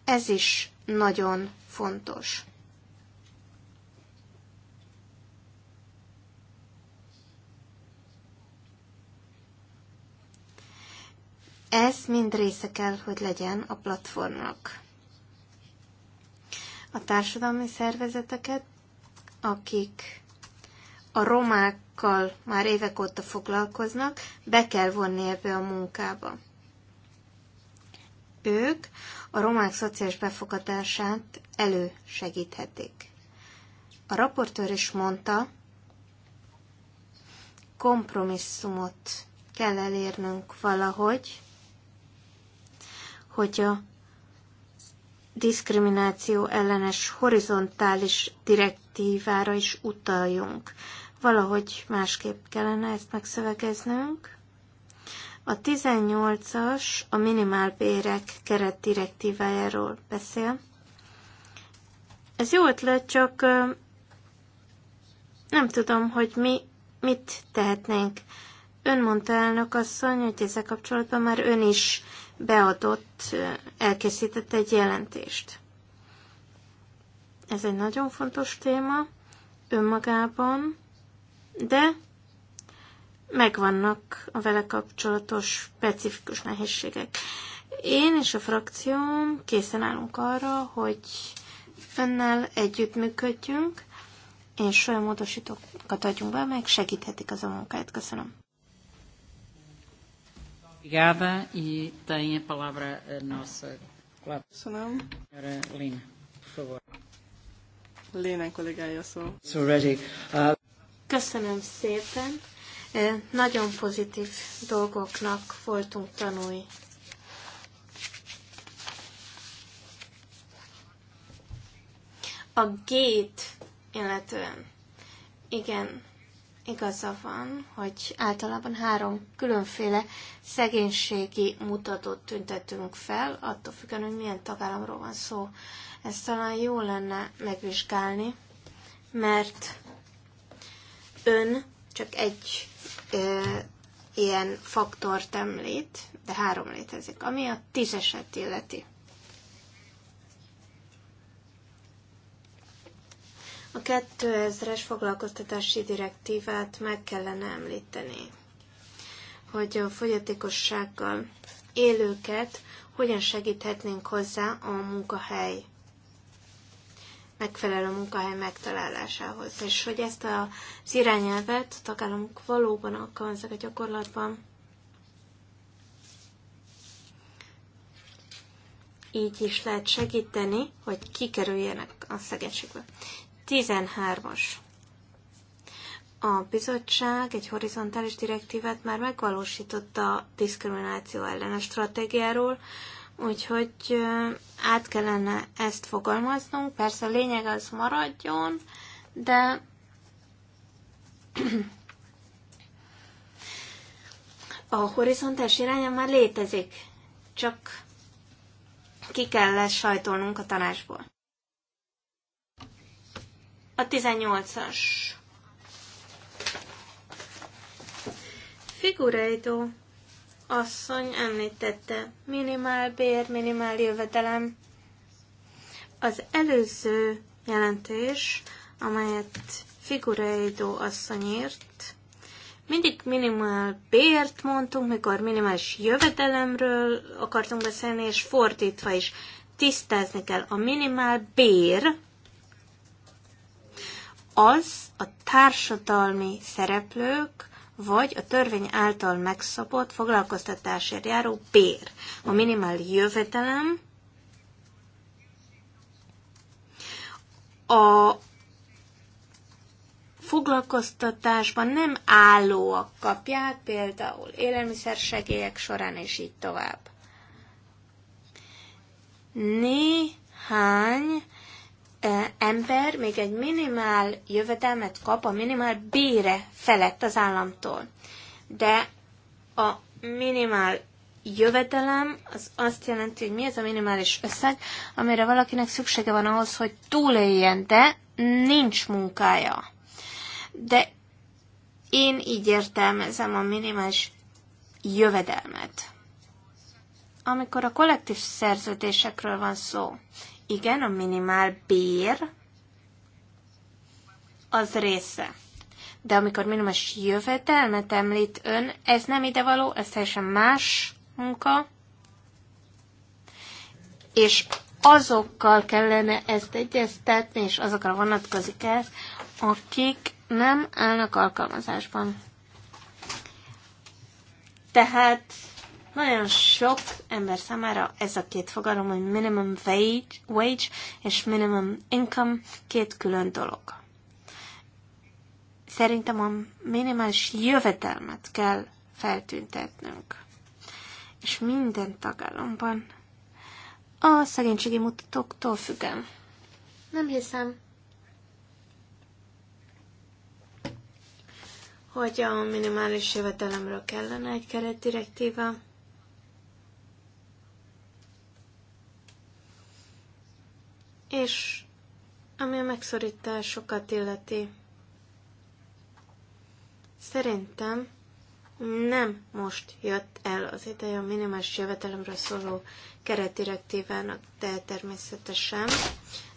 Ez is nagyon fontos. Ez mind része kell, hogy legyen a platformnak. A társadalmi szervezeteket, akik a romákkal már évek óta foglalkoznak, be kell vonni ebbe a munkába. Ők a romák szociális befogadását elősegíthetik. A raportőr is mondta, kompromisszumot kell elérnünk valahogy, hogy a diszkrimináció ellenes horizontális direktívára is utaljunk. Valahogy másképp kellene ezt megszövegeznünk. A 18-as a minimálbérek keret direktívájáról beszél. Ez jó ötlet, csak nem tudom, hogy mi mit tehetnénk. Ön mondta elnök asszony, hogy ezzel kapcsolatban már ön is beadott, elkészített egy jelentést. Ez egy nagyon fontos téma önmagában, de megvannak a vele kapcsolatos specifikus nehézségek. Én és a frakcióm készen állunk arra, hogy önnel együttműködjünk, és olyan módosítókat adjunk be, meg segíthetik az a munkát. Köszönöm. Obrigada e tem a palavra a nossa Köszönöm. Lina, por favor. ready. Uh, Köszönöm szépen. Nagyon pozitív dolgoknak voltunk tanulni. A gét, illetően, igen, igaza van, hogy általában három különféle szegénységi mutatót tüntetünk fel, attól függően, hogy milyen tagállamról van szó. Ezt talán jó lenne megvizsgálni, mert ön csak egy ö, ilyen faktort említ, de három létezik, ami a tízeset illeti. A 2000-es foglalkoztatási direktívát meg kellene említeni, hogy a fogyatékossággal élőket hogyan segíthetnénk hozzá a munkahely megfelelő munkahely megtalálásához, és hogy ezt az irányelvet a tagállamok valóban alkalmazzák a gyakorlatban. Így is lehet segíteni, hogy kikerüljenek a szegénységbe. 13-as. A bizottság egy horizontális direktívát már megvalósította a diszkrimináció ellenes stratégiáról, úgyhogy át kellene ezt fogalmaznunk. Persze a lényeg az maradjon, de a horizontális iránya már létezik, csak ki kell sajtolnunk a tanásból. A 18-as. Figureidó asszony említette minimál bér, minimál jövedelem. Az előző jelentés, amelyet Figureidó asszony írt, mindig minimál bért mondtunk, mikor minimális jövedelemről akartunk beszélni, és fordítva is tisztázni kell. A minimál bér az a társadalmi szereplők, vagy a törvény által megszabott foglalkoztatásért járó bér, a minimál jövedelem, a foglalkoztatásban nem állóak kapják, például élelmiszersegélyek során, és így tovább. Néhány E, ember még egy minimál jövedelmet kap a minimál bére felett az államtól. De a minimál jövedelem az azt jelenti, hogy mi ez a minimális összeg, amire valakinek szüksége van ahhoz, hogy túléljen, de nincs munkája. De én így értelmezem a minimális jövedelmet. Amikor a kollektív szerződésekről van szó, igen, a minimál bér az része. De amikor minimális jövedelmet említ ön, ez nem idevaló, ez teljesen más munka, és azokkal kellene ezt egyeztetni, és azokra vonatkozik ez, akik nem állnak alkalmazásban. Tehát nagyon sok ember számára ez a két fogalom, hogy minimum wage, wage és minimum income két külön dolog. Szerintem a minimális jövedelmet kell feltüntetnünk. És minden tagállamban a szegénységi mutatóktól függem. Nem hiszem, hogy a minimális jövedelemről kellene egy keretdirektíva. És ami a megszorításokat illeti, szerintem nem most jött el az ideje a minimális jövetelemről szóló keretdirektívának, de természetesen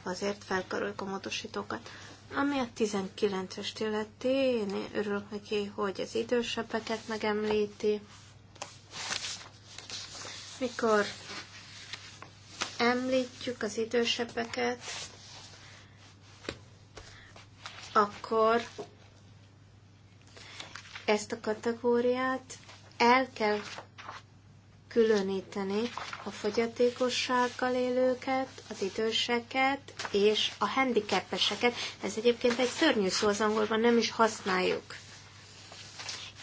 azért felkaroljuk a módosítókat. Ami a 19 es illeti, én örülök neki, hogy az idősebbeket megemlíti. Mikor említjük az idősebbeket, akkor ezt a kategóriát el kell különíteni a fogyatékossággal élőket, az időseket és a handicapeseket. Ez egyébként egy szörnyű szó az angolban, nem is használjuk.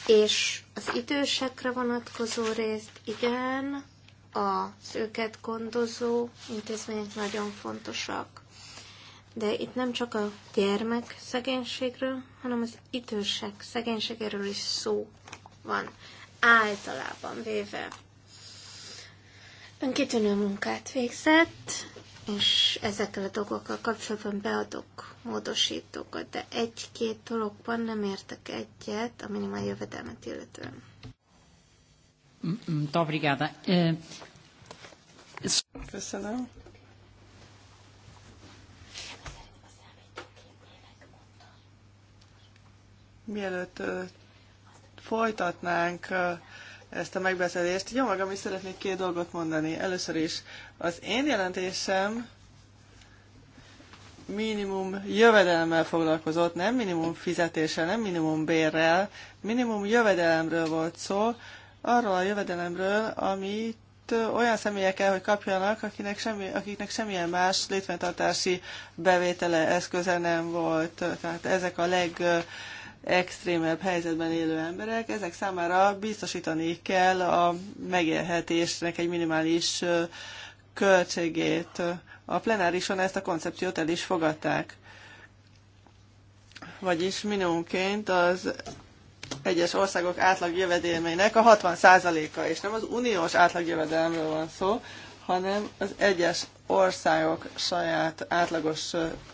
És az idősekre vonatkozó részt igen, a őket gondozó intézmények nagyon fontosak. De itt nem csak a gyermek szegénységről, hanem az idősek szegénységéről is szó van általában véve. Ön kitűnő munkát végzett, és ezekkel a dolgokkal kapcsolatban beadok módosítókat, de egy-két dologban nem értek egyet a minimál jövedelmet illetően. Muito obrigada. Eh, Köszönöm. Mielőtt folytatnánk ezt a megbeszélést, jó magam is szeretnék két dolgot mondani. Először is az én jelentésem minimum jövedelemmel foglalkozott, nem minimum fizetéssel, nem minimum bérrel, minimum jövedelemről volt szó, arról a jövedelemről, amit olyan személyek kell, hogy kapjanak, akinek semmi, akiknek semmilyen más létfenntartási bevétele eszköze nem volt. Tehát ezek a leg extrémebb helyzetben élő emberek, ezek számára biztosítani kell a megélhetésnek egy minimális költségét. A plenárison ezt a koncepciót el is fogadták. Vagyis minimumként az egyes országok átlagjövedelmének a 60%-a, és nem az uniós átlagjövedelemről van szó, hanem az egyes országok saját átlagos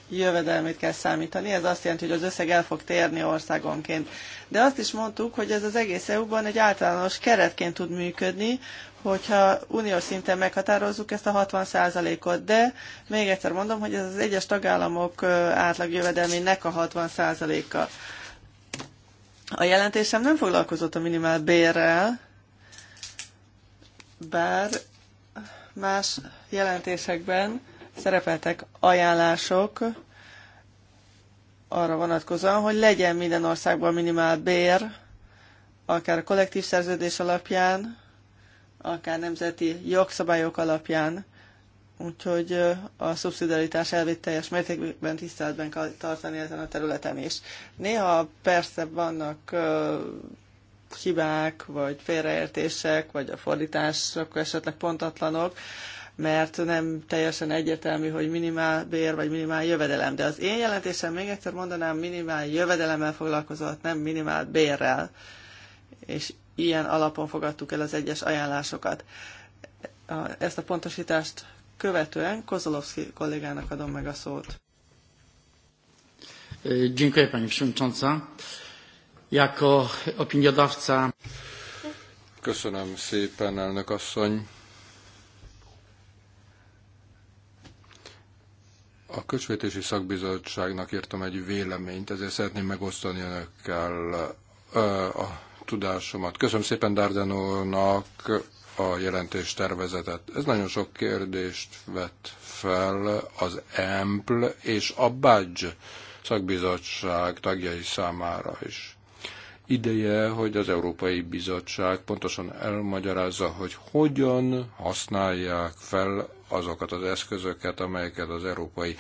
jövedelmét kell számítani. Ez azt jelenti, hogy az összeg el fog térni országonként. De azt is mondtuk, hogy ez az egész EU-ban egy általános keretként tud működni, hogyha uniós szinten meghatározzuk ezt a 60%-ot, de még egyszer mondom, hogy ez az egyes tagállamok átlagjövedelmének a 60%-a. A jelentésem nem foglalkozott a minimál bérrel, bár más jelentésekben szerepeltek ajánlások arra vonatkozóan, hogy legyen minden országban minimál bér, akár a kollektív szerződés alapján, akár nemzeti jogszabályok alapján. Úgyhogy a szubszidiaritás elvét teljes mértékben tiszteletben kell tartani ezen a területen is. Néha persze vannak hibák, vagy félreértések, vagy a fordítások esetleg pontatlanok, mert nem teljesen egyértelmű, hogy minimál bér vagy minimál jövedelem. De az én jelentésem még egyszer mondanám, minimál jövedelemmel foglalkozott, nem minimál bérrel. És ilyen alapon fogadtuk el az egyes ajánlásokat. Ezt a pontosítást Követően Kozolovszki kollégának adom meg a szót. E, dziękuję Pani Przewodnicząca. Jako opiniodawca... Köszönöm szépen, elnök asszony. A Köcsvetési Szakbizottságnak írtam egy véleményt, ezért szeretném megosztani önökkel e, a tudásomat. Köszönöm szépen Darden a jelentés tervezetet. Ez nagyon sok kérdést vett fel az EMPL és a BADZ szakbizottság tagjai számára is. Ideje, hogy az Európai Bizottság pontosan elmagyarázza, hogy hogyan használják fel azokat az eszközöket, amelyeket az európai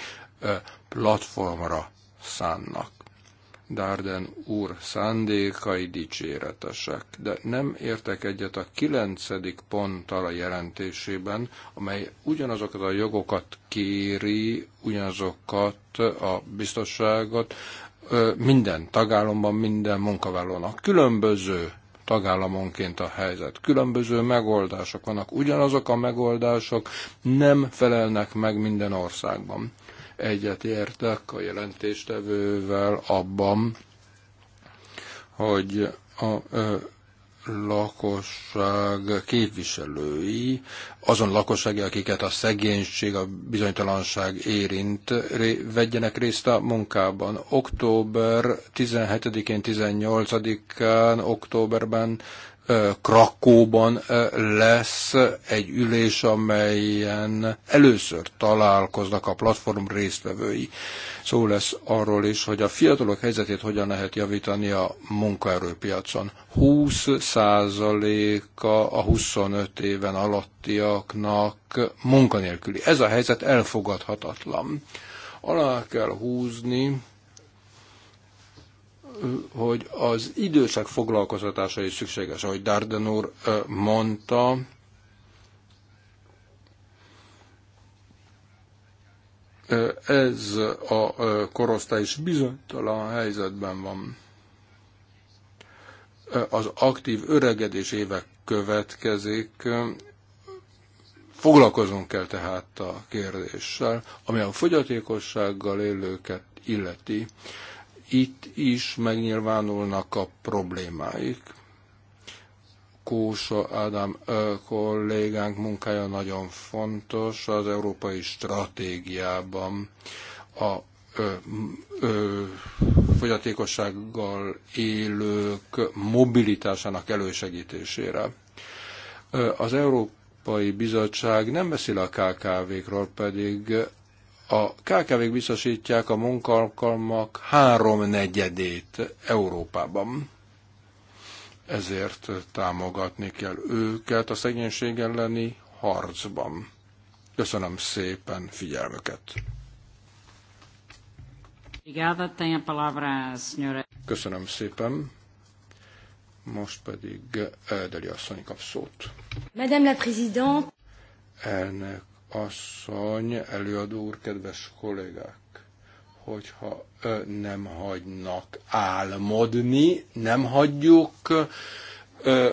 platformra szánnak. Darden úr szándékai dicséretesek, de nem értek egyet a kilencedik ponttal a jelentésében, amely ugyanazokat a jogokat kéri, ugyanazokat a biztosságot minden tagállamban, minden munkavállalónak. Különböző tagállamonként a helyzet. Különböző megoldások vannak, ugyanazok a megoldások nem felelnek meg minden országban. Egyetértek a jelentéstevővel abban, hogy a ö, lakosság képviselői, azon lakossági, akiket a szegénység, a bizonytalanság érint, ré, vegyenek részt a munkában. Október 17-én, 18-án, októberben Krakóban lesz egy ülés, amelyen először találkoznak a platform résztvevői. Szó lesz arról is, hogy a fiatalok helyzetét hogyan lehet javítani a munkaerőpiacon. 20%-a a 25 éven alattiaknak munkanélküli. Ez a helyzet elfogadhatatlan. Alá kell húzni hogy az idősek foglalkoztatása is szükséges, ahogy Darden úr mondta, ez a korosztály is bizonytalan helyzetben van. Az aktív öregedés évek következik, foglalkozunk kell tehát a kérdéssel, ami a fogyatékossággal élőket illeti itt is megnyilvánulnak a problémáik. Kósa Ádám kollégánk munkája nagyon fontos az európai stratégiában a ö, ö, fogyatékossággal élők mobilitásának elősegítésére. Az Európai Bizottság nem beszél a KKV-król, pedig a kkv biztosítják a munkalkalmak háromnegyedét Európában. Ezért támogatni kell őket a szegénység elleni harcban. Köszönöm szépen figyelmüket! Köszönöm szépen. Most pedig Deli asszony kap szót. Madame la Présidente. Elnök asszony, előadó úr, kedves kollégák, hogyha ö, nem hagynak álmodni, nem hagyjuk ö,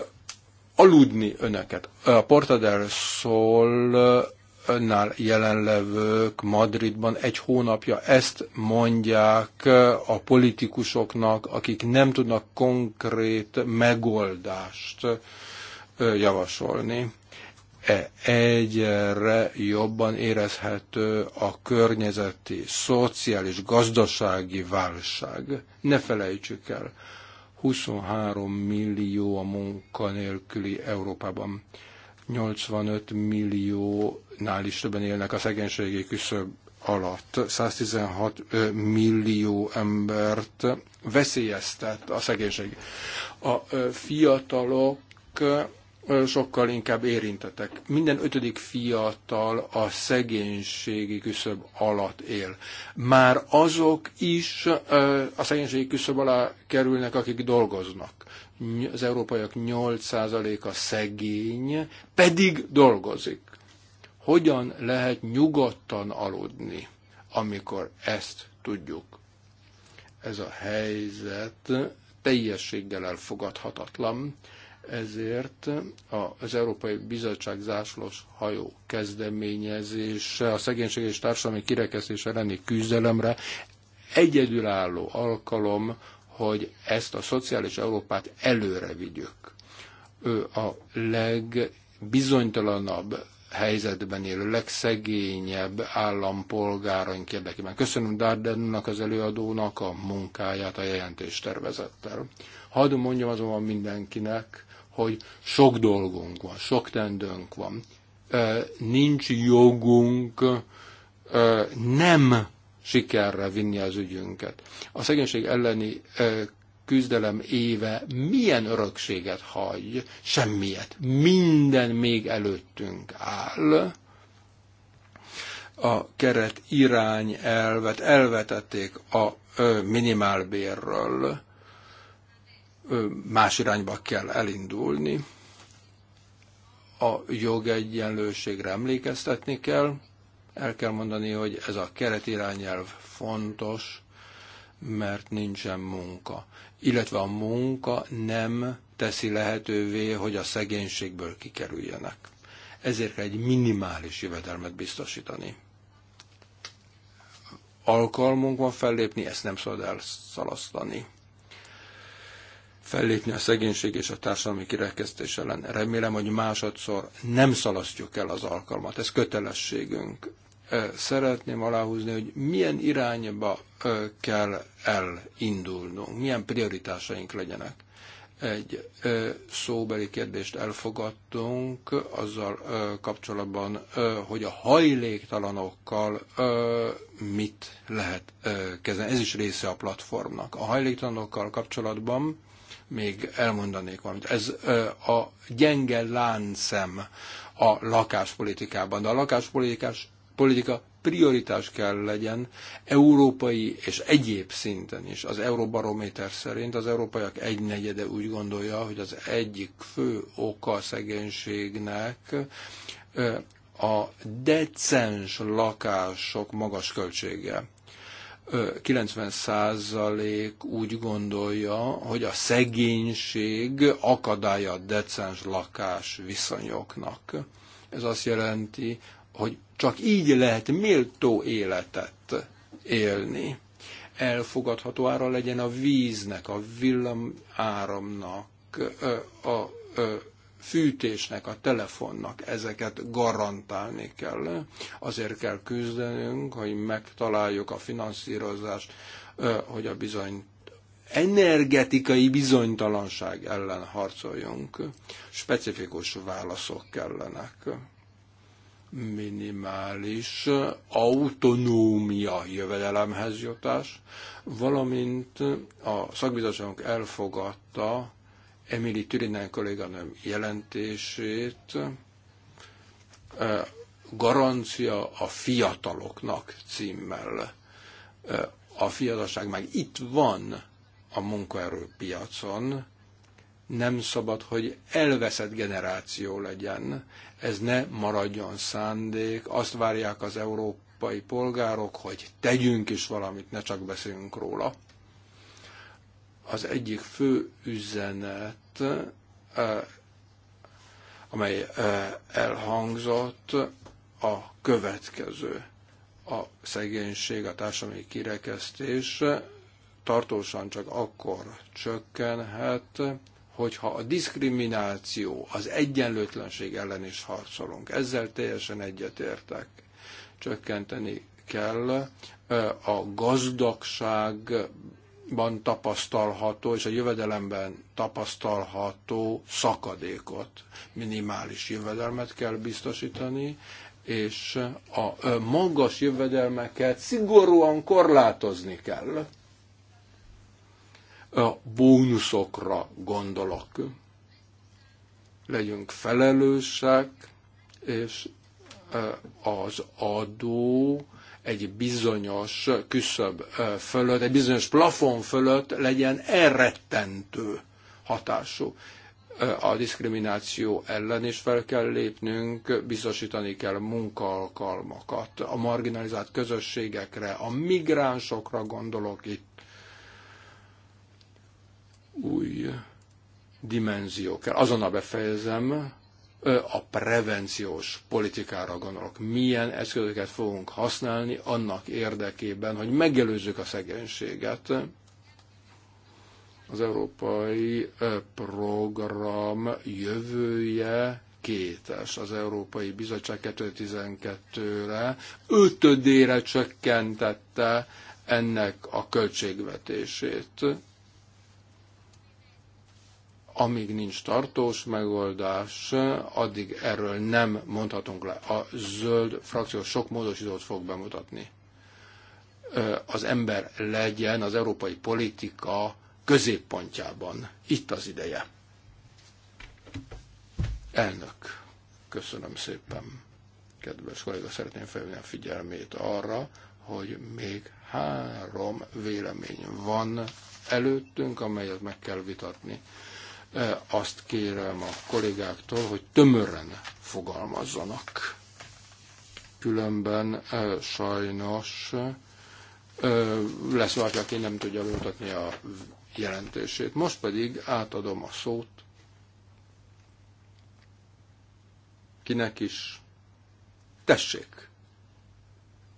aludni önöket. A Porta del Sol önnál jelenlevők Madridban egy hónapja ezt mondják a politikusoknak, akik nem tudnak konkrét megoldást javasolni E egyre jobban érezhető a környezeti, szociális, gazdasági válság. Ne felejtsük el, 23 millió a munkanélküli Európában. 85 milliónál is többen élnek a szegénységi küszöb alatt. 116 millió embert veszélyeztet a szegénység. A fiatalok sokkal inkább érintettek. Minden ötödik fiatal a szegénységi küszöb alatt él. Már azok is a szegénységi küszöb alá kerülnek, akik dolgoznak. Az európaiak 8%-a szegény, pedig dolgozik. Hogyan lehet nyugodtan aludni, amikor ezt tudjuk? Ez a helyzet teljességgel elfogadhatatlan ezért az Európai Bizottság zászlós hajó kezdeményezése a szegénység és társadalmi kirekesztés elleni küzdelemre egyedülálló alkalom, hogy ezt a szociális Európát előre vigyük. Ő a legbizonytalanabb helyzetben élő, legszegényebb állampolgáraink érdekében. Köszönöm Dardennak, az előadónak a munkáját a jelentéstervezettel. Hadd mondjam azonban mindenkinek, hogy sok dolgunk van, sok tendőnk van. Nincs jogunk nem sikerre vinni az ügyünket. A szegénység elleni küzdelem éve milyen örökséget hagy, semmiet. Minden még előttünk áll. A keret irányelvet elvetették a minimálbérről más irányba kell elindulni. A jogegyenlőségre emlékeztetni kell. El kell mondani, hogy ez a keretirányelv fontos, mert nincsen munka. Illetve a munka nem teszi lehetővé, hogy a szegénységből kikerüljenek. Ezért kell egy minimális jövedelmet biztosítani. Alkalmunk van fellépni, ezt nem szabad elszalasztani fellépni a szegénység és a társadalmi kirekesztés ellen. Remélem, hogy másodszor nem szalasztjuk el az alkalmat. Ez kötelességünk. Szeretném aláhúzni, hogy milyen irányba kell elindulnunk, milyen prioritásaink legyenek. Egy szóbeli kérdést elfogadtunk azzal kapcsolatban, hogy a hajléktalanokkal mit lehet kezelni. Ez is része a platformnak. A hajléktalanokkal kapcsolatban még elmondanék valamit. Ez a gyenge láncem a lakáspolitikában. De a lakáspolitikás politika prioritás kell legyen európai és egyéb szinten is. Az Euróbarométer szerint az európaiak egynegyede úgy gondolja, hogy az egyik fő oka a szegénységnek a decens lakások magas költsége. 90% úgy gondolja, hogy a szegénység akadálya a decens lakás viszonyoknak. Ez azt jelenti, hogy csak így lehet méltó életet élni. Elfogadható ára legyen a víznek, a villam áramnak, a, a, a fűtésnek, a telefonnak. Ezeket garantálni kell. Azért kell küzdenünk, hogy megtaláljuk a finanszírozást, hogy a bizony energetikai bizonytalanság ellen harcoljunk. Specifikus válaszok kellenek minimális autonómia jövedelemhez jutás, valamint a szakbizottságunk elfogadta Emily Türinen kolléganőm jelentését, Garancia a fiataloknak címmel. A fiatalság meg itt van a munkaerőpiacon, nem szabad, hogy elveszett generáció legyen. Ez ne maradjon szándék. Azt várják az európai polgárok, hogy tegyünk is valamit, ne csak beszéljünk róla. Az egyik fő üzenet, eh, amely eh, elhangzott, a következő. A szegénység, a társadalmi kirekesztés tartósan csak akkor csökkenhet, hogyha a diszkrimináció, az egyenlőtlenség ellen is harcolunk. Ezzel teljesen egyetértek. Csökkenteni kell eh, a gazdagság ban tapasztalható és a jövedelemben tapasztalható szakadékot, minimális jövedelmet kell biztosítani, és a magas jövedelmeket szigorúan korlátozni kell. A bónuszokra gondolok. Legyünk felelősek, és az adó egy bizonyos küszöb fölött, egy bizonyos plafon fölött legyen elrettentő hatású. A diszkrimináció ellen is fel kell lépnünk, biztosítani kell munkaalkalmakat a marginalizált közösségekre, a migránsokra gondolok itt. Új dimenzió kell. Azonnal befejezem a prevenciós politikára gondolok. Milyen eszközöket fogunk használni annak érdekében, hogy megelőzzük a szegénységet. Az európai program jövője kétes az Európai Bizottság 2012-re, ötödére csökkentette ennek a költségvetését amíg nincs tartós megoldás, addig erről nem mondhatunk le. A zöld frakció sok módosítót fog bemutatni. Az ember legyen az európai politika középpontjában. Itt az ideje. Elnök, köszönöm szépen. Kedves kolléga, szeretném felhívni a figyelmét arra, hogy még három vélemény van előttünk, amelyet meg kell vitatni E, azt kérem a kollégáktól, hogy tömören fogalmazzanak. Különben e, sajnos e, lesz valaki, aki nem tudja mutatni a jelentését. Most pedig átadom a szót kinek is. Tessék!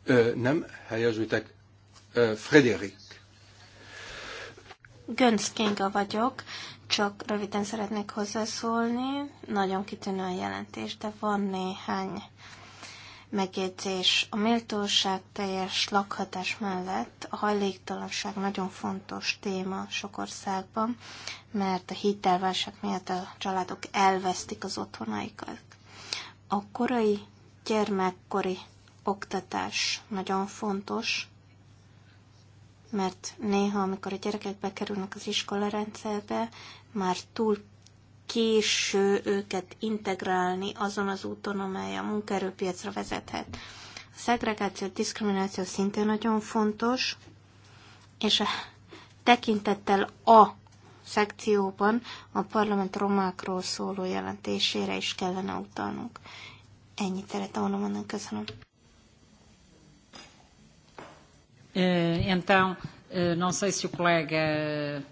Ö, nem helyezőtek, Frederik. Gönc Kinga vagyok, csak röviden szeretnék hozzászólni. Nagyon kitűnő a jelentés, de van néhány megjegyzés. A méltóság teljes lakhatás mellett a hajléktalanság nagyon fontos téma sok országban, mert a hitelválság miatt a családok elvesztik az otthonaikat. A korai gyermekkori oktatás nagyon fontos, mert néha, amikor a gyerekek bekerülnek az iskolarendszerbe, már túl késő őket integrálni azon az úton, amely a munkaerőpiacra vezethet. A szegregáció, a diszkrimináció szintén nagyon fontos, és a tekintettel a szekcióban a parlament romákról szóló jelentésére is kellene utalnunk. Ennyit szeretem volna mondani, köszönöm. Eh, então, eh, não sei se o colega...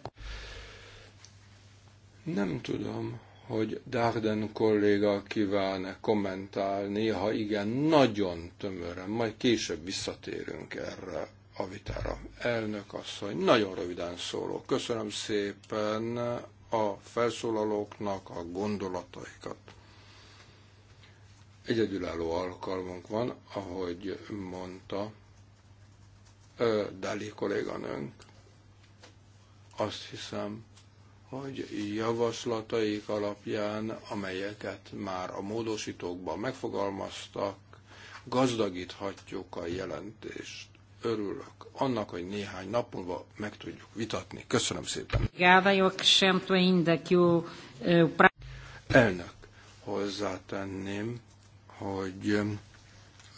Nem tudom, hogy Darden kolléga kíván kommentálni, ha igen, nagyon tömören, majd később visszatérünk erre a vitára. Elnök asszony, nagyon röviden szóló. Köszönöm szépen a felszólalóknak a gondolataikat. Egyedülálló alkalmunk van, ahogy mondta Dali kolléganőnk. Azt hiszem, hogy javaslataik alapján, amelyeket már a módosítókban megfogalmaztak, gazdagíthatjuk a jelentést. Örülök annak, hogy néhány nap múlva meg tudjuk vitatni. Köszönöm szépen. Eh, Elnök, hozzátenném, hogy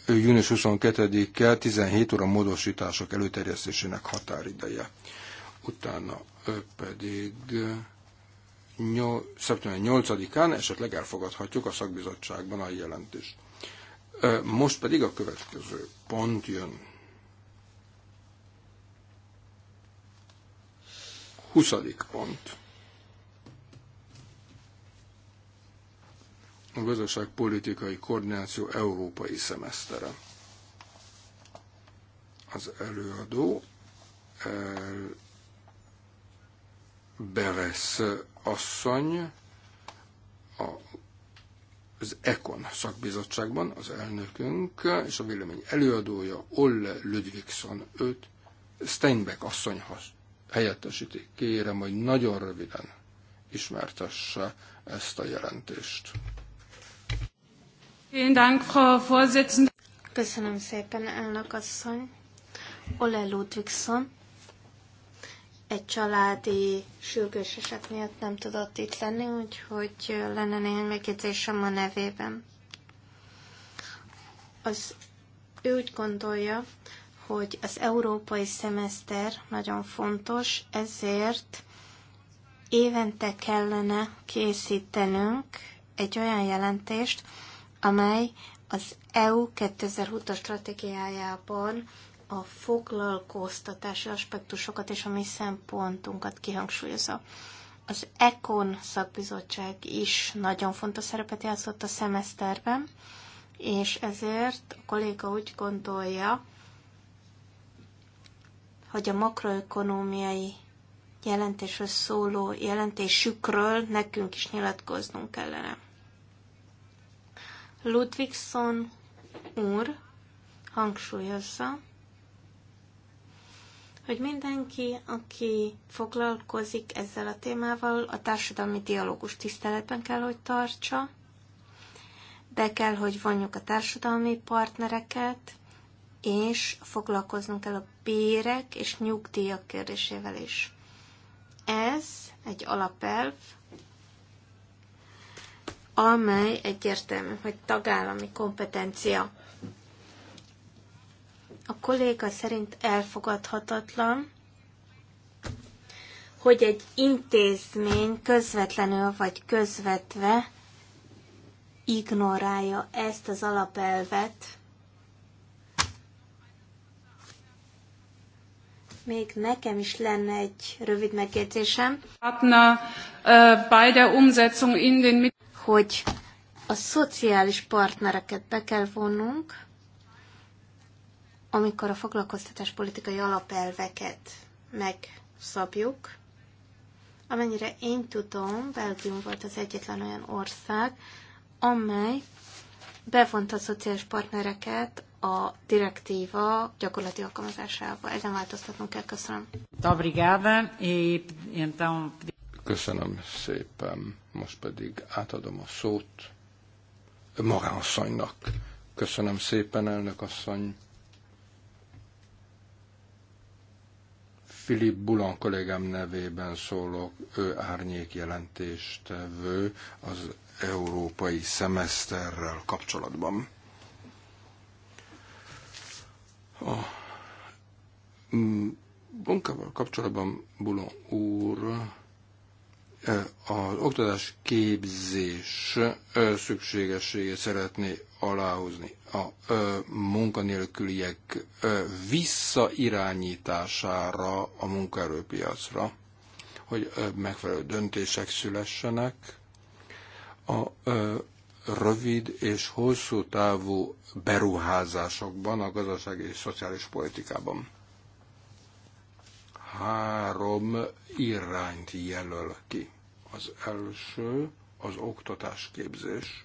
eh, június 22-kel 17 óra módosítások előterjesztésének határideje utána pedig szeptember 8-án esetleg elfogadhatjuk a szakbizottságban a jelentést. Most pedig a következő pont jön. 20. pont. A gazdaságpolitikai koordináció európai szemesztere. Az előadó el Bevesz asszony az ECON szakbizottságban, az elnökünk és a vélemény előadója Olle Ludvigson őt Steinbeck asszonyhoz helyettesíti. Kérem, hogy nagyon röviden ismertesse ezt a jelentést. Köszönöm szépen, elnök asszony. Ole Ludvigson egy családi sürgős eset miatt nem tudott itt lenni, úgyhogy lenne néhány megjegyzésem a nevében. Az, ő úgy gondolja, hogy az európai szemeszter nagyon fontos, ezért évente kellene készítenünk egy olyan jelentést, amely az EU 2020-as stratégiájában a foglalkoztatási aspektusokat és a mi szempontunkat kihangsúlyozza. Az ECON szakbizottság is nagyon fontos szerepet játszott a szemeszterben, és ezért a kolléga úgy gondolja, hogy a makroökonómiai jelentésről szóló jelentésükről nekünk is nyilatkoznunk kellene. Ludwigson úr hangsúlyozza, hogy mindenki, aki foglalkozik ezzel a témával, a társadalmi dialógus tiszteletben kell, hogy tartsa, be kell, hogy vonjuk a társadalmi partnereket, és foglalkoznunk kell a bérek és nyugdíjak kérdésével is. Ez egy alapelv, amely egyértelmű, hogy tagállami kompetencia a kolléga szerint elfogadhatatlan, hogy egy intézmény közvetlenül vagy közvetve ignorálja ezt az alapelvet, Még nekem is lenne egy rövid megjegyzésem. Äh, hogy a szociális partnereket be kell vonnunk, amikor a foglalkoztatás politikai alapelveket megszabjuk, amennyire én tudom, Belgium volt az egyetlen olyan ország, amely bevonta a szociális partnereket a direktíva gyakorlati alkalmazásába. Ezen változtatnunk kell. Köszönöm. E, köszönöm szépen. Most pedig átadom a szót Maránasszonynak. Köszönöm szépen, elnök asszony. Filip Bulan kollégám nevében szólok, ő árnyék jelentéstevő az európai szemeszterrel kapcsolatban. A munkával kapcsolatban Bulan úr az oktatás képzés szükségességét szeretné aláhozni. A munkanélküliek visszairányítására a munkaerőpiacra, hogy megfelelő döntések szülessenek. A rövid és hosszú távú beruházásokban, a gazdasági és szociális politikában három irányt jelöl ki. Az első az oktatásképzés,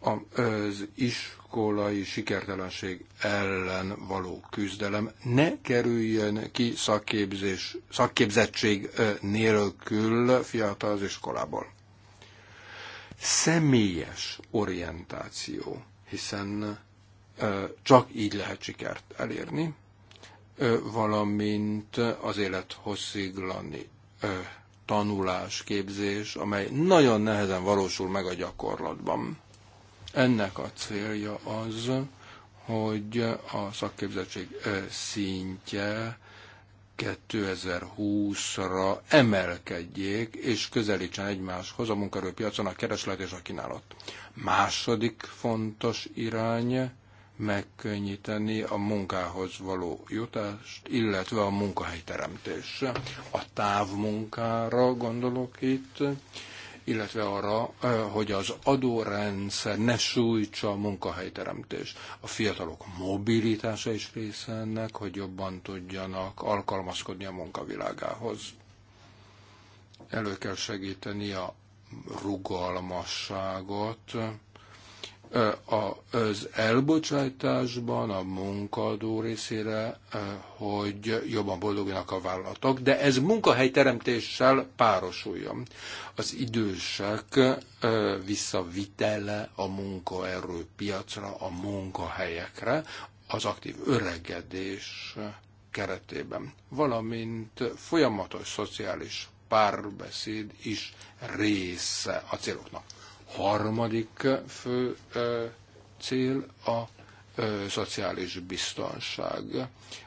az iskolai sikertelenség ellen való küzdelem ne kerüljön ki szakképzés, szakképzettség nélkül fiatal az iskolából. Személyes orientáció, hiszen csak így lehet sikert elérni valamint az élethossziglani tanulás, képzés, amely nagyon nehezen valósul meg a gyakorlatban. Ennek a célja az, hogy a szakképzettség szintje 2020-ra emelkedjék, és közelítsen egymáshoz a munkerőpiacon a kereslet és a kínálat. Második fontos irány megkönnyíteni a munkához való jutást, illetve a munkahelyteremtésre, A távmunkára gondolok itt, illetve arra, hogy az adórendszer ne sújtsa a munkahelyteremtés. A fiatalok mobilitása is része ennek, hogy jobban tudjanak alkalmazkodni a munkavilágához. Elő kell segíteni a rugalmasságot, az elbocsátásban a munkadó részére, hogy jobban boldogjanak a vállalatok, de ez munkahelyteremtéssel párosuljon. Az idősek visszavitele a munkaerőpiacra, a munkahelyekre, az aktív öregedés keretében, valamint folyamatos szociális párbeszéd is része a céloknak. Harmadik fő cél a szociális biztonság.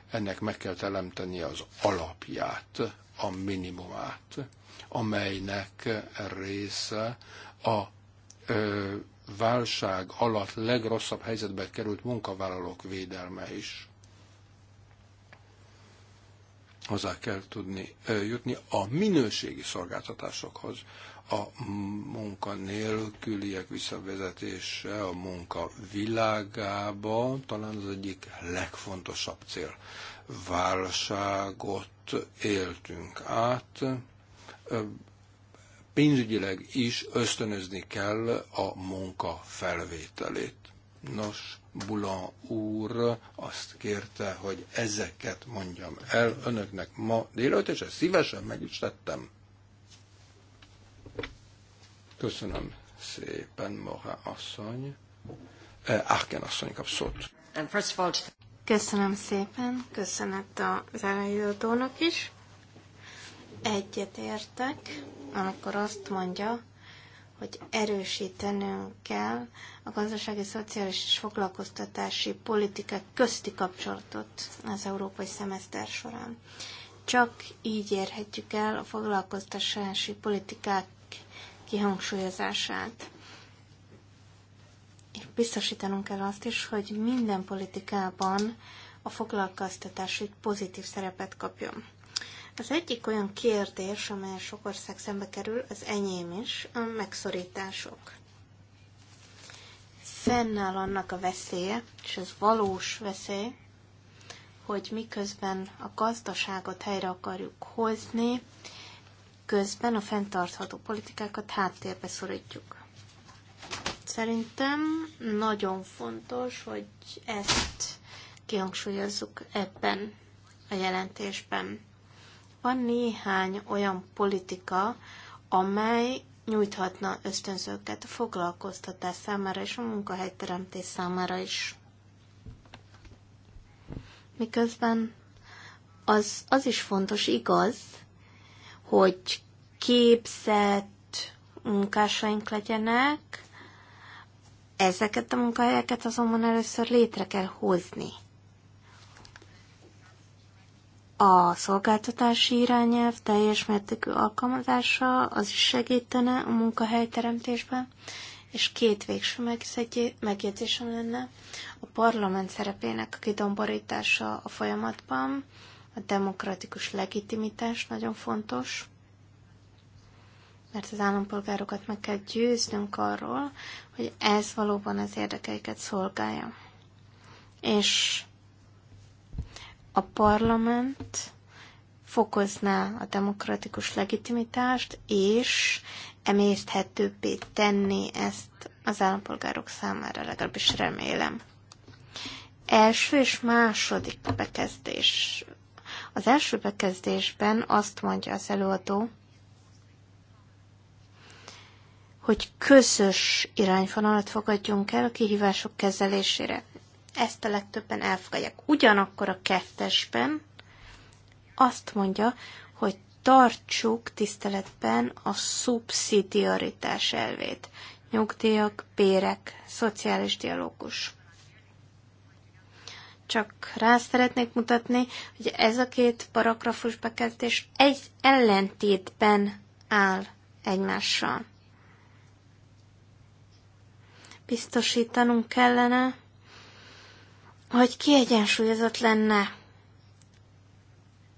Ennek meg kell teremteni az alapját, a minimumát, amelynek része a ö, válság alatt legrosszabb helyzetbe került munkavállalók védelme is. Hozzá kell tudni ö, jutni a minőségi szolgáltatásokhoz a munkanélküliek visszavezetése a munka világába talán az egyik legfontosabb cél. Válságot éltünk át, pénzügyileg is ösztönözni kell a munka felvételét. Nos, Bulan úr azt kérte, hogy ezeket mondjam el önöknek ma délőtt, és ezt szívesen meg is tettem Köszönöm szépen, Moha asszony. Eh, Árken asszony kap szót. Köszönöm szépen, köszönet az előadónak is. Egyetértek, amikor azt mondja, hogy erősítenünk kell a gazdasági, szociális és foglalkoztatási politikák közti kapcsolatot az európai szemeszter során. Csak így érhetjük el a foglalkoztatási politikák kihangsúlyozását. És biztosítanunk kell azt is, hogy minden politikában a foglalkoztatás egy pozitív szerepet kapjon. Az egyik olyan kérdés, amely sok ország szembe kerül, az enyém is, a megszorítások. Fennáll annak a veszélye, és ez valós veszély, hogy miközben a gazdaságot helyre akarjuk hozni, közben a fenntartható politikákat háttérbe szorítjuk. Szerintem nagyon fontos, hogy ezt kihangsúlyozzuk ebben a jelentésben. Van néhány olyan politika, amely nyújthatna ösztönzőket a foglalkoztatás számára és a munkahelyteremtés számára is. Miközben az, az is fontos, igaz, hogy képzett munkásaink legyenek, ezeket a munkahelyeket azonban először létre kell hozni. A szolgáltatási irányelv teljes mértékű alkalmazása az is segítene a munkahelyteremtésben, és két végső megjegyzésem lenne. A parlament szerepének a kidomborítása a folyamatban, a demokratikus legitimitás nagyon fontos, mert az állampolgárokat meg kell győznünk arról, hogy ez valóban az érdekeiket szolgálja. És a parlament fokozná a demokratikus legitimitást, és emészthetőbbé tenni ezt az állampolgárok számára, legalábbis remélem. Első és második bekezdés az első bekezdésben azt mondja az előadó, hogy közös irányvonalat fogadjunk el a kihívások kezelésére. Ezt a legtöbben elfogadják. Ugyanakkor a kettesben azt mondja, hogy tartsuk tiszteletben a szubszidiaritás elvét. Nyugdíjak, bérek, szociális dialógus csak rá szeretnék mutatni, hogy ez a két paragrafus bekezdés egy ellentétben áll egymással. Biztosítanunk kellene, hogy kiegyensúlyozott lenne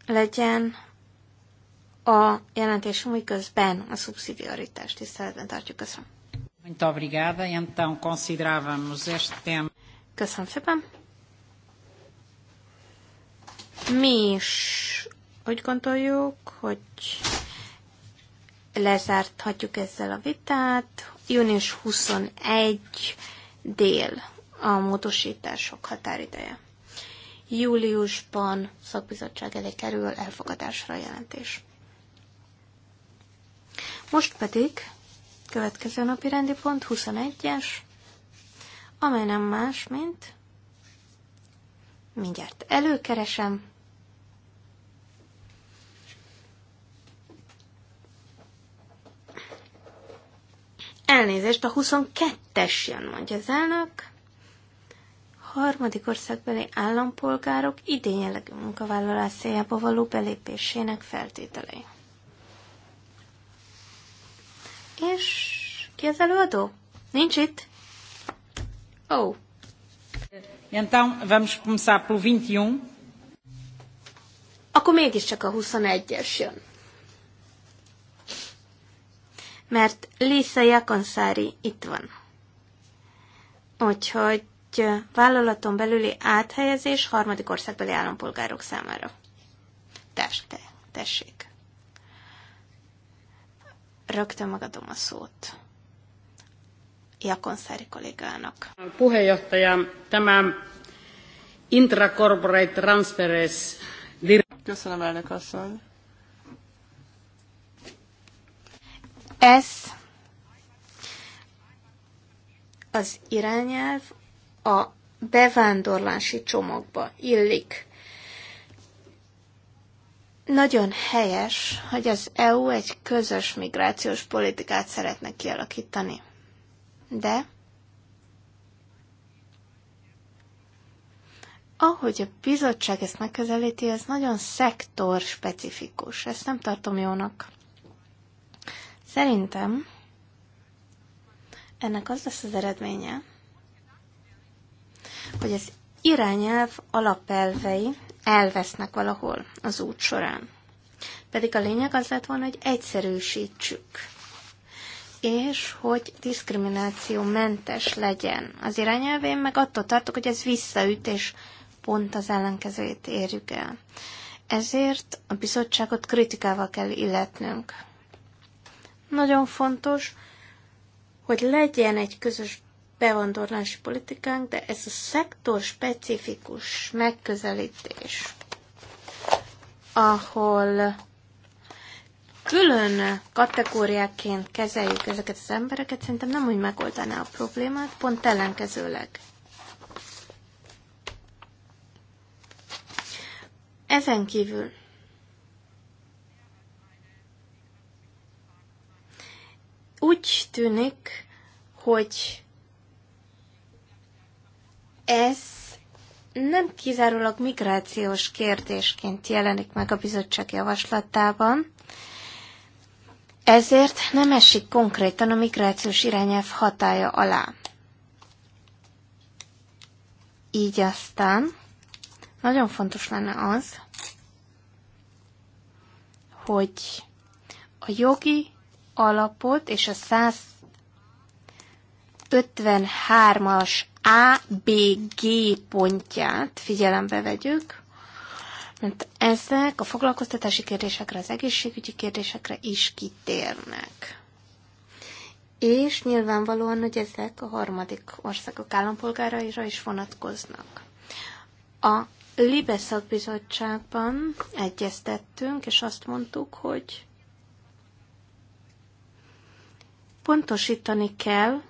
legyen a jelentés új közben a szubszidiaritást szeretben tartjuk. Köszönöm. Muito obrigada. Então, este tema. Köszönöm szépen. Mi is úgy gondoljuk, hogy lezárthatjuk ezzel a vitát. Június 21 dél a módosítások határideje. Júliusban szakbizottság elé kerül elfogadásra a jelentés. Most pedig következő napi rendi pont 21-es, amely nem más, mint mindjárt előkeresem, Elnézést, a 22-es jön, mondja az elnök. Harmadik országbeli állampolgárok idényelegű munkavállalás céljába való belépésének feltételei. És ki az előadó? Nincs itt? Ó. Oh. Então, vamos começar pelo 21. E um. Akkor mégiscsak a 21-es jön mert Lisa Jakonszári itt van. Úgyhogy vállalaton belüli áthelyezés harmadik országbeli állampolgárok számára. Tess, te, tessék. Rögtön megadom a szót. Jakonszári kollégának. Puheenjohtajam, tämä intracorporate transferes... Köszönöm, elnök asszony. Ez az irányelv a bevándorlási csomagba illik. Nagyon helyes, hogy az EU egy közös migrációs politikát szeretne kialakítani. De ahogy a bizottság ezt megközelíti, ez nagyon szektor specifikus. Ezt nem tartom jónak. Szerintem ennek az lesz az eredménye, hogy az irányelv alapelvei elvesznek valahol az út során. Pedig a lényeg az lett volna, hogy egyszerűsítsük, és hogy diszkriminációmentes legyen. Az irányelvén meg attól tartok, hogy ez visszaüt, és pont az ellenkezőjét érjük el. Ezért a bizottságot kritikával kell illetnünk. Nagyon fontos, hogy legyen egy közös bevándorlási politikánk, de ez a szektor specifikus megközelítés, ahol külön kategóriáként kezeljük ezeket az embereket, szerintem nem úgy megoldaná a problémát, pont ellenkezőleg. Ezen kívül Úgy tűnik, hogy ez nem kizárólag migrációs kérdésként jelenik meg a bizottság javaslatában, ezért nem esik konkrétan a migrációs irányelv hatája alá. Így aztán nagyon fontos lenne az, hogy a jogi alapot és a 153-as ABG pontját figyelembe vegyük, mert ezek a foglalkoztatási kérdésekre, az egészségügyi kérdésekre is kitérnek. És nyilvánvalóan, hogy ezek a harmadik országok állampolgáraira is vonatkoznak. A Libeszakbizottságban egyeztettünk, és azt mondtuk, hogy pontosítani kell,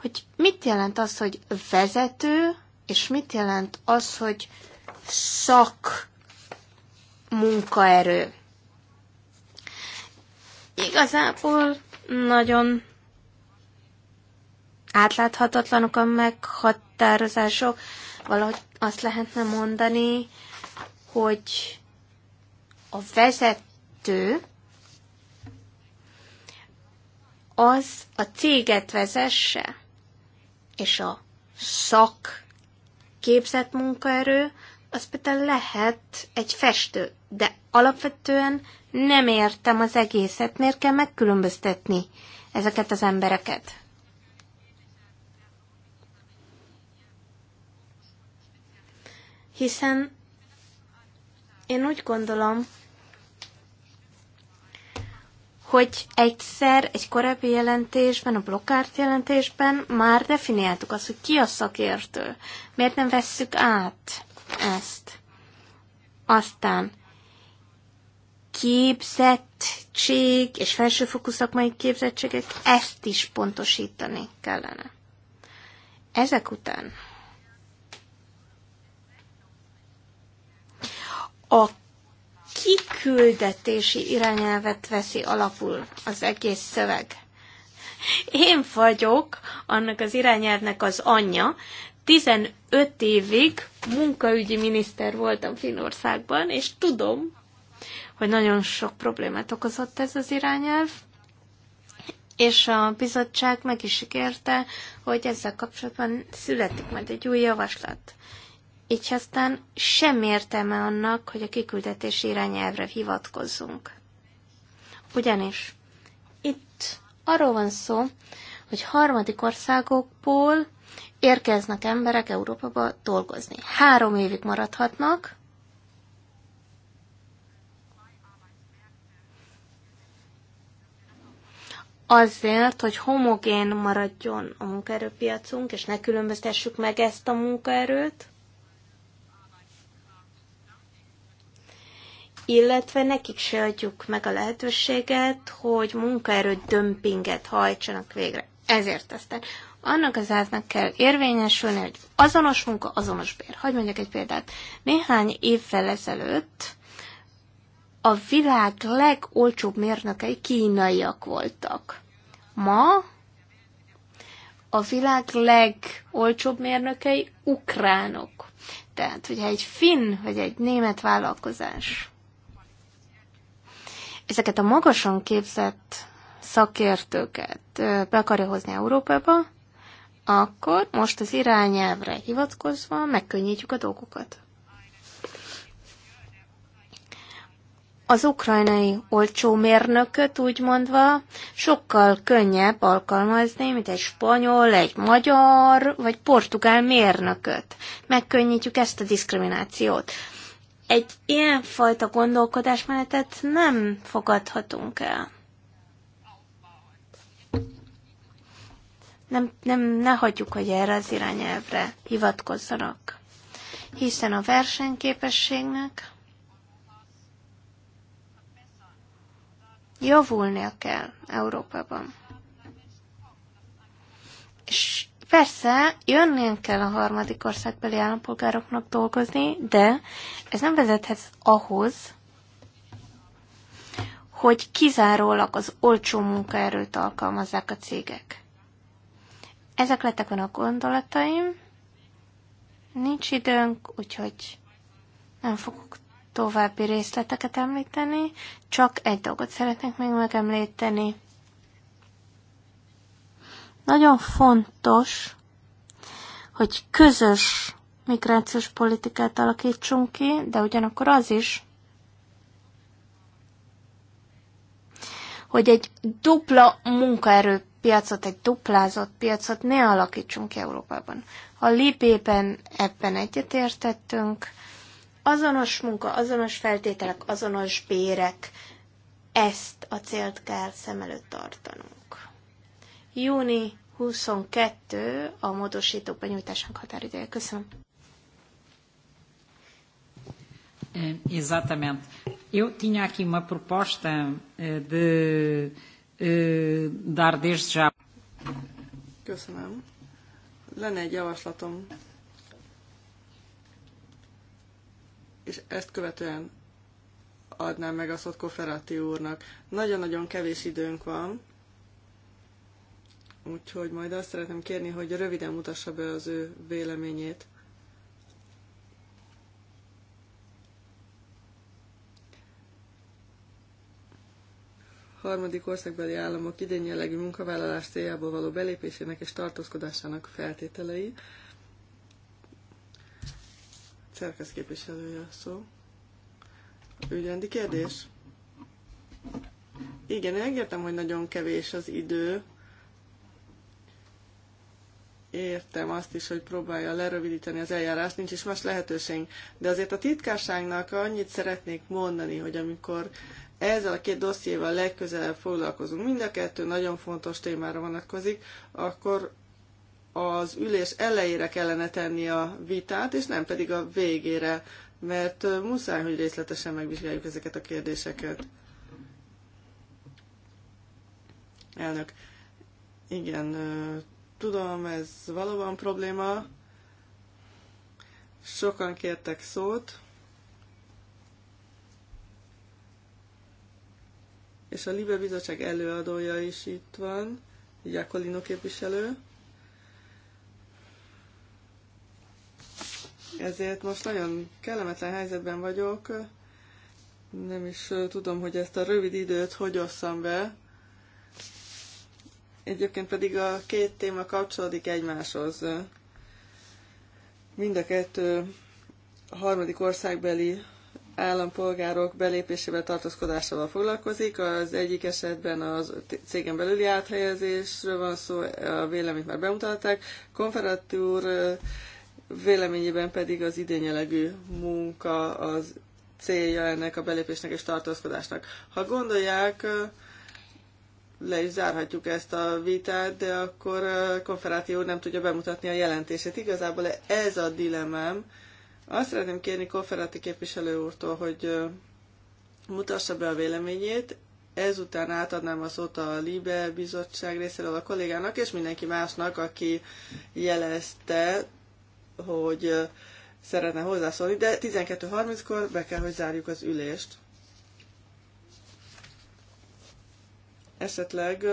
hogy mit jelent az, hogy vezető, és mit jelent az, hogy szak munkaerő. Igazából nagyon átláthatatlanok a meghatározások. Valahogy azt lehetne mondani, hogy a vezető az a céget vezesse, és a szak képzett munkaerő, az például lehet egy festő, de alapvetően nem értem az egészet, miért kell megkülönböztetni ezeket az embereket. Hiszen én úgy gondolom, hogy egyszer egy korábbi jelentésben, a blokkárt jelentésben már definiáltuk azt, hogy ki a szakértő. Miért nem vesszük át ezt? Aztán képzettség és felsőfokú szakmai képzettségek, ezt is pontosítani kellene. Ezek után a kiküldetési irányelvet veszi alapul az egész szöveg. Én vagyok annak az irányelvnek az anyja, 15 évig munkaügyi miniszter voltam Finországban, és tudom, hogy nagyon sok problémát okozott ez az irányelv, és a bizottság meg is ígérte, hogy ezzel kapcsolatban születik majd egy új javaslat. Így aztán sem értelme annak, hogy a kiküldetési irányelvre hivatkozzunk. Ugyanis itt arról van szó, hogy harmadik országokból érkeznek emberek Európába dolgozni. Három évig maradhatnak, azért, hogy homogén maradjon a munkaerőpiacunk, és ne különböztessük meg ezt a munkaerőt, illetve nekik se adjuk meg a lehetőséget, hogy munkaerő dömpinget hajtsanak végre. Ezért aztán annak az áznak kell érvényesülni, hogy azonos munka, azonos bér. Hagy mondjak egy példát. Néhány évvel ezelőtt a világ legolcsóbb mérnökei kínaiak voltak. Ma a világ legolcsóbb mérnökei ukránok. Tehát, hogyha egy finn vagy egy német vállalkozás ezeket a magasan képzett szakértőket be akarja hozni Európába, akkor most az irányelvre hivatkozva megkönnyítjük a dolgokat. Az ukrajnai olcsó mérnököt úgy mondva sokkal könnyebb alkalmazni, mint egy spanyol, egy magyar vagy portugál mérnököt. Megkönnyítjük ezt a diszkriminációt. Egy ilyenfajta gondolkodásmenetet nem fogadhatunk el. Nem, nem, ne hagyjuk, hogy erre az irányelvre hivatkozzanak. Hiszen a versenyképességnek javulnia kell Európában. És Persze, jönnénk kell a harmadik országbeli állampolgároknak dolgozni, de ez nem vezethet ahhoz, hogy kizárólag az olcsó munkaerőt alkalmazzák a cégek. Ezek lettek a gondolataim. Nincs időnk, úgyhogy nem fogok további részleteket említeni, csak egy dolgot szeretnék még megemlíteni. Nagyon fontos, hogy közös migrációs politikát alakítsunk ki, de ugyanakkor az is, hogy egy dupla munkaerőpiacot, egy duplázott piacot ne alakítsunk ki Európában. A lépében ebben egyetértettünk, azonos munka, azonos feltételek, azonos bérek, ezt a célt kell szem előtt tartanunk. Júni 22 a módosítók benyújtásának határidője. Köszönöm. Exatamente. Eu tinha aqui uma proposta de de dar desde já. Köszönöm. Lenne egy javaslatom. És ezt követően adnám meg a Szotko Koferati úrnak. Nagyon-nagyon kevés időnk van, Úgyhogy majd azt szeretném kérni, hogy röviden mutassa be az ő véleményét. harmadik országbeli államok idén jellegű munkavállalás céljából való belépésének és tartózkodásának feltételei. Szerkesz képviselője a szó. Ügyrendi kérdés? Igen, elértem, hogy nagyon kevés az idő, értem azt is, hogy próbálja lerövidíteni az eljárást, nincs is más lehetőség. De azért a titkárságnak annyit szeretnék mondani, hogy amikor ezzel a két dossziéval legközelebb foglalkozunk, mind a kettő nagyon fontos témára vonatkozik, akkor az ülés elejére kellene tenni a vitát, és nem pedig a végére, mert muszáj, hogy részletesen megvizsgáljuk ezeket a kérdéseket. Elnök, igen, Tudom, ez valóban probléma. Sokan kértek szót. És a Libe Bizottság előadója is itt van, Jakolino képviselő. Ezért most nagyon kellemetlen helyzetben vagyok. Nem is tudom, hogy ezt a rövid időt hogy osszam be. Egyébként pedig a két téma kapcsolódik egymáshoz. Mind a kettő a harmadik országbeli állampolgárok belépésével, tartózkodásával foglalkozik. Az egyik esetben az cégen belüli áthelyezésről van szó, a véleményt már bemutatták. Konferatúr véleményében pedig az idényelegű munka az célja ennek a belépésnek és tartózkodásnak. Ha gondolják, le is zárhatjuk ezt a vitát, de akkor Konferáti úr nem tudja bemutatni a jelentését. Igazából ez a dilemmám. Azt szeretném kérni Konferáti képviselő úrtól, hogy mutassa be a véleményét, ezután átadnám a szót a Libe bizottság részéről a kollégának, és mindenki másnak, aki jelezte, hogy szeretne hozzászólni, de 12.30-kor be kell, hogy zárjuk az ülést. esetleg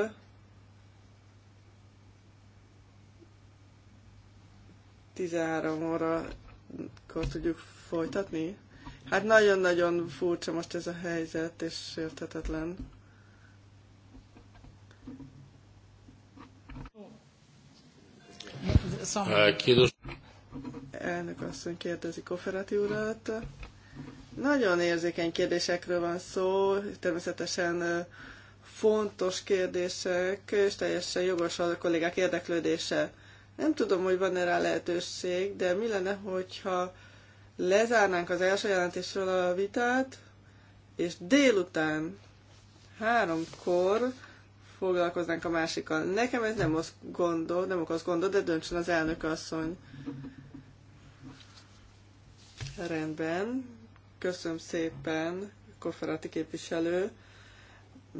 tizenhárom akkor tudjuk folytatni? Hát nagyon-nagyon furcsa most ez a helyzet, és érthetetlen. Elnök asszony kérdezi Koferati urat. Nagyon érzékeny kérdésekről van szó, természetesen fontos kérdések, és teljesen jogos a kollégák érdeklődése. Nem tudom, hogy van-e rá lehetőség, de mi lenne, hogyha lezárnánk az első jelentésről a vitát, és délután háromkor foglalkoznánk a másikkal. Nekem ez nem az gondol, nem okoz gondol de döntsön az elnök asszony. Rendben. Köszönöm szépen, Koferati képviselő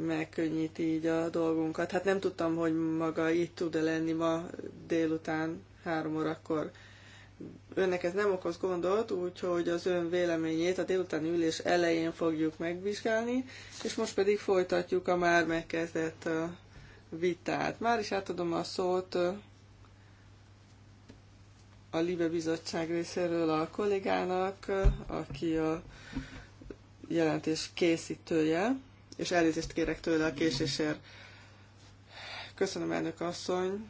megkönnyíti így a dolgunkat. Hát nem tudtam, hogy maga itt tud-e lenni ma délután három órakor. Önnek ez nem okoz gondot, úgyhogy az ön véleményét a délutáni ülés elején fogjuk megvizsgálni, és most pedig folytatjuk a már megkezdett vitát. Már is átadom a szót a Libe Bizottság részéről a kollégának, aki a jelentés készítője és elnézést kérek tőle a késésért. Köszönöm, elnök asszony.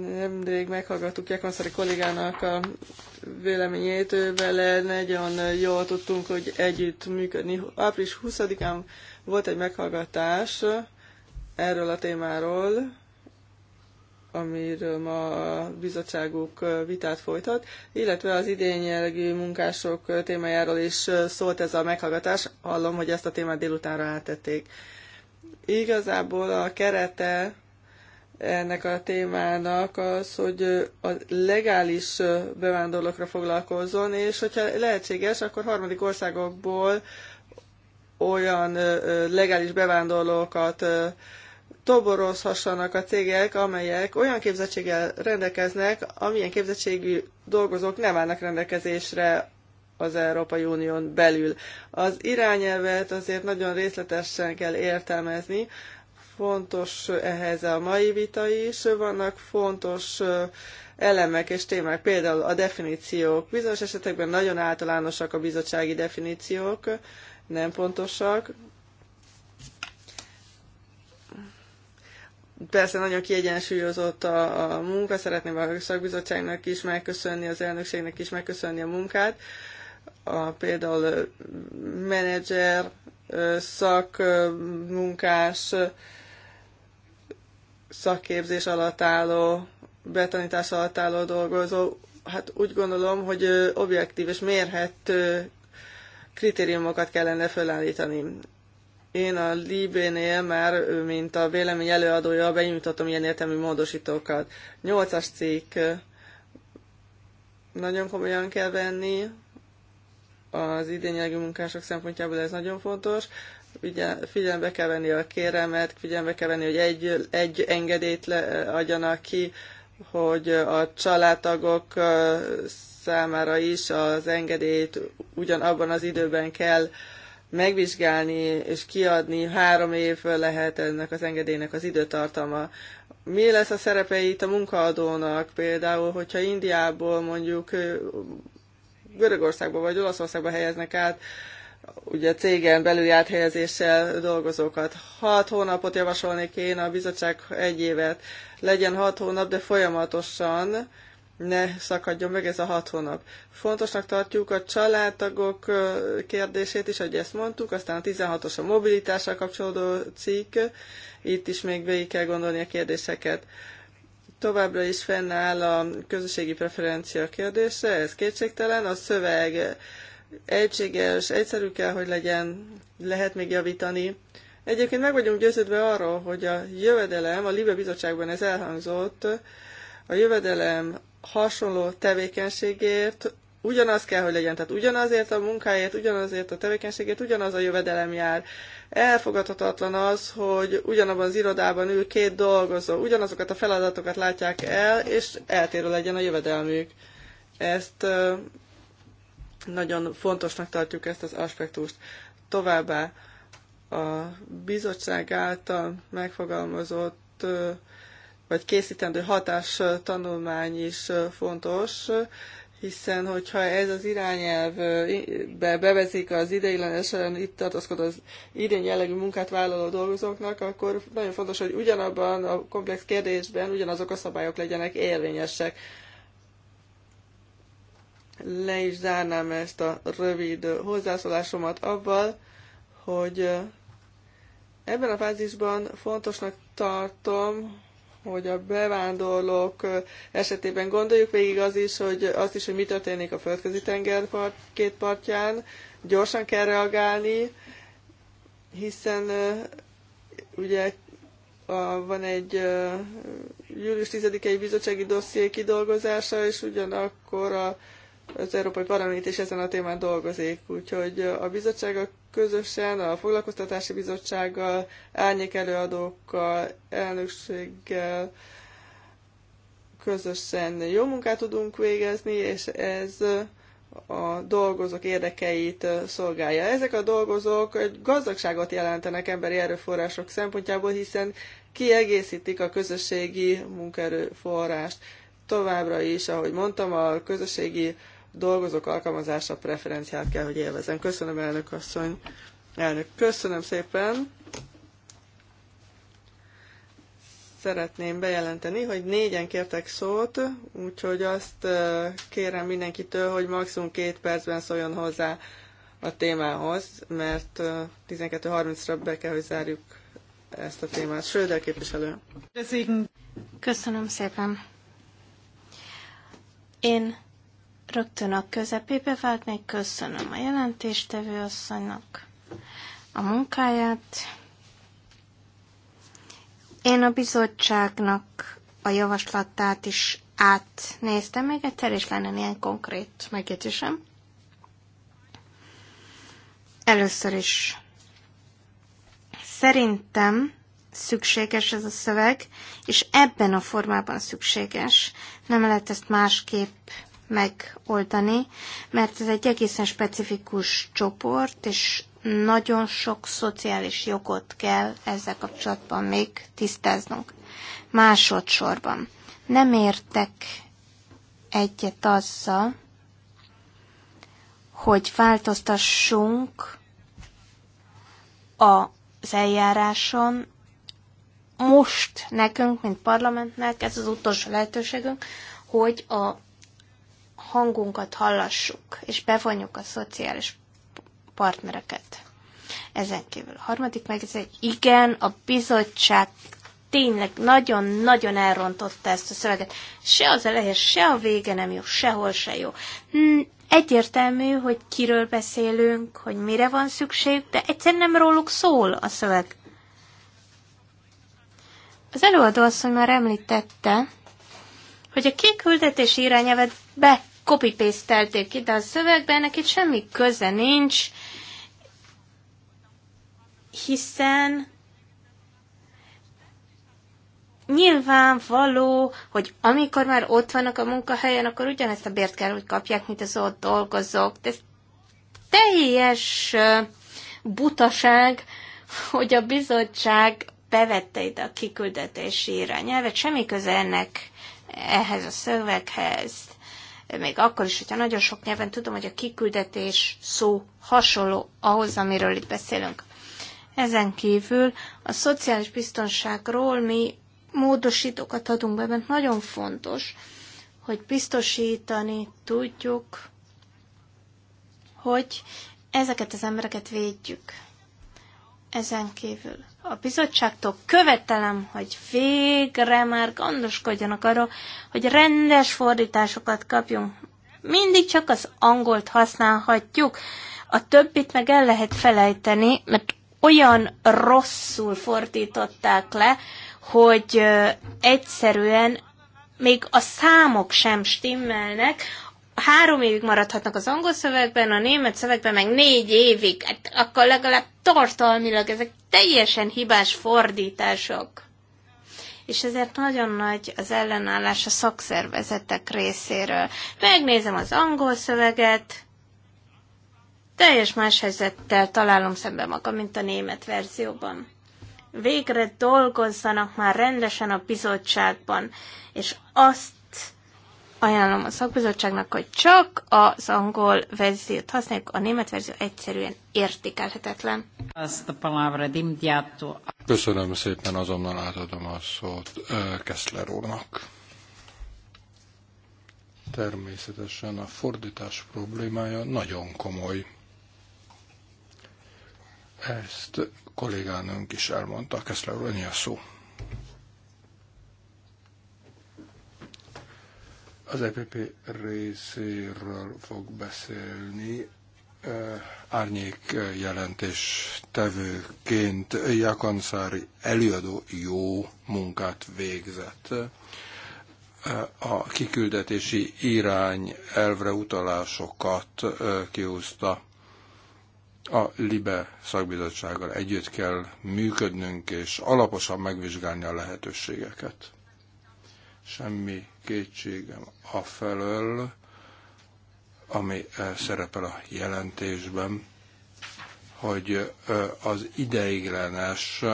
Nemrég meghallgattuk Jekonszari kollégának a véleményét, ő vele nagyon jól tudtunk, hogy együtt működni. Április 20-án volt egy meghallgatás erről a témáról, amiről ma a bizottságuk vitát folytat, illetve az idényjelgű munkások témájáról is szólt ez a meghallgatás. Hallom, hogy ezt a témát délutánra átették. Igazából a kerete ennek a témának az, hogy a legális bevándorlókra foglalkozzon, és hogyha lehetséges, akkor harmadik országokból olyan legális bevándorlókat toborozhassanak a cégek, amelyek olyan képzettséggel rendelkeznek, amilyen képzettségű dolgozók nem állnak rendelkezésre az Európai Unión belül. Az irányelvet azért nagyon részletesen kell értelmezni, fontos ehhez a mai vita is, vannak fontos elemek és témák, például a definíciók. Bizonyos esetekben nagyon általánosak a bizottsági definíciók, nem pontosak, Persze nagyon kiegyensúlyozott a, a munka, szeretném a szakbizottságnak is megköszönni, az elnökségnek is megköszönni a munkát. A, például menedzser, szakmunkás, szakképzés alatt álló, betanítás alatt álló dolgozó, hát úgy gondolom, hogy objektív és mérhető kritériumokat kellene felállítani. Én a Libénél már, mint a vélemény előadója, benyújtottam ilyen értelmi módosítókat. Nyolcas cikk nagyon komolyan kell venni, az idényelgi munkások szempontjából ez nagyon fontos. figyelembe kell venni a kéremet, figyelembe kell venni, hogy egy, egy engedélyt le, adjanak ki, hogy a családtagok számára is az engedélyt ugyanabban az időben kell megvizsgálni és kiadni. Három év lehet ennek az engedélynek az időtartama. Mi lesz a szerepe itt a munkaadónak? Például, hogyha Indiából mondjuk Görögországba vagy Olaszországba helyeznek át, ugye cégen belüli áthelyezéssel dolgozókat. Hat hónapot javasolnék én, a bizottság egy évet. Legyen hat hónap, de folyamatosan, ne szakadjon meg ez a hat hónap. Fontosnak tartjuk a családtagok kérdését is, hogy ezt mondtuk, aztán a 16-os a mobilitással kapcsolódó cikk, itt is még végig kell gondolni a kérdéseket. Továbbra is fennáll a közösségi preferencia kérdése, ez kétségtelen, a szöveg egységes, egyszerű kell, hogy legyen, lehet még javítani. Egyébként meg vagyunk győződve arról, hogy a jövedelem, a Libe Bizottságban ez elhangzott, a jövedelem hasonló tevékenységért ugyanaz kell, hogy legyen. Tehát ugyanazért a munkáért, ugyanazért a tevékenységért ugyanaz a jövedelem jár. Elfogadhatatlan az, hogy ugyanabban az irodában ül két dolgozó, ugyanazokat a feladatokat látják el, és eltérő legyen a jövedelmük. Ezt nagyon fontosnak tartjuk ezt az aspektust. Továbbá a bizottság által megfogalmazott vagy készítendő hatás tanulmány is fontos, hiszen hogyha ez az irányelvbe bevezik az ideiglenesen itt tartózkodó az idén jellegű munkát vállaló dolgozóknak, akkor nagyon fontos, hogy ugyanabban a komplex kérdésben ugyanazok a szabályok legyenek érvényesek. Le is zárnám ezt a rövid hozzászólásomat avval, hogy ebben a fázisban fontosnak tartom, hogy a bevándorlók esetében gondoljuk végig az is, hogy azt is, hogy mi történik a földközi tenger part, két partján, gyorsan kell reagálni, hiszen ugye van egy július 10-i bizottsági dosszié kidolgozása, és ugyanakkor a, az Európai Parlament is ezen a témán dolgozik, úgyhogy a bizottság a közösen a foglalkoztatási bizottsággal, árnyék előadókkal, elnökséggel közösen jó munkát tudunk végezni, és ez a dolgozók érdekeit szolgálja. Ezek a dolgozók egy gazdagságot jelentenek emberi erőforrások szempontjából, hiszen kiegészítik a közösségi munkaerőforrást. Továbbra is, ahogy mondtam, a közösségi dolgozók alkalmazása preferenciát kell, hogy élvezem. Köszönöm, elnök asszony. Elnök, köszönöm szépen. Szeretném bejelenteni, hogy négyen kértek szót, úgyhogy azt kérem mindenkitől, hogy maximum két percben szóljon hozzá a témához, mert 12.30-ra be kell, hogy zárjuk ezt a témát. Söder képviselő. Köszönöm szépen. Én rögtön a közepébe vágnék. Köszönöm a jelentéstevő asszonynak a munkáját. Én a bizottságnak a javaslatát is átnéztem még egyszer, és lenne ilyen konkrét megjegyzésem. Először is szerintem szükséges ez a szöveg, és ebben a formában szükséges. Nem lehet ezt másképp megoldani, mert ez egy egészen specifikus csoport, és nagyon sok szociális jogot kell ezzel kapcsolatban még tisztáznunk. Másodszorban nem értek egyet azzal, hogy változtassunk az eljáráson. Most nekünk, mint parlamentnek ez az utolsó lehetőségünk, hogy a hangunkat hallassuk, és bevonjuk a szociális partnereket. Ezen kívül a harmadik egy igen, a bizottság tényleg nagyon-nagyon elrontotta ezt a szöveget. Se az eleje, se a vége nem jó, sehol se jó. Hmm, egyértelmű, hogy kiről beszélünk, hogy mire van szükség, de egyszerűen nem róluk szól a szöveg. Az előadó asszony már említette, hogy a kék küldetés irányelvet be copy-paste telték ki, de a szövegben ennek itt semmi köze nincs, hiszen nyilvánvaló, hogy amikor már ott vannak a munkahelyen, akkor ugyanezt a bért kell, hogy kapják, mint az ott dolgozók. De ez teljes butaság, hogy a bizottság bevette ide a kiküldetési irányelvet, semmi köze ennek ehhez a szöveghez még akkor is, hogyha nagyon sok nyelven tudom, hogy a kiküldetés szó hasonló ahhoz, amiről itt beszélünk. Ezen kívül a szociális biztonságról mi módosítókat adunk be, mert nagyon fontos, hogy biztosítani tudjuk, hogy ezeket az embereket védjük. Ezen kívül a bizottságtól követelem, hogy végre már gondoskodjanak arról, hogy rendes fordításokat kapjunk. Mindig csak az angolt használhatjuk, a többit meg el lehet felejteni, mert olyan rosszul fordították le, hogy egyszerűen még a számok sem stimmelnek, három évig maradhatnak az angol szövegben, a német szövegben meg négy évig, hát akkor legalább tartalmilag ezek teljesen hibás fordítások. És ezért nagyon nagy az ellenállás a szakszervezetek részéről. Megnézem az angol szöveget, teljes más helyzettel találom szembe magam, mint a német verzióban. Végre dolgozzanak már rendesen a bizottságban, és azt ajánlom a szakbizottságnak, hogy csak az angol verziót használjuk, a német verzió egyszerűen értékelhetetlen. Köszönöm szépen, azonnal átadom a szót Kessler úrnak. Természetesen a fordítás problémája nagyon komoly. Ezt kollégánőnk is elmondta, Kessler úr, a szó. Az EPP részéről fog beszélni árnyék jelentés tevőként Jakanszári előadó jó munkát végzett. A kiküldetési irány elvre utalásokat kiúzta. A LIBE szakbizottsággal együtt kell működnünk és alaposan megvizsgálni a lehetőségeket. Semmi kétségem afelől, ami szerepel a jelentésben, hogy az ideiglenes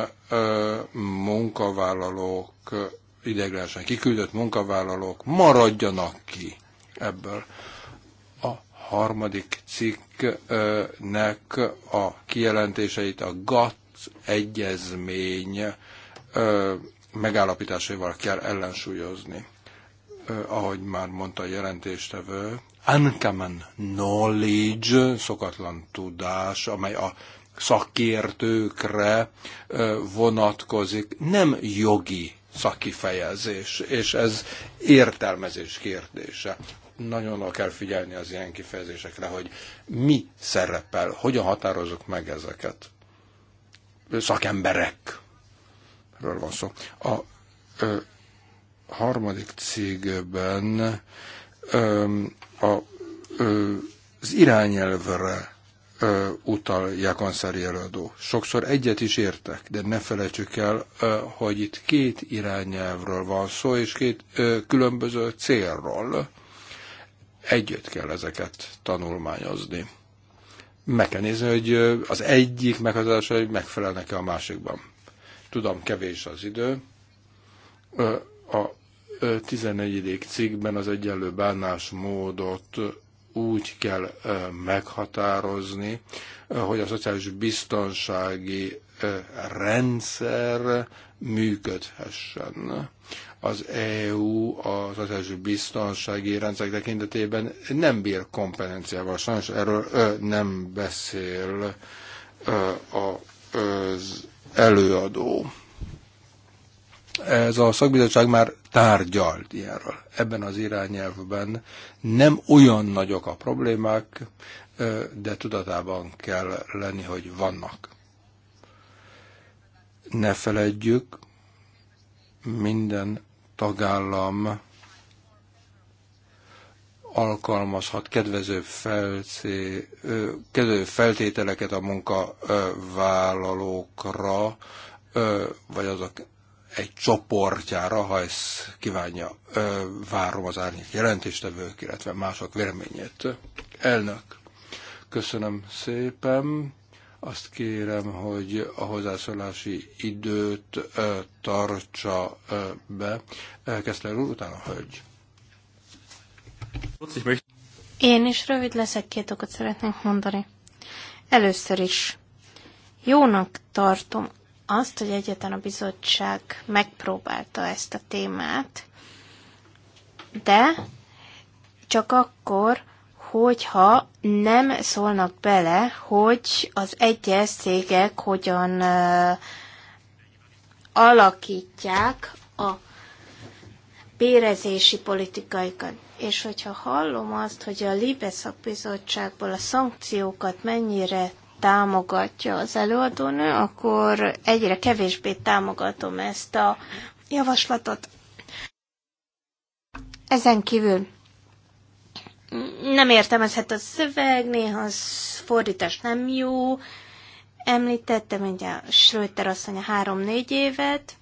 munkavállalók, ideiglenesen kiküldött munkavállalók maradjanak ki ebből. A harmadik cikknek a kijelentéseit a GATT egyezmény megállapításaival kell ellensúlyozni ahogy már mondta a jelentéstevő, uncommon knowledge, szokatlan tudás, amely a szakértőkre vonatkozik, nem jogi szakifejezés, és ez értelmezés kérdése. Nagyon oda kell figyelni az ilyen kifejezésekre, hogy mi szerepel, hogyan határozok meg ezeket. Erről van szó. A harmadik cégben a, az irányelvre utal Jakonszári előadó. Sokszor egyet is értek, de ne felejtsük el, hogy itt két irányelvről van szó, és két különböző célról. Együtt kell ezeket tanulmányozni. Meg kell nézni, hogy az egyik hogy megfelelnek-e a másikban. Tudom, kevés az idő. A 14. cikkben az egyenlő bánásmódot úgy kell meghatározni, hogy a szociális biztonsági rendszer működhessen. Az EU az szociális biztonsági rendszer tekintetében nem bír kompetenciával, sajnos erről nem beszél az előadó ez a szakbizottság már tárgyalt ilyenről. Ebben az irányelvben nem olyan nagyok a problémák, de tudatában kell lenni, hogy vannak. Ne feledjük, minden tagállam alkalmazhat kedvező, felcé, kedvező feltételeket a munkavállalókra, vagy azok egy csoportjára, ha ezt kívánja. Várom az árnyék jelentéstevők, illetve mások véleményét. Elnök, köszönöm szépen. Azt kérem, hogy a hozzászólási időt tartsa be. Keszler úr, utána hölgy. Én is rövid leszek, két okot szeretnék mondani. Először is jónak tartom azt, hogy egyetlen a bizottság megpróbálta ezt a témát, de csak akkor, hogyha nem szólnak bele, hogy az egyes cégek hogyan uh, alakítják a bérezési politikaikat. És hogyha hallom azt, hogy a Libeszak Bizottságból a szankciókat mennyire támogatja az előadónő, akkor egyre kevésbé támogatom ezt a javaslatot. Ezen kívül nem értelmezhet a szöveg, néha a fordítás nem jó. Említettem ugye Schröter asszony a három-négy évet,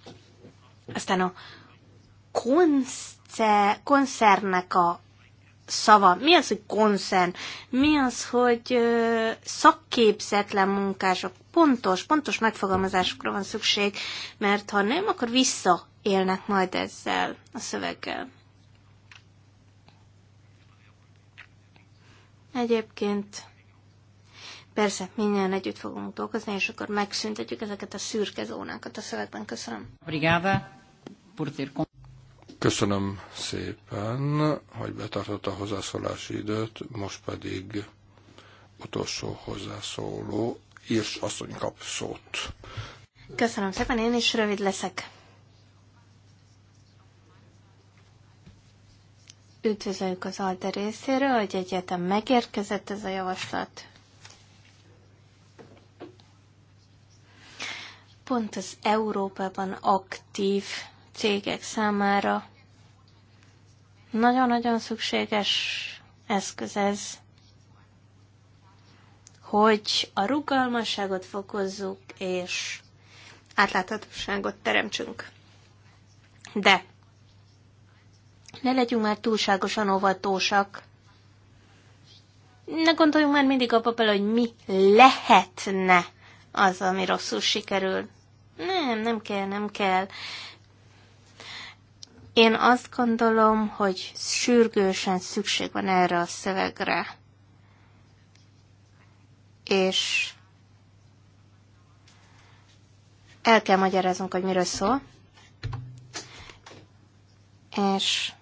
aztán a konce, koncernek a szava, mi az, hogy konszen, mi az, hogy ö, szakképzetlen munkások, pontos, pontos megfogalmazásokra van szükség, mert ha nem, akkor visszaélnek majd ezzel a szöveggel. Egyébként persze minden együtt fogunk dolgozni, és akkor megszüntetjük ezeket a szürke zónákat a szövegben. Köszönöm. Brigáda, Köszönöm szépen, hogy betartotta a hozzászólási időt, most pedig utolsó hozzászóló, Irs asszony kap szót. Köszönöm szépen, én is rövid leszek. Üdvözöljük az ALDE részéről, hogy egyetem megérkezett ez a javaslat. Pont az Európában aktív cégek számára nagyon-nagyon szükséges eszköz ez, hogy a rugalmasságot fokozzuk, és átláthatóságot teremtsünk. De ne legyünk már túlságosan óvatósak. Ne gondoljunk már mindig abba bele, hogy mi lehetne az, ami rosszul sikerül. Nem, nem kell, nem kell. Én azt gondolom, hogy sürgősen szükség van erre a szövegre. És el kell magyaráznunk, hogy miről szól. És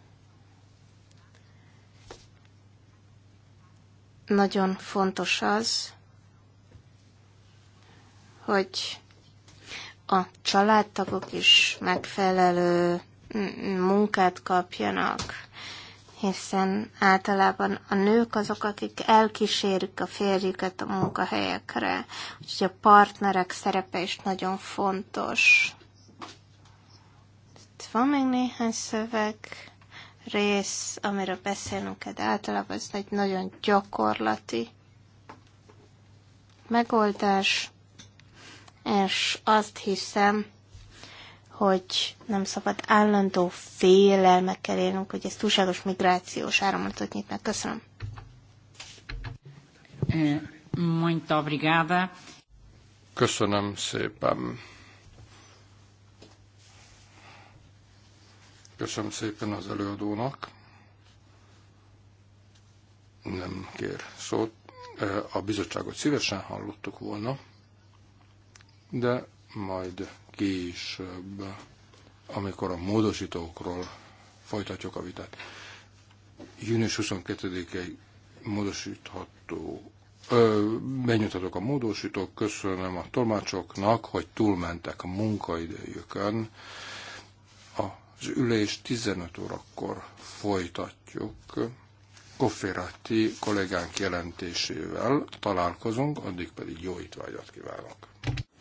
nagyon fontos az, hogy a családtagok is megfelelő munkát kapjanak, hiszen általában a nők azok, akik elkísérik a férjüket a munkahelyekre, úgyhogy a partnerek szerepe is nagyon fontos. Itt van még néhány szöveg rész, amiről beszélünk, de általában ez egy nagyon gyakorlati megoldás, és azt hiszem, hogy nem szabad állandó félelmekkel élnünk, hogy ez túlságos migrációs áramlatot nyitnak. Köszönöm. Eh, muito obrigada. Köszönöm szépen. Köszönöm szépen az előadónak. Nem kér szót. Eh, a bizottságot szívesen hallottuk volna, de majd később, amikor a módosítókról folytatjuk a vitát. Június 22-ig módosítható benyújthatok a módosítók, köszönöm a tolmácsoknak, hogy túlmentek a munkaidőjükön. Az ülés 15 órakor folytatjuk. Kofferati kollégánk jelentésével találkozunk, addig pedig jó étvágyat kívánok!